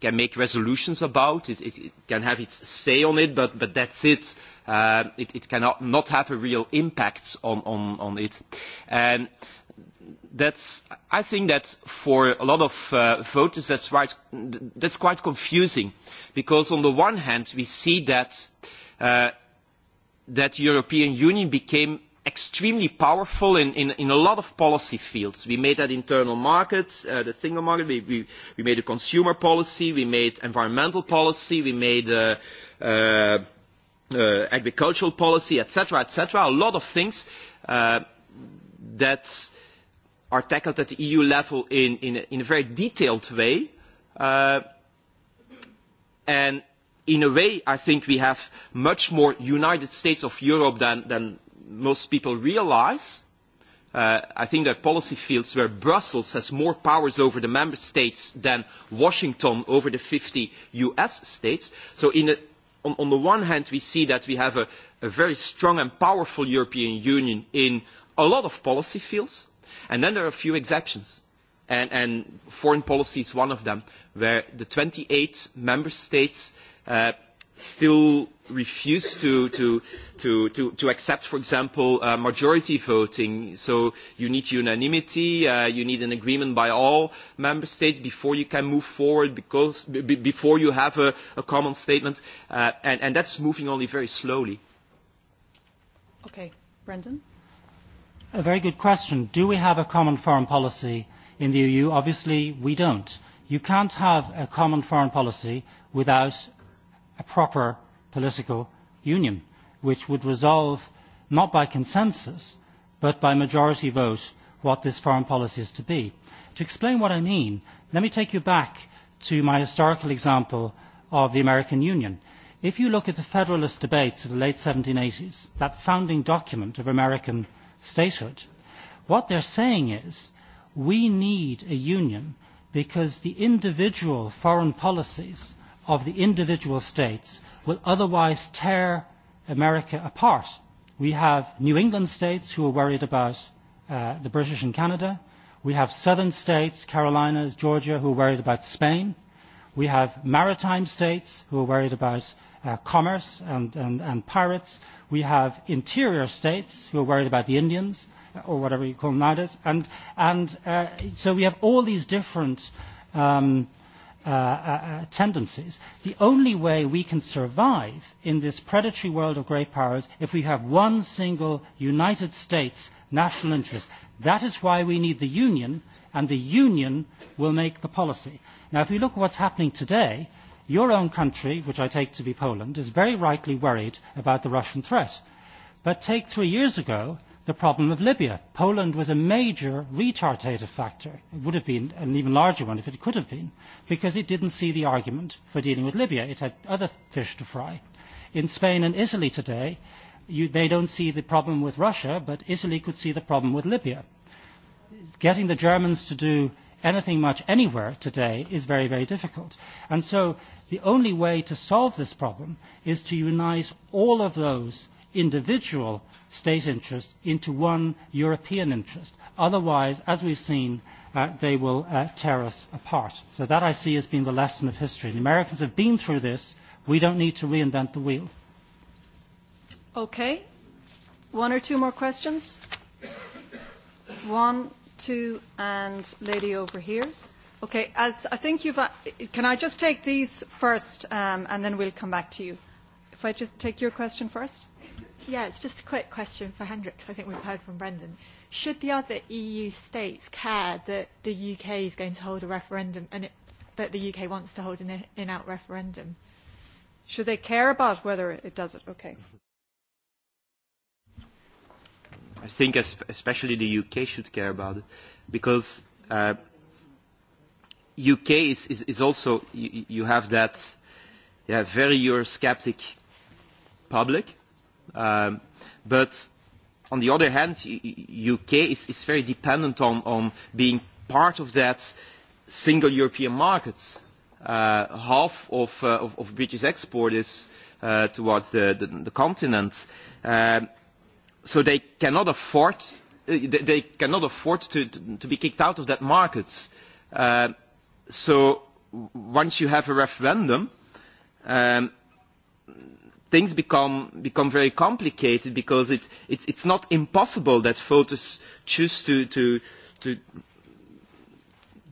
can make resolutions about. It, it, it can have its say on it, but, but that's it uh, it, it cannot not have a real impact on, on, on it. And that's, I think that for a lot of uh, voters that's, right, that's quite confusing because on the one hand we see that uh, that the European Union became extremely powerful in, in, in a lot of policy fields. We made that internal market, uh, the single market, we, we, we made a consumer policy, we made environmental policy, we made uh, uh uh, agricultural policy, etc., etc., a lot of things uh, that are tackled at the EU level in, in, a, in a very detailed way. Uh, and in a way, I think we have much more United States of Europe than, than most people realize. Uh, I think there are policy fields where Brussels has more powers over the member states than Washington over the 50 US states. So in a, on, the one hand we see that we have a, very strong and powerful european union in a lot of policy fields and then there are a few exceptions and, foreign policy is one of them where the twenty eight member states uh, still refuse to, to, to, to, to accept, for example, uh, majority voting. So you need unanimity, uh, you need an agreement by all member states before you can move forward, because, b before you have a, a common statement. Uh, and, and that's moving only very slowly. Okay. Brendan? A very good question. Do we have a common foreign policy in the EU? Obviously, we don't. You can't have a common foreign policy without a proper political union, which would resolve not by consensus but by majority vote what this foreign policy is to be. To explain what I mean, let me take you back to my historical example of the American Union. If you look at the Federalist debates of the late 1780s, that founding document of American statehood, what they're saying is we need a union because the individual foreign policies of the individual states will otherwise tear America apart. We have New England states who are worried about uh, the British and Canada. We have southern states, Carolinas, Georgia, who are worried about Spain. We have maritime states who are worried about uh, commerce and, and, and pirates. We have interior states who are worried about the Indians or whatever you call them nowadays. And, and uh, so we have all these different um, Uh, uh, uh, tendencies. The only way we can survive in this predatory world of great powers if we have one single United States national interest. That is why we need the Union, and the Union will make the policy. Now, if we look at what's happening today, your own country, which I take to be Poland, is very rightly worried about the Russian threat. But take three years ago, the problem of Libya. Poland was a major retardative factor. It would have been an even larger one if it could have been, because it didn't see the argument for dealing with Libya. It had other fish to fry. In Spain and Italy today, they they don't see the problem with Russia, but Italy could see the problem with Libya. Getting the Germans to do anything much anywhere today is very, very difficult. And so the only way to solve this problem is to unite all of those individual state interest into one European interest. Otherwise, as we've seen, uh, they will uh, tear us apart. So that I see as being the lesson of history. The Americans have been through this. We don't need to reinvent the wheel. Okay. One or two more questions? One, two, and lady over here. Okay, as I think you've... Uh, can I just take these first um, and then we'll come back to you? If I just take your question first. Yeah, it's just a quick question for Hendrik, because I think we've heard from Brendan. Should the other EU states care that the UK is going to hold a referendum and it, that the UK wants to hold an in-out referendum? Should they care about whether it does it? Okay. I think especially the UK should care about it, because uh, UK is, is, is also, you, you have that yeah, very Eurosceptic public. Um, but on the other hand, UK is, is very dependent on, on being part of that single European market. Uh, half of, uh, of, of British export is uh, towards the, the, the continent. Um, so they cannot afford, uh, they cannot afford to, to be kicked out of that market. so once you have a referendum, um, things become become very complicated because it it's it's not impossible that voters choose to to to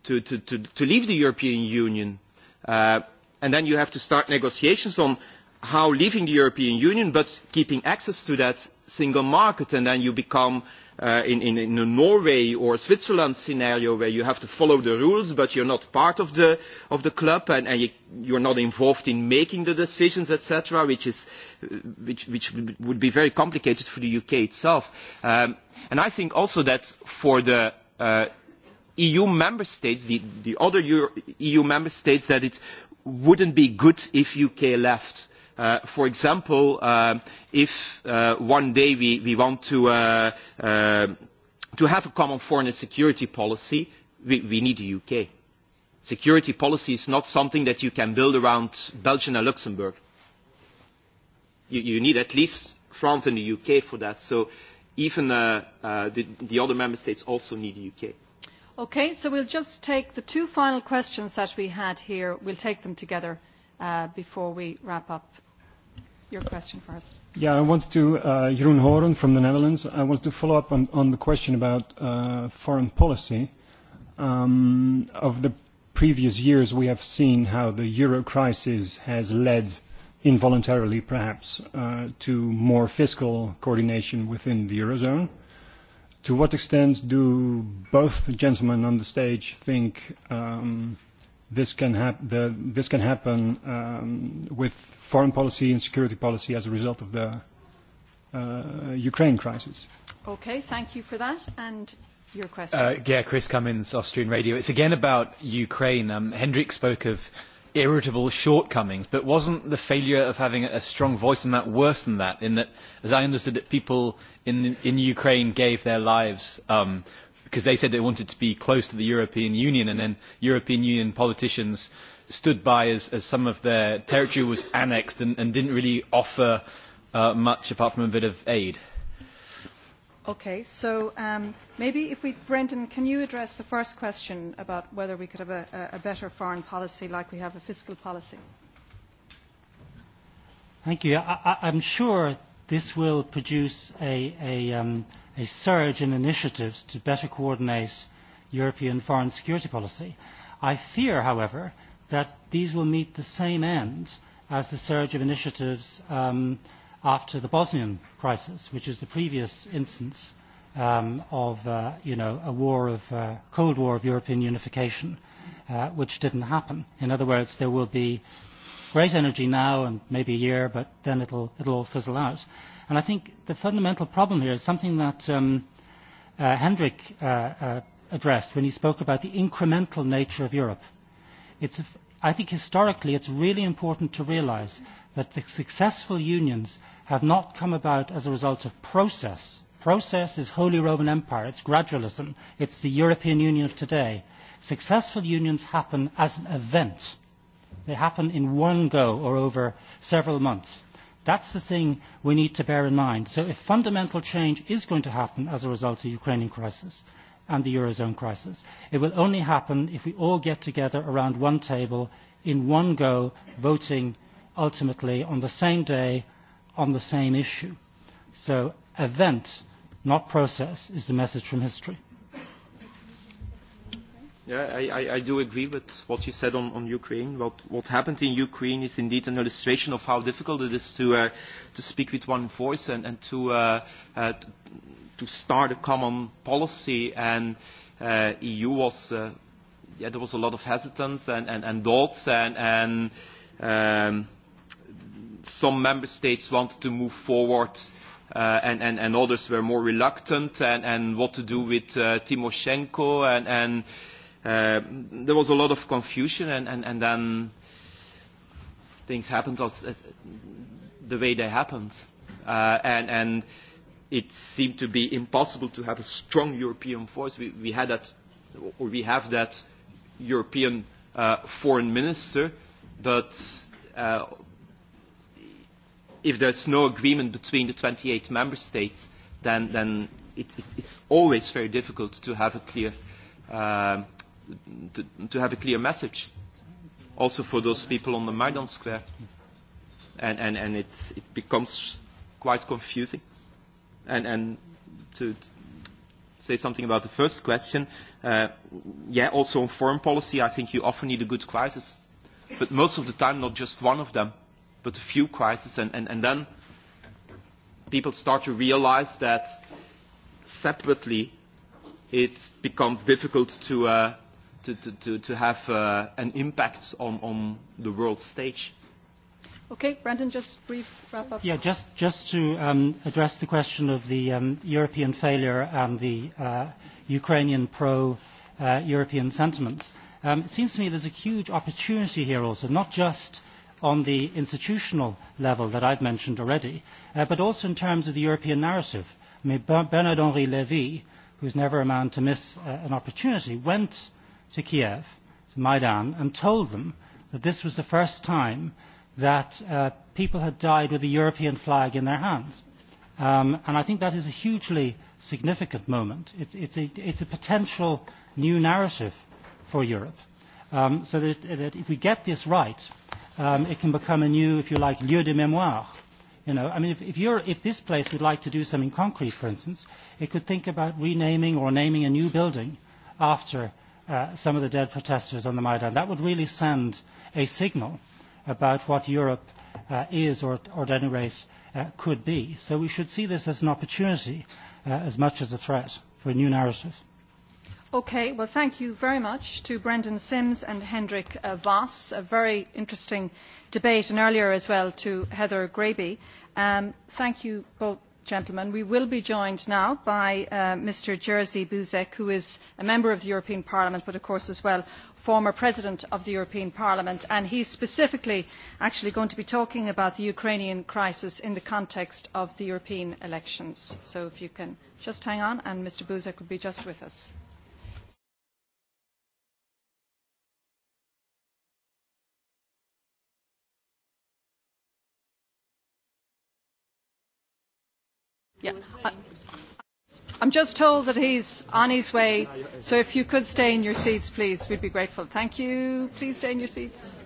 to to to, leave the European Union. Uh, and then you have to start negotiations on how leaving the European Union but keeping access to that single market and then you become uh, in, a Norway or Switzerland scenario where you have to follow the rules but you are not part of the, club and, you, are not involved in making the decisions etc which, is, which, would be very complicated for the UK itself. Um, I think also that for the uh, EU member states, the, other EU e member states that it not be good if UK left Uh, for example, uh, if uh, one day we, want to, have a common foreign and security policy, we, need the UK. Security policy is not something that you can build around Belgium and Luxembourg. You, need at least France and the UK for that. So even the, the other member states also need the UK. Okay, so we'll just take the two final questions that we had here. We'll take them together before we wrap up your question first. Yeah, I want to, uh, Jeroen Horen from the Netherlands, I want to follow up on, on the question about uh, foreign policy. Um, of the previous years, we have seen how the euro crisis has led involuntarily perhaps uh, to more fiscal coordination within the eurozone. To what extent do both gentlemen on the stage think um, this can, hap the, this can happen um, with foreign policy and security policy as a result of the uh, Ukraine crisis. Okay, thank you for that. And your question. Uh, yeah, Chris Cummins, Austrian Radio. It's again about Ukraine. Um, Hendrik spoke of irritable shortcomings, but wasn't the failure of having a strong voice in that worse than that, in that, as I understood it, people in, in Ukraine gave their lives um, because they said they wanted to be close to the European Union and then European Union politicians stood by as, as some of their territory was annexed and, and didn't really offer uh, much apart from a bit of aid. Okay, so um, maybe if we, Brendan, can you address the first question about whether we could have a, a better foreign policy like we have a fiscal policy? Thank you. I, I, I'm sure this will produce a, a, um, a surge in initiatives to better coordinate European foreign security policy. I fear, however, that these will meet the same end as the surge of initiatives um, after the Bosnian crisis, which is the previous instance um, of uh, you know, a war of, uh, Cold War of European unification, uh, which didn't happen. In other words, there will be great energy now and maybe a year, but then it'll, it'll all fizzle out. And I think the fundamental problem here is something that um, uh, Hendrik uh, uh, addressed when he spoke about the incremental nature of Europe. It's, I think historically it's really important to realize that the successful unions have not come about as a result of process. Process is Holy Roman Empire, it's gradualism, it's the European Union of today. Successful unions happen as an event. They happen in one go or over several months That's the thing we need to bear in mind. So if fundamental change is going to happen as a result of the Ukrainian crisis and the Eurozone crisis, it will only happen if we all get together around one table in one go voting ultimately on the same day on the same issue. So event, not process, is the message from history. Yeah, I, I I do agree with what you said on, on Ukraine. What, what happened in Ukraine is indeed an illustration of how difficult it is to, uh, to speak with one voice and, and to, uh, uh, to start a common policy. And uh, EU was, uh, yeah, there was a lot of hesitance and, and, and doubts and, and um, some member states wanted to move forward uh, and, and, and others were more reluctant and, and what to do with uh, Timoshenko and, and Uh, there was a lot of confusion and, and, and then things happened as, as the way they happened. Uh, and, and it seemed to be impossible to have a strong European force. We, we had that, or we have that European uh, foreign minister, but uh, if there's no agreement between the 28 member states, then, then it, it, it's always very difficult to have a clear uh, to, to have a clear message, also for those people on the Maidan Square. And, and, and it, becomes quite confusing. And, and to, say something about the first question, uh, yeah, also on foreign policy, I think you often need a good crisis. But most of the time, not just one of them, but a few crises. And, and, and then people start to realize that separately it becomes difficult to, uh, to, to, to have uh, an impact on, on the world stage. Okay, Brandon, just brief wrap up. Yeah, just, just to um, address the question of the um, European failure and the uh, Ukrainian pro-European uh, sentiments. Um, it seems to me there's a huge opportunity here also, not just on the institutional level that I've mentioned already, but also in terms of the European narrative. I mean, Bernard-Henri Lévy, who's never a man to miss an opportunity, went to Kiev, to Maidan, and told them that this was the first time that uh, people had died with a European flag in their hands. Um, and I think that is a hugely significant moment. It's, it's, a, it's a potential new narrative for Europe. Um, so that, that if we get this right, um, it can become a new, if you like, lieu de mémoire. You know, I mean, if, if, you're, if this place would like to do something concrete, for instance, it could think about renaming or naming a new building after Uh, some of the dead protesters on the Maidan. That would really send a signal about what Europe uh, is or, or at any rate uh, could be. So we should see this as an opportunity as much as a threat for a new narrative. Okay, well thank you very much to Brendan Sims and Hendrik Voss. A very interesting debate and earlier as well to Heather Graby. Um, thank you both gentlemen. We will be joined now by uh, Mr Jerzy Buzek, who is a Member of the European Parliament, but of course as well former President of the European Parliament, and he is specifically actually going to be talking about the Ukrainian crisis in the context of the European elections. So if you can just hang on and Mr Buzek will be just with us. Yeah. I, I'm just told that he's on his way, so if you could stay in your seats, please, we'd be grateful. Thank you. Please stay in your seats.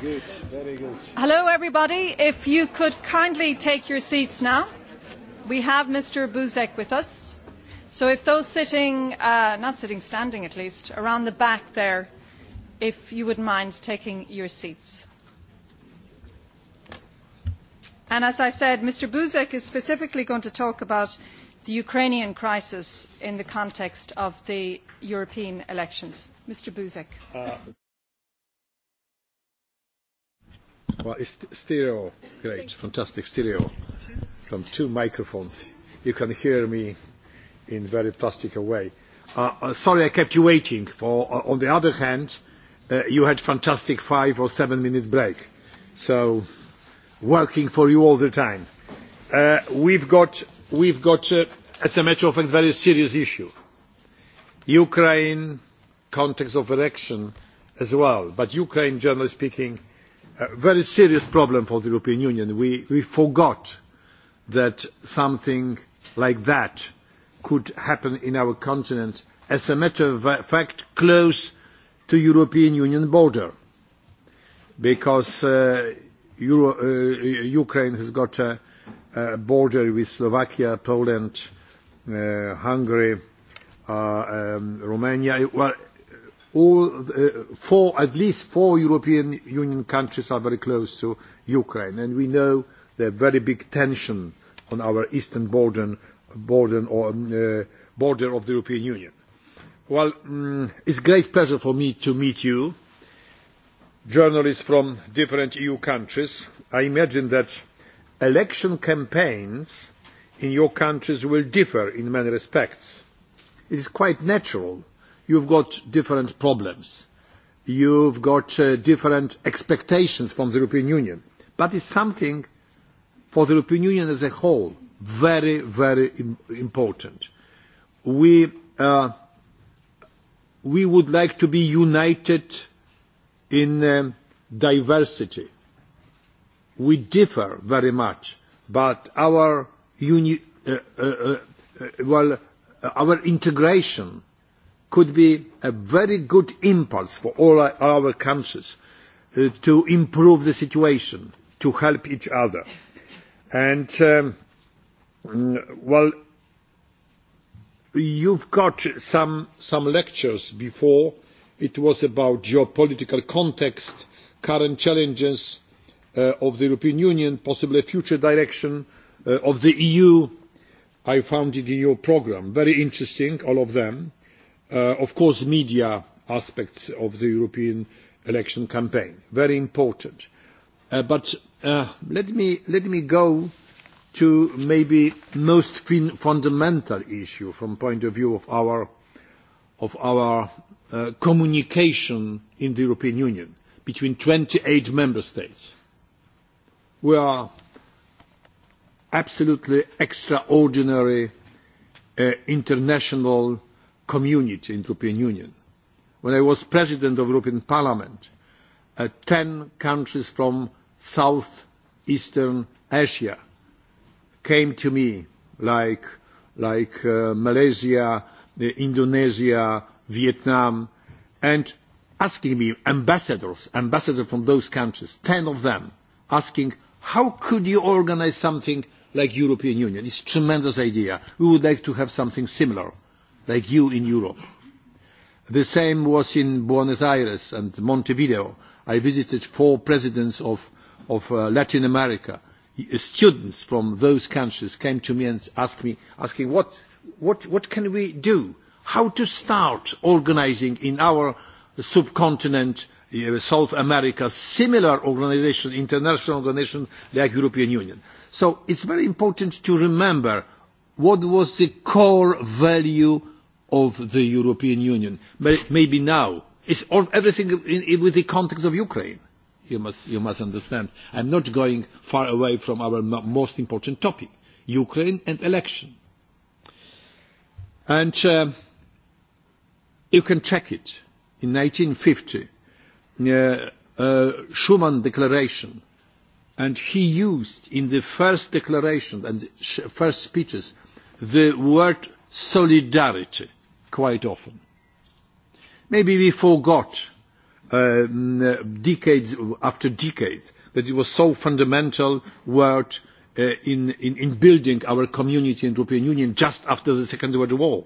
Good, very good. Hello everybody, if you could kindly take your seats now. We have Mr. Buzek with us. So if those sitting, uh, not sitting, standing at least, around the back there, if you would mind taking your seats. And as I said, Mr. Buzek is specifically going to talk about the Ukrainian crisis in the context of the European elections. Mr. Buzek. Uh... Well, it's stereo. Great. Fantastic stereo. From two microphones. You can hear me in very plastic way. way. Uh, uh, sorry I kept you waiting. For, uh, on the other hand, uh, you had fantastic five or seven minutes break. So, working for you all the time. Uh, we've got, we've got uh, as a matter of fact, very serious issue. Ukraine, context of election as well. But Ukraine, generally speaking, a very serious problem for the European Union. We, we forgot that something like that could happen in our continent as a matter of fact close to European Union border because uh, uh, Ukraine has got a, border with Slovakia, Poland, uh, Hungary, um, Romania. Well, all eh, at least four european union countries are very close to ukraine and we know the very big tension on our eastern border border um, eh, of the european union well um, it's a great pleasure for me to meet you journalists from different eu countries i imagine that election campaigns in your countries will differ in many respects it is quite natural you have got different problems you've got uh, different expectations from the european union but is something for the european union as a whole very very important we uh, we would like to be united in um, diversity we differ very much but our uh, our integration could be a very good impulse for all our countries uh, to improve the situation, to help each other. And, um, mm, well, you've got some, some lectures before. It was about geopolitical context, current challenges uh, of the European Union, possibly future direction uh, of the EU. I found it in your program very interesting, all of them Uh, of course media aspects of the European election campaign very important uh, but uh, let me go to maybe most fundamental issue from point of view of our communication in the European Union between 28 member states. We are absolutely extraordinary international community in the European Union. When I was President of the European Parliament, uh, ten countries from South Eastern Asia came to me like like uh, Malaysia, uh, Indonesia, Vietnam and asking me ambassadors, ambassadors from those countries, ten of them, asking how could you organise something like European Union? It's a tremendous idea. We would like to have something similar like you in Europe. The same was in Buenos Aires and Montevideo. I visited four presidents of, of uh, Latin America. Students from those countries came to me and asked me, asking what, what, what can we do? How to start organizing in our subcontinent, uh, South America, similar organization, international organization like European Union. So it's very important to remember what was the core value of the European Union. Maybe now. It's all, everything in, with the context of Ukraine. You must, you must understand. I'm not going far away from our most important topic, Ukraine and election. And um, you can check it. In 1950, uh, uh, Schuman Declaration, and he used in the first declaration and first speeches the word solidarity quite often. Maybe we forgot um, decades after decades that it was so fundamental word uh, in, in, in building our community in the European Union just after the Second World War.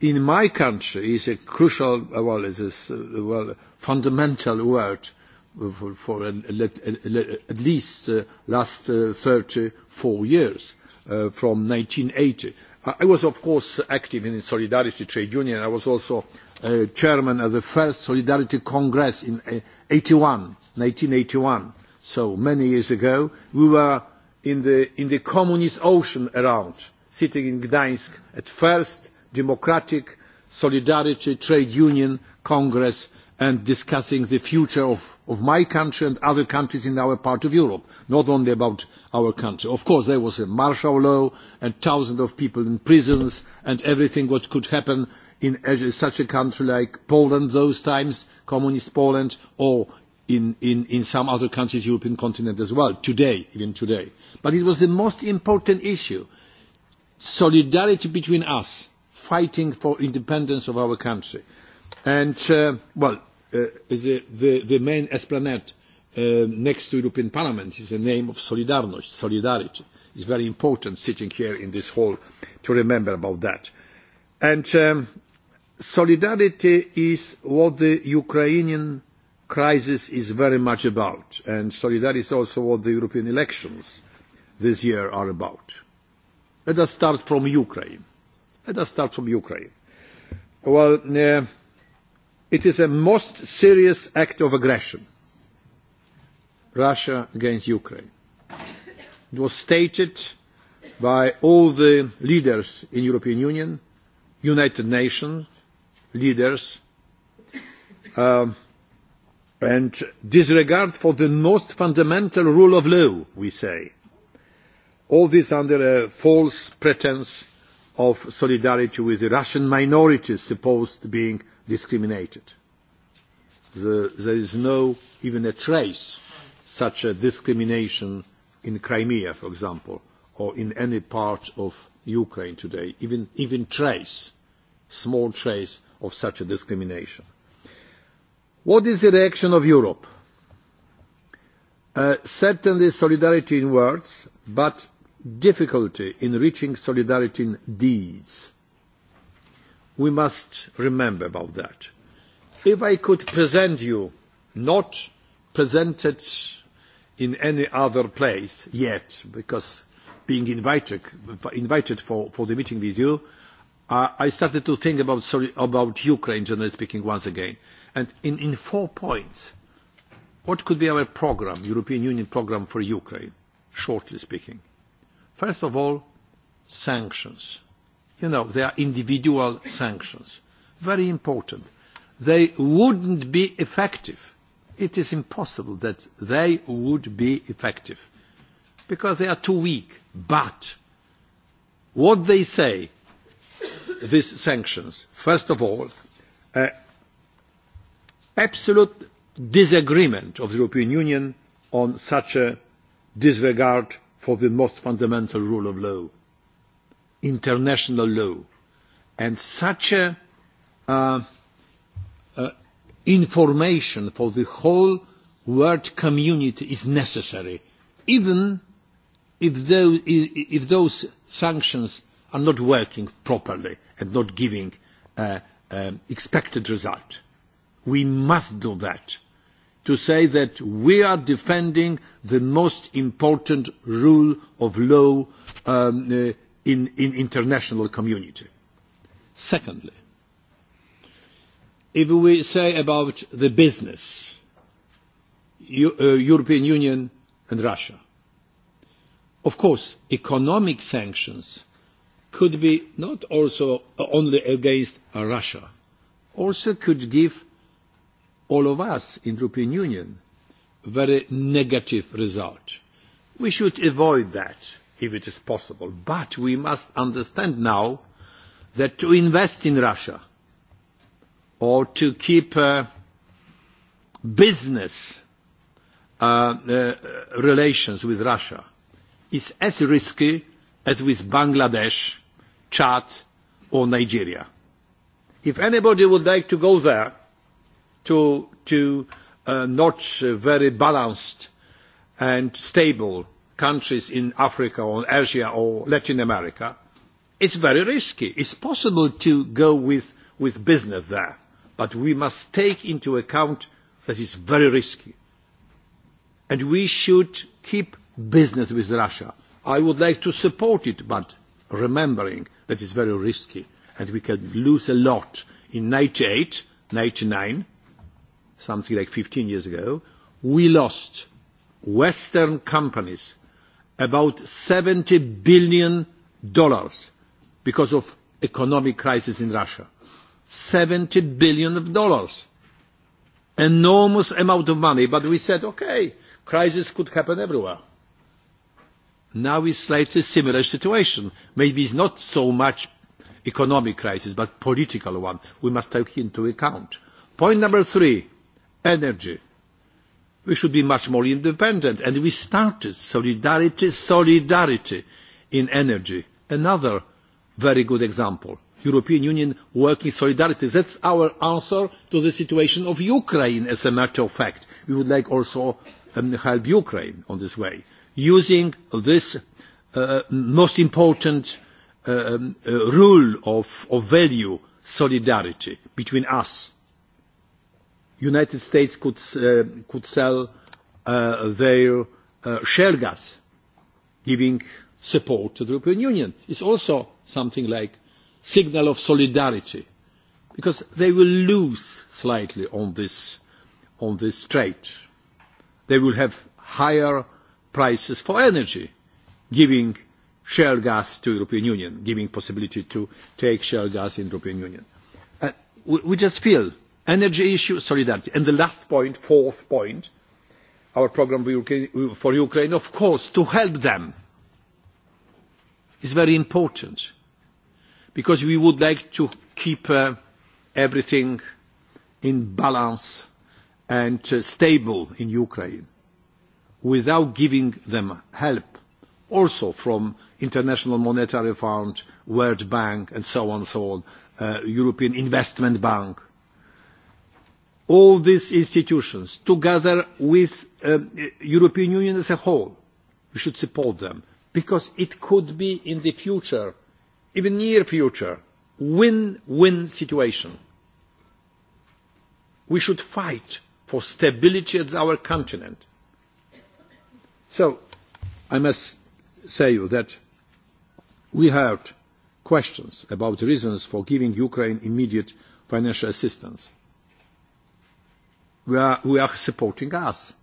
In my country is a crucial, uh, well, is a uh, well, fundamental word for, for at least uh, last uh, 34 years, uh, from 1980. Uh, I was of course active in the Solidarity Trade Union. I was also uh, chairman of the first Solidarity Congress in and eighty 1981, so many years ago. We were in the, in the communist ocean around, sitting in gdansk at first democratic Solidarity Trade Union Congress and discussing the future of, of my country and other countries in our part of Europe, not only about our country. Of course, there was a martial law and thousands of people in prisons and everything what could happen in such a country like Poland those times, communist Poland, or in, in, in some other countries, European continent as well, today, even today. But it was the most important issue, solidarity between us, fighting for independence of our country. And, uh, well, Uh, the, the, the main esplanade uh, next to European Parliament is the name of Solidarność, Solidarity. It's very important sitting here in this hall to remember about that. And um, solidarity is what the Ukrainian crisis is very much about. And solidarity is also what the European elections this year are about. Let us start from Ukraine. Let us start from Ukraine. Well, uh, It is a most serious act of aggression. Russia against Ukraine. It was stated by all the leaders in European Union, United Nations leaders, um, and disregard for the most fundamental rule of law, we say. All this under a false pretense of solidarity with the Russian minorities supposed to being discriminated. The, there is no even a trace such a discrimination in Crimea, for example, or in any part of Ukraine today, even, even trace, small trace of such a discrimination. What is the reaction of Europe? Uh, certainly solidarity in words, but difficulty in reaching solidarity in deeds. We must remember about that. If I could present you, not presented in any other place yet, because being invited, invited for, for the meeting with you, uh, I started to think about, sorry, about Ukraine, generally speaking, once again. And in, in four points, what could be our program, European Union program for Ukraine, shortly speaking? First of all, sanctions. You know, they are individual sanctions. Very important. They wouldn't be effective. It is impossible that they would be effective because they are too weak. But what they say, these sanctions, first of all, uh, absolute disagreement of the European Union on such a disregard for the most fundamental rule of law, international law. And such a uh, uh, information for the whole world community is necessary, even if those, if those sanctions are not working properly and not giving uh, um, expected result. We must do that to say that we are defending the most important rule of law um, uh, in in international community. Secondly, if we say about the business, uh, European Union and Russia, of course, economic sanctions could be not also only against Russia, also could give all of us in the European Union very negative result. We should avoid that if it is possible. But we must understand now that to invest in Russia or to keep uh, business uh, uh, relations with Russia is as risky as with Bangladesh, Chad or Nigeria. If anybody would like to go there, to, to uh, not very balanced and stable countries in Africa or Asia or Latin America, it's very risky. It's possible to go with, with business there, but we must take into account that it's very risky. And we should keep business with Russia. I would like to support it, but remembering that it's very risky and we can lose a lot in 98, 99, something like 15 years ago, we lost Western companies about $70 billion dollars because of economic crisis in Russia. 70 billion of dollars. Enormous amount of money. But we said, okay, crisis could happen everywhere. Now it's slightly similar situation. Maybe it's not so much economic crisis, but political one. We must take into account. Point number three energy. We should be much more independent and we started solidarity, solidarity in energy. Another very good example. European Union working solidarity. That's our answer to the situation of Ukraine as a matter of fact. We would like also um, help Ukraine on this way. Using this uh, most important uh, um, uh, rule of, of value, solidarity between us United States could, uh, sell uh, their uh, shale gas, giving support to the European Union. is also something like signal of solidarity, because they will lose slightly on this, trade. They will have higher prices for energy, giving shale gas to the European Union, giving possibility to take shale gas in the European Union. we just feel energy issue solidarity. and the last point fourth point our programme for ukraine of course to help them is very important because we would like to keep uh, everything in balance and uh, stable in ukraine without giving them help also from international monetary fund world bank and so on so on uh, european investment bank all these institutions together with the um, European Union as a whole. We should support them because it could be in the future, even near future, win-win situation. We should fight for stability at our continent. So, I must say you that we heard questions about reasons for giving Ukraine immediate financial assistance we are, supporting us.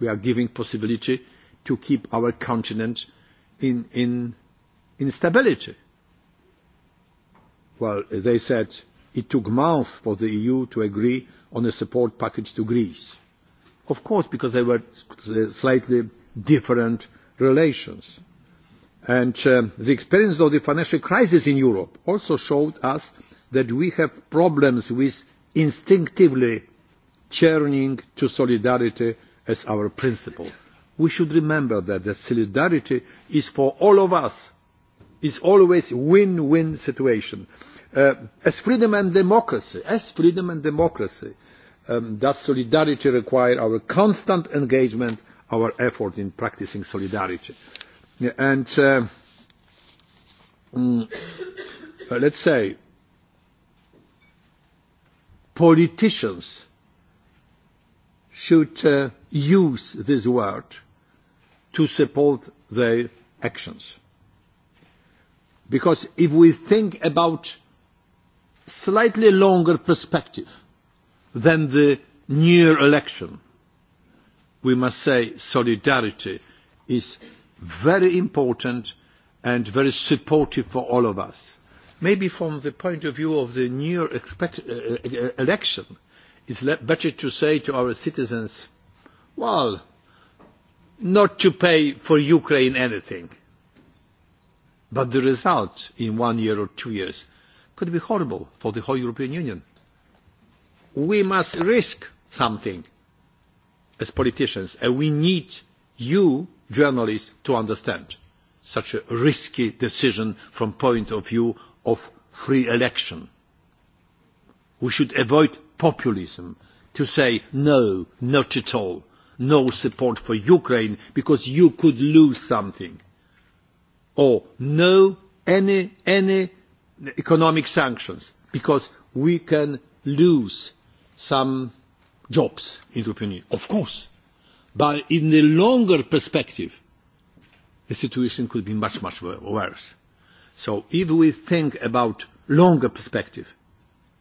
We are giving possibility to keep our continent in, in instability. Well, they said it took months for the EU to agree on a support package to Greece. Of course, because they were slightly different relations. And um, the experience of the financial crisis in Europe also showed us that we have problems with instinctively turning to solidarity as our principle. We should remember that, that solidarity is for all of us. is always a win-win situation. Uh, as freedom and democracy, as freedom and democracy, um, does solidarity require our constant engagement, our effort in practicing solidarity. And uh, mm, uh, let's say, politicians should uh, use this word to support their actions. Because if we think about slightly longer perspective than the near election, we must say solidarity is very important and very supportive for all of us. Maybe from the point of view of the near expect, uh, uh election, it's better to say to our citizens, well, not to pay for Ukraine anything. But the result in one year or two years could be horrible for the whole European Union. We must risk something as politicians, and we need you, journalists, to understand such a risky decision from point of view of free election. We should avoid populism to say no, not at all, no support for Ukraine because you could lose something, or no any any economic sanctions because we can lose some jobs in the European Union. Of course, but in the longer perspective, the situation could be much, much worse. So if we think about longer perspective,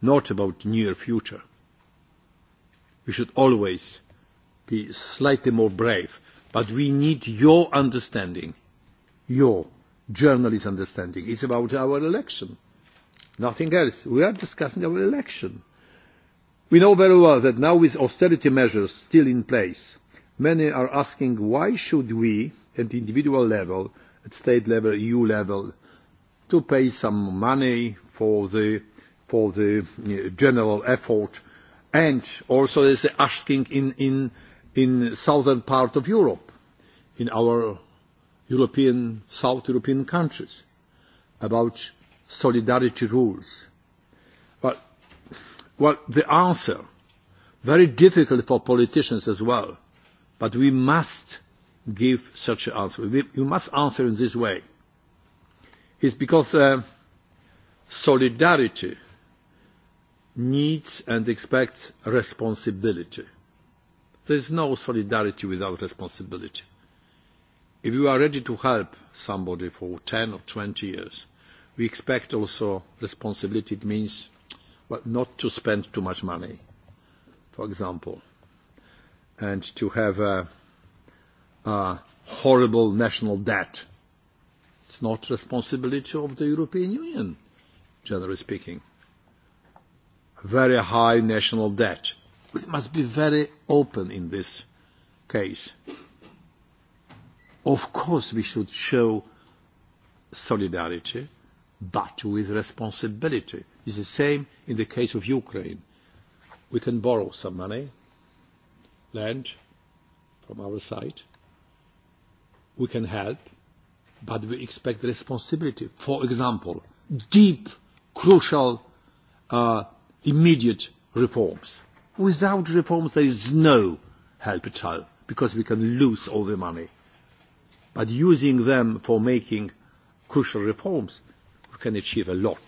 not about near future. We should always be slightly more brave, but we need your understanding, your journalist understanding. It's about our election, nothing else. We are discussing our election. We know very well that now with austerity measures still in place, many are asking why should we, at individual level, at state level, EU level, to pay some money for the for the uh, general effort and also is asking in in in southern part of Europe in our European South European countries about solidarity rules but well the answer very difficult for politicians as well but we must give such an answer we, must answer in this way is because uh, solidarity needs and expects responsibility. There is no solidarity without responsibility. If you are ready to help somebody for 10 or 20 years, we expect also responsibility. It means well, not to spend too much money, for example, and to have a, a horrible national debt. It's not responsibility of the European Union, generally speaking very high national debt. We must be very open in this case. Of course we should show solidarity, but with responsibility. It's the same in the case of Ukraine. We can borrow some money, land from our side. We can help, but we expect responsibility. For example, deep, crucial uh, immediate reforms. Without reforms there is no help at all because we can lose all the money. But using them for making crucial reforms, we can achieve a lot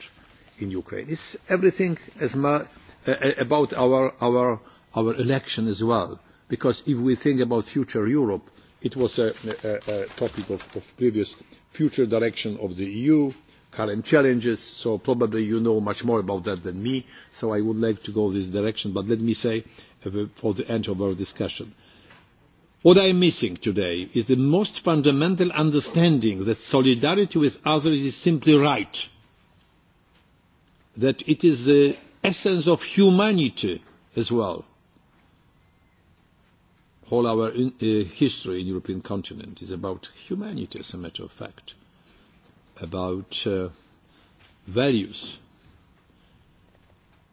in Ukraine. It's everything as ma uh, uh, about our, our, our election as well. Because if we think about future Europe, it was a, a, a topic of, of previous future direction of the EU, current challenges, so probably you know much more about that than me, so I would like to go this direction, but let me say uh, for the end of our discussion. What I am missing today is the most fundamental understanding that solidarity with others is simply right, that it is the essence of humanity as well. All our uh, history in the European continent is about humanity, as a matter of fact about uh, values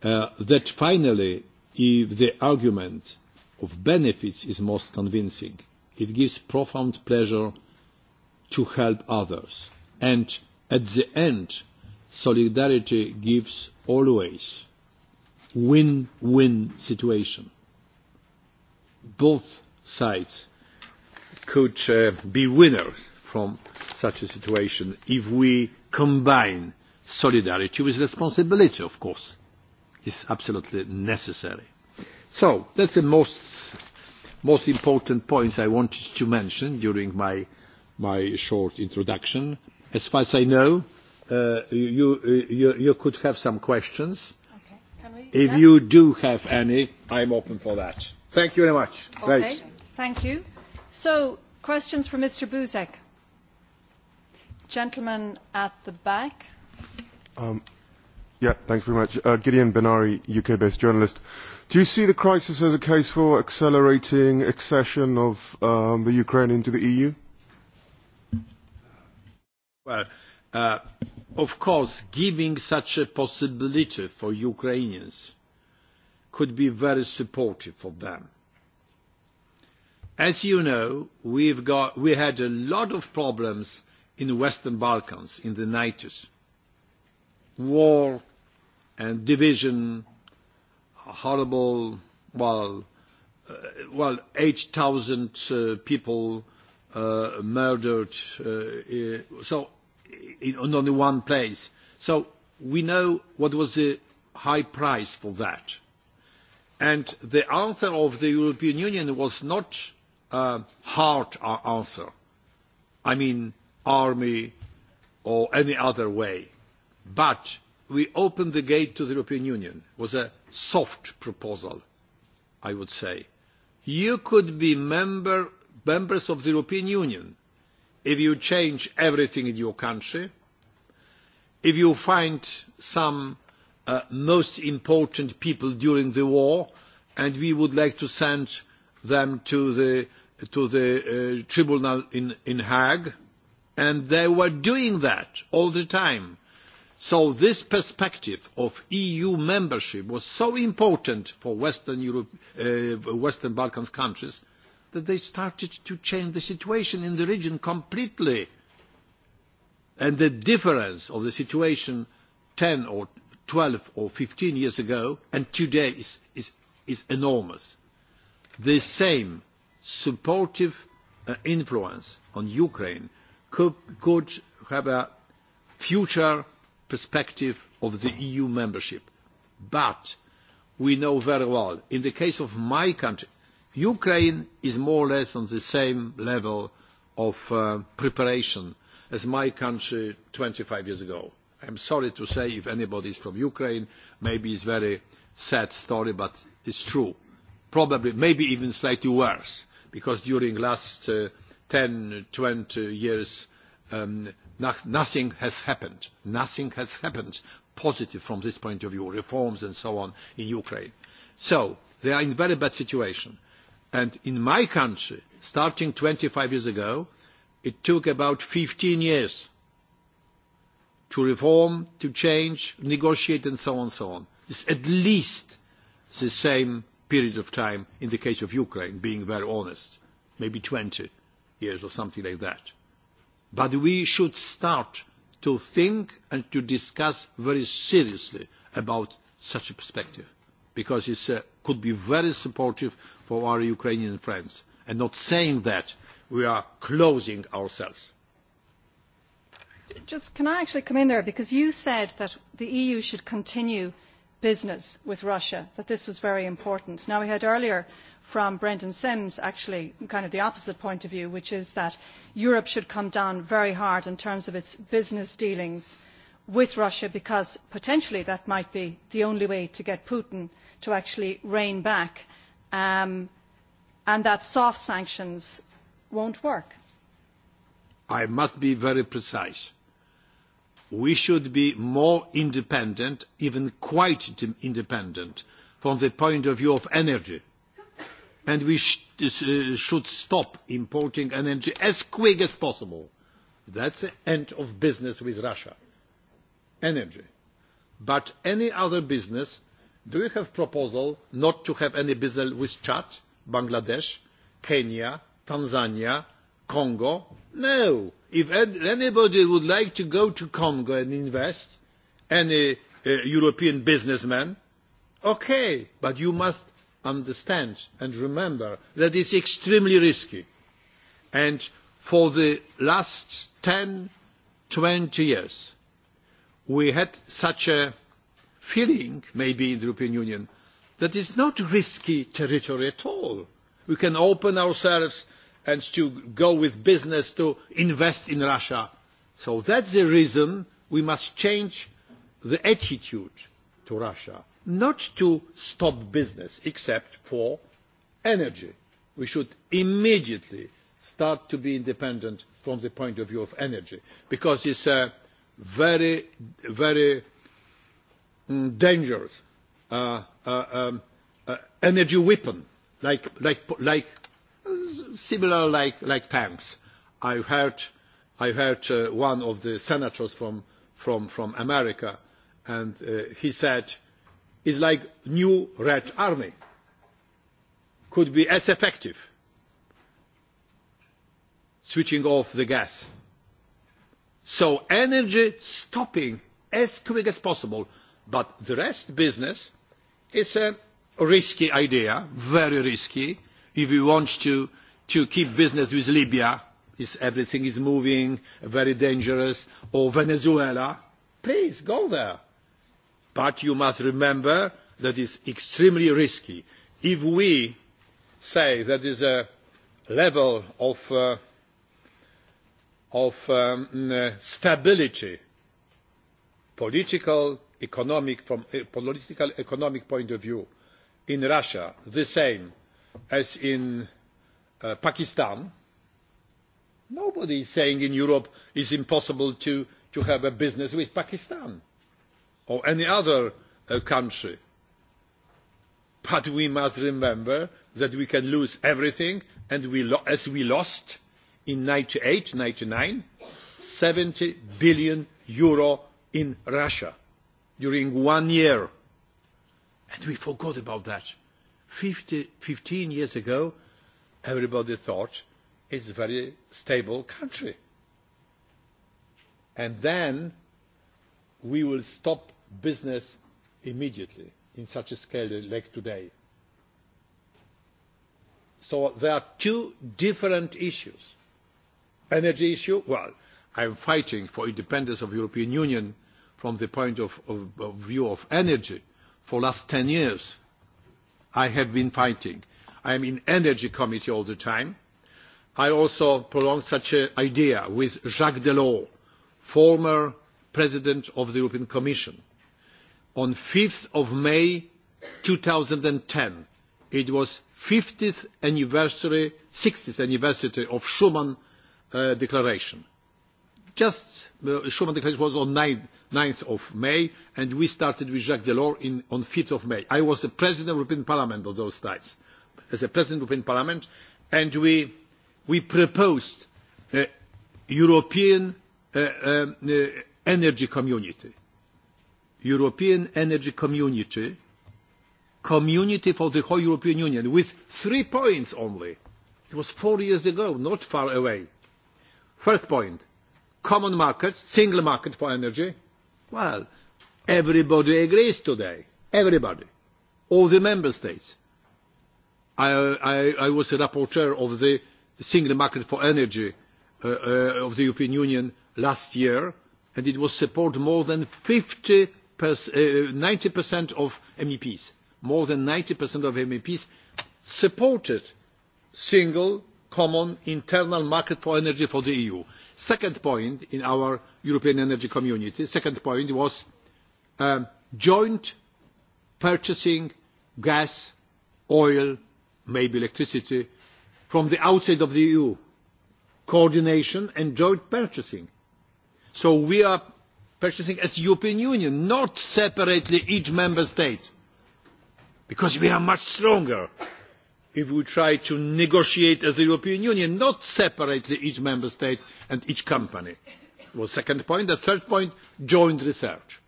uh, that finally if the argument of benefits is most convincing it gives profound pleasure to help others and at the end solidarity gives always win-win situation both sides could uh, be winners from such a situation if we combine solidarity with responsibility, of course. is absolutely necessary. So, that's the most, most important points I wanted to mention during my, my short introduction. As far as I know, uh, you, you, you could have some questions. if you do have any, I'm open for that. Thank you very much. Okay. Great. Thank you. So, questions for Mr. Buzek gentleman at the back. Um, yeah, thanks very much. Uh, Benari, UK-based journalist. Do you see the crisis as a case for accelerating accession of um, the Ukraine into the EU? Well, uh, of course, giving such a possibility for Ukrainians could be very supportive for them. As you know, we've got, we had a lot of problems in the Western Balkans in the 90s. War and division, horrible, well, uh, well 8,000 uh, people uh, murdered, uh, so in, in only one place. So we know what was the high price for that. And the answer of the European Union was not a hard answer. I mean, army or any other way. But we opened the gate to the European Union. It was a soft proposal, I would say. You could be member, members of the European Union if you change everything in your country, if you find some uh, most important people during the war, and we would like to send them to the, to the uh, tribunal in, in Hague, and they were doing that all the time. So this perspective of EU membership was so important for Western, Europe, uh, Western Balkans countries that they started to change the situation in the region completely. And the difference of the situation 10 or 12 or 15 years ago and today is, is, is enormous. The same supportive uh, influence on Ukraine could, could have a future perspective of the EU membership. But we know very well, in the case of my country, Ukraine is more or less on the same level of uh, preparation as my country 25 years ago. I am sorry to say if anybody is from Ukraine, maybe it's a very sad story, but it's true. Probably, maybe even slightly worse, because during last uh, ten 20 years, um, nothing has happened. Nothing has happened positive from this point of view, reforms and so on in Ukraine. So they are in a very bad situation. And in my country, starting 25 years ago, it took about 15 years to reform, to change, negotiate and so on and so on. is at least the same period of time in the case of Ukraine, being very honest, maybe 20 years or something like that. But we should start to think and to discuss very seriously about such a perspective because it uh, could be very supportive for our Ukrainian friends and not saying that we are closing ourselves. Just can I actually come in there because you said that the EU should continue business with Russia, that this was very important. Now we had earlier from Brendan Sims actually kind of the opposite point of view which is that Europe should come down very hard in terms of its business dealings with Russia because potentially that might be the only way to get Putin to actually rein back um, and that soft sanctions won't work. I must be very precise. We should be more independent, even quite independent, from the point of view of energy and we uh, uh, should stop importing energy as quick as possible. That's the end of business with Russia. Energy. But any other business, do you have proposal not to have any business with Chad, Bangladesh, Kenya, Tanzania, Congo? No. If anybody would like to go to Congo and invest, any uh, European businessman, okay, but you must understand and remember that it is extremely risky and for the last 10 20 years we had such a feeling maybe in the european union that is not risky territory at all we can open ourselves and to go with business to invest in russia so that's the reason we must change the attitude to russia not to stop business except for energy. We should immediately start to be independent from the point of view of energy because it's a very, very mm, dangerous uh, uh, um, uh, energy weapon like, like, similar like, like tanks. I heard, I heard one of the senators from, from, from America and he said is like a new red army could be as effective switching off the gas so energy stopping as quick as possible but the rest business is a risky idea very risky if we want to to keep business with libya is everything is moving very dangerous or venezuela please go there But you must remember that it is extremely risky. If we say that there is a level of, uh, of um, stability, political, economic, from a political economic point of view, in Russia the same as in uh, Pakistan, nobody is saying in Europe it is impossible to, to have a business with Pakistan or any other uh, country. But we must remember that we can lose everything and we lo as we lost in ninety eight 70 billion euro in Russia during one year. And we forgot about that. 50, 15 years ago, everybody thought it's a very stable country. And then we will stop business immediately in such a scale like today. So there are two different issues. Energy issue, well, I am fighting for independence of the European Union from the point of, view of energy for the last 10 years. I have been fighting. I am in energy committee all the time. I also prolonged such an idea with Jacques Delors, former president of the European Commission on 5th of May 2010. It was 50th anniversary, 60th anniversary of Schuman uh, Declaration. Just uh, Schuman Declaration was on 9th, of May, and we started with Jacques Delors on 5th of May. I was the President of the European Parliament of those times, as a President of the European Parliament, and we, we proposed a European uh, um, uh, energy community European Energy Community, Community for the whole European Union, with three points only. It was four years ago, not far away. First point, common markets, single market for energy. Well, everybody agrees today. Everybody. All the member states. I, I, I was a rapporteur of the single market for energy uh, uh, of the European Union last year, and it was supported more than 50 90% eh, of MEPs, more than 90% of MEPs supported single common internal market for energy for the EU. Second point in our European energy community, second point was um, joint purchasing gas, oil, maybe electricity from the outside of the EU, coordination and joint purchasing. So we are purchasing as European Union, not separately each member state. Because we are much stronger if we try to negotiate as the European Union, not separately each member state and each company. Well, second point. The third point, joint research.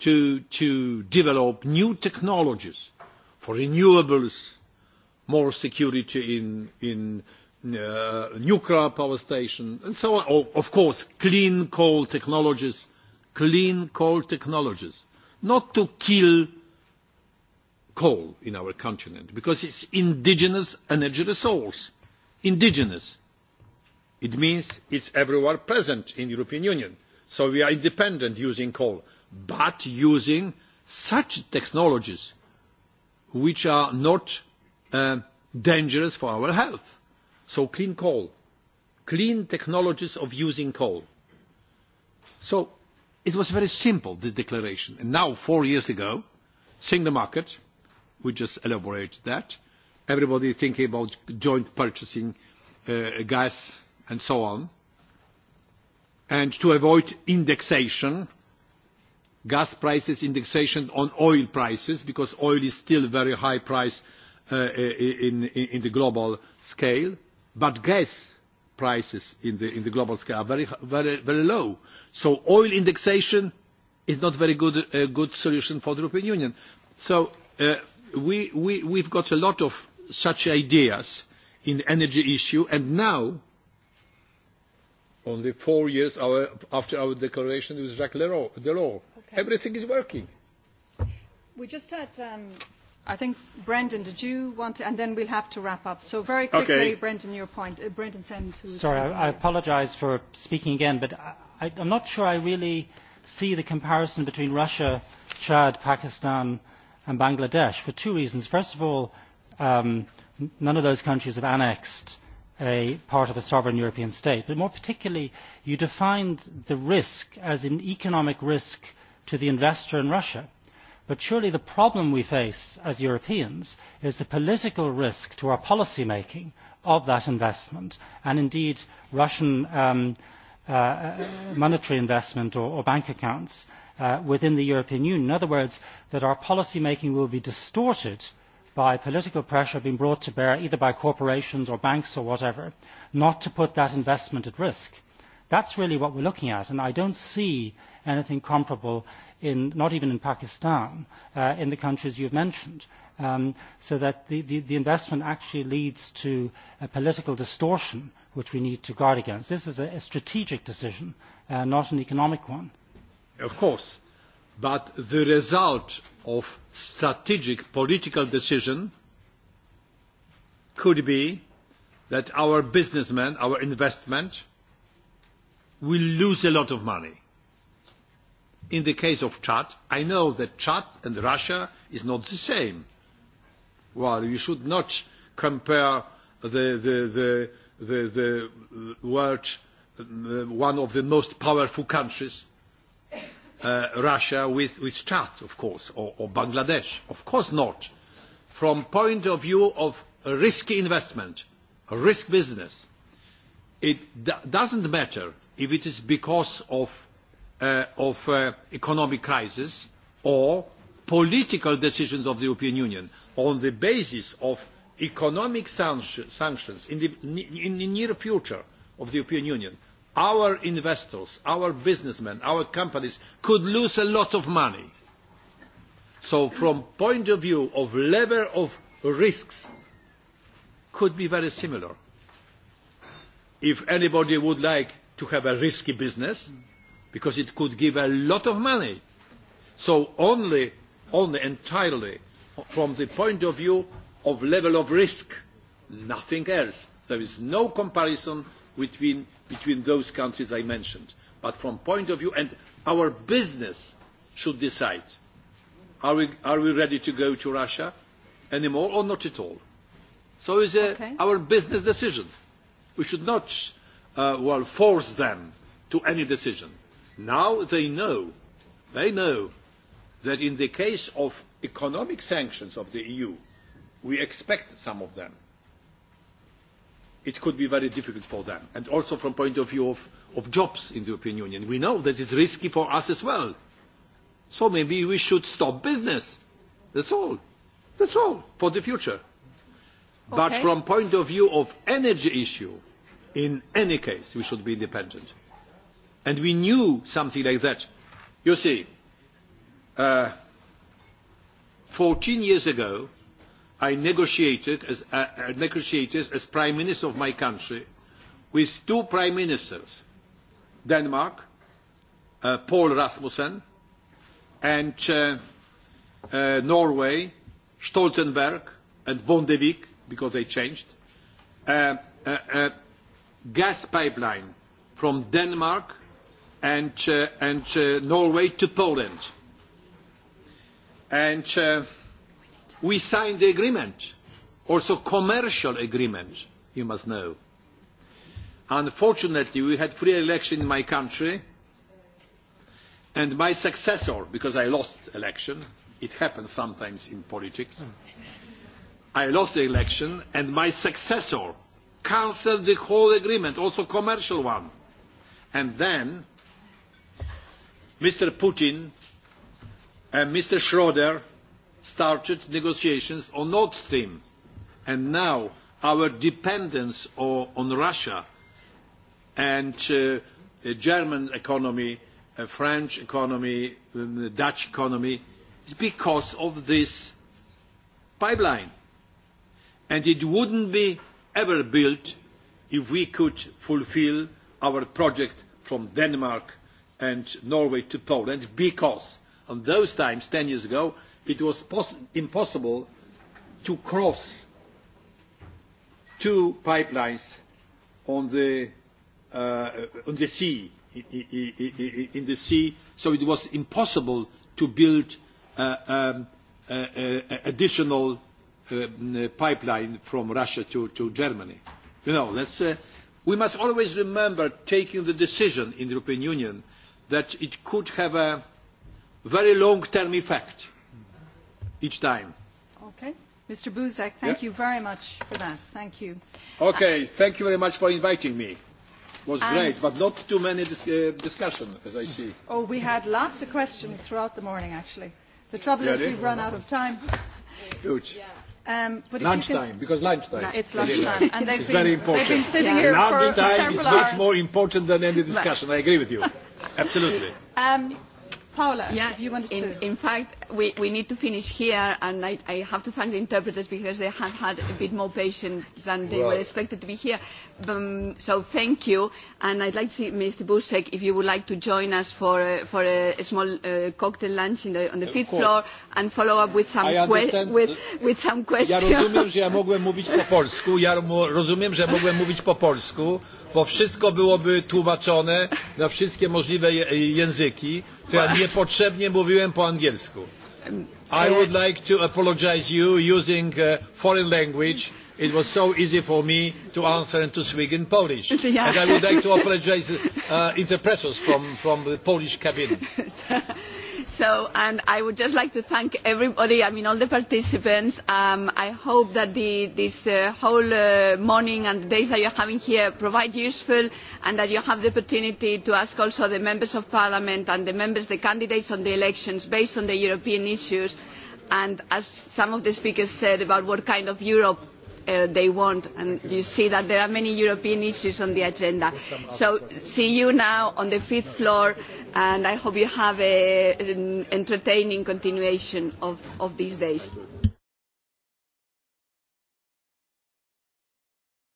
To, to develop new technologies for renewables, more security in, in Uh, nuclear power station and so on. Oh, of course, clean coal technologies, clean coal technologies, not to kill coal in our continent because it's indigenous energy resource, indigenous. It means it's everywhere present in the European Union. So we are independent using coal, but using such technologies which are not uh, dangerous for our health so clean coal clean technologies of using coal so it was very simple this declaration and now four years ago single market we just elaborated that everybody thinking about joint purchasing uh, gas and so on and to avoid indexation gas prices indexation on oil prices because oil is still a very high price uh, in, in the global scale but gas prices in the, in the global scale are very, very, very low. So oil indexation is not a very good, good solution for the European Union. So uh, we, we, we've got a lot of such ideas in the energy issue, and now, only four years after our declaration with Jacques Delors, okay. everything is working. We just had um, i think, Brendan, did you want to, and then we'll have to wrap up. So very quickly, Brendan, your point. Uh, Brendan Sams. Who's Sorry, I, I apologise for speaking again, but I, I, I'm not sure I really see the comparison between Russia, Chad, Pakistan, and Bangladesh for two reasons. First of all, um, none of those countries have annexed a part of a sovereign European state. But more particularly, you defined the risk as an economic risk to the investor in Russia but surely the problem we face as europeans is the political risk to our policy making of that investment and indeed russian um, uh, uh, monetary investment or, bank accounts uh, within the european union. in other words that our policy making will be distorted by political pressure being brought to bear either by corporations or banks or whatever not to put that investment at risk. That's really what we're looking at, and I don't see anything comparable, in, not even in Pakistan, uh, in the countries you've mentioned. Um, so that the, the, investment actually leads to a political distortion, which we need to guard against. This is a, strategic decision, uh, not an economic one. Of course, but the result of strategic political decision could be that our businessmen, our investment, will lose a lot of money. In the case of Chad, I know that Chad and Russia is not the same. Well, you should not compare the, the, the, the, the world, uh, one of the most powerful countries, uh, Russia, with, with Chad, of course, or, or Bangladesh. Of course not. From point of view of risky investment, risk business, it doesn't matter if it is because of, uh, uh, economic crisis or political decisions of the European Union on the basis of economic sanctions in the, in the near future of the European Union, our investors, our businessmen, our companies could lose a lot of money. So from point of view of level of risks could be very similar. If anybody would like to have a risky business because it could give a lot of money. So only, only entirely from the point of view of level of risk, nothing else. There is no comparison between, between those countries I mentioned. But from point of view, and our business should decide. Are we, are we ready to go to Russia anymore or not at all? So it's uh, a, our business decision. We should not Uh, will force them to any decision. Now they know, they know that in the case of economic sanctions of the EU, we expect some of them. It could be very difficult for them, and also from point of view of, jobs in the European Union. We know that is risky for us as well. So maybe we should stop business. That's all. That's all for the future. But from point of view of energy issue, in any case we should be independent. And we knew something like that. You see, uh, 14 years ago, I negotiated as, uh, uh, negotiated as prime minister of my country with two prime ministers, Denmark, uh, Paul Rasmussen, and uh, uh, Norway, Stoltenberg and Bondevik, because they changed, uh, uh, gas pipeline from Denmark and, uh, uh, Norway to Poland. And uh, we signed the agreement, also commercial agreement, you must know. Unfortunately, we had free election in my country, and my successor, because I lost election, it happens sometimes in politics, I lost the election, and my successor cancel the whole agreement, also commercial one. And then Mr. Putin and Mr. Schroeder started negotiations on Nord Stream. And now our dependence on Russia and uh, German economy, French economy, um, Dutch economy, is because of this pipeline. And it wouldn't be ever built if we could fulfil our project from Denmark and Norway to Poland because on those times, 10 years ago, it was impossible to cross two pipelines on the, uh, sea, in the sea, so it was impossible to build uh, um, uh, uh additional Uh, pipeline from Russia to, to Germany. You know, uh, we must always remember taking the decision in the European Union that it could have a very long-term effect each time. Okay. Mr. Buzek thank you very much for that. Thank you. Okay. thank you very much for inviting me it was great, but not too many dis uh, discussion, as I see. Oh, we had lots of questions throughout the morning, actually. The trouble is we've run out of time. Huge. Um, but lunchtime, can... because lunchtime. No, it's lunchtime. and it's been, very important. They've been sitting yeah. here lunchtime for is much hours. more important than any discussion. I agree with you. Absolutely. Um, Paula, yeah, you wanted in, to. In fact, we, we need to finish here, and I, I have to thank the interpreters because they have had a bit more patience than they right. were expected to be here. Um, so thank you, and I'd like to see Mr. Busek if you would like to join us for a, for a, a small uh, cocktail lunch in the, on the fifth floor and follow up with some, que with, with some questions. Ja rozumiem, że ja mogłem mówić po polsku. Ja rozumiem, że mogłem mówić po polsku, bo wszystko byłoby tłumaczone na wszystkie możliwe języki to ja niepotrzebnie mówiłem po angielsku. I e, would like to apologize you using uh, foreign language. It was so easy for me to answer and to speak in Polish. And I would like to apologize uh, interpreters from, from the Polish cabinet. and I would just like to thank everybody, I mean all the participants. Um, I hope that the, this uh, whole uh, morning and the days that you are having here provide useful and that you have the opportunity to ask also the members of parliament and the members, the candidates on the elections based on the European issues and as some of the speakers said about what kind of Europe uh, they want and you see that there are many european issues on the agenda so see you now on the fifth floor and I hope you have an entertaining continuation of, of these days.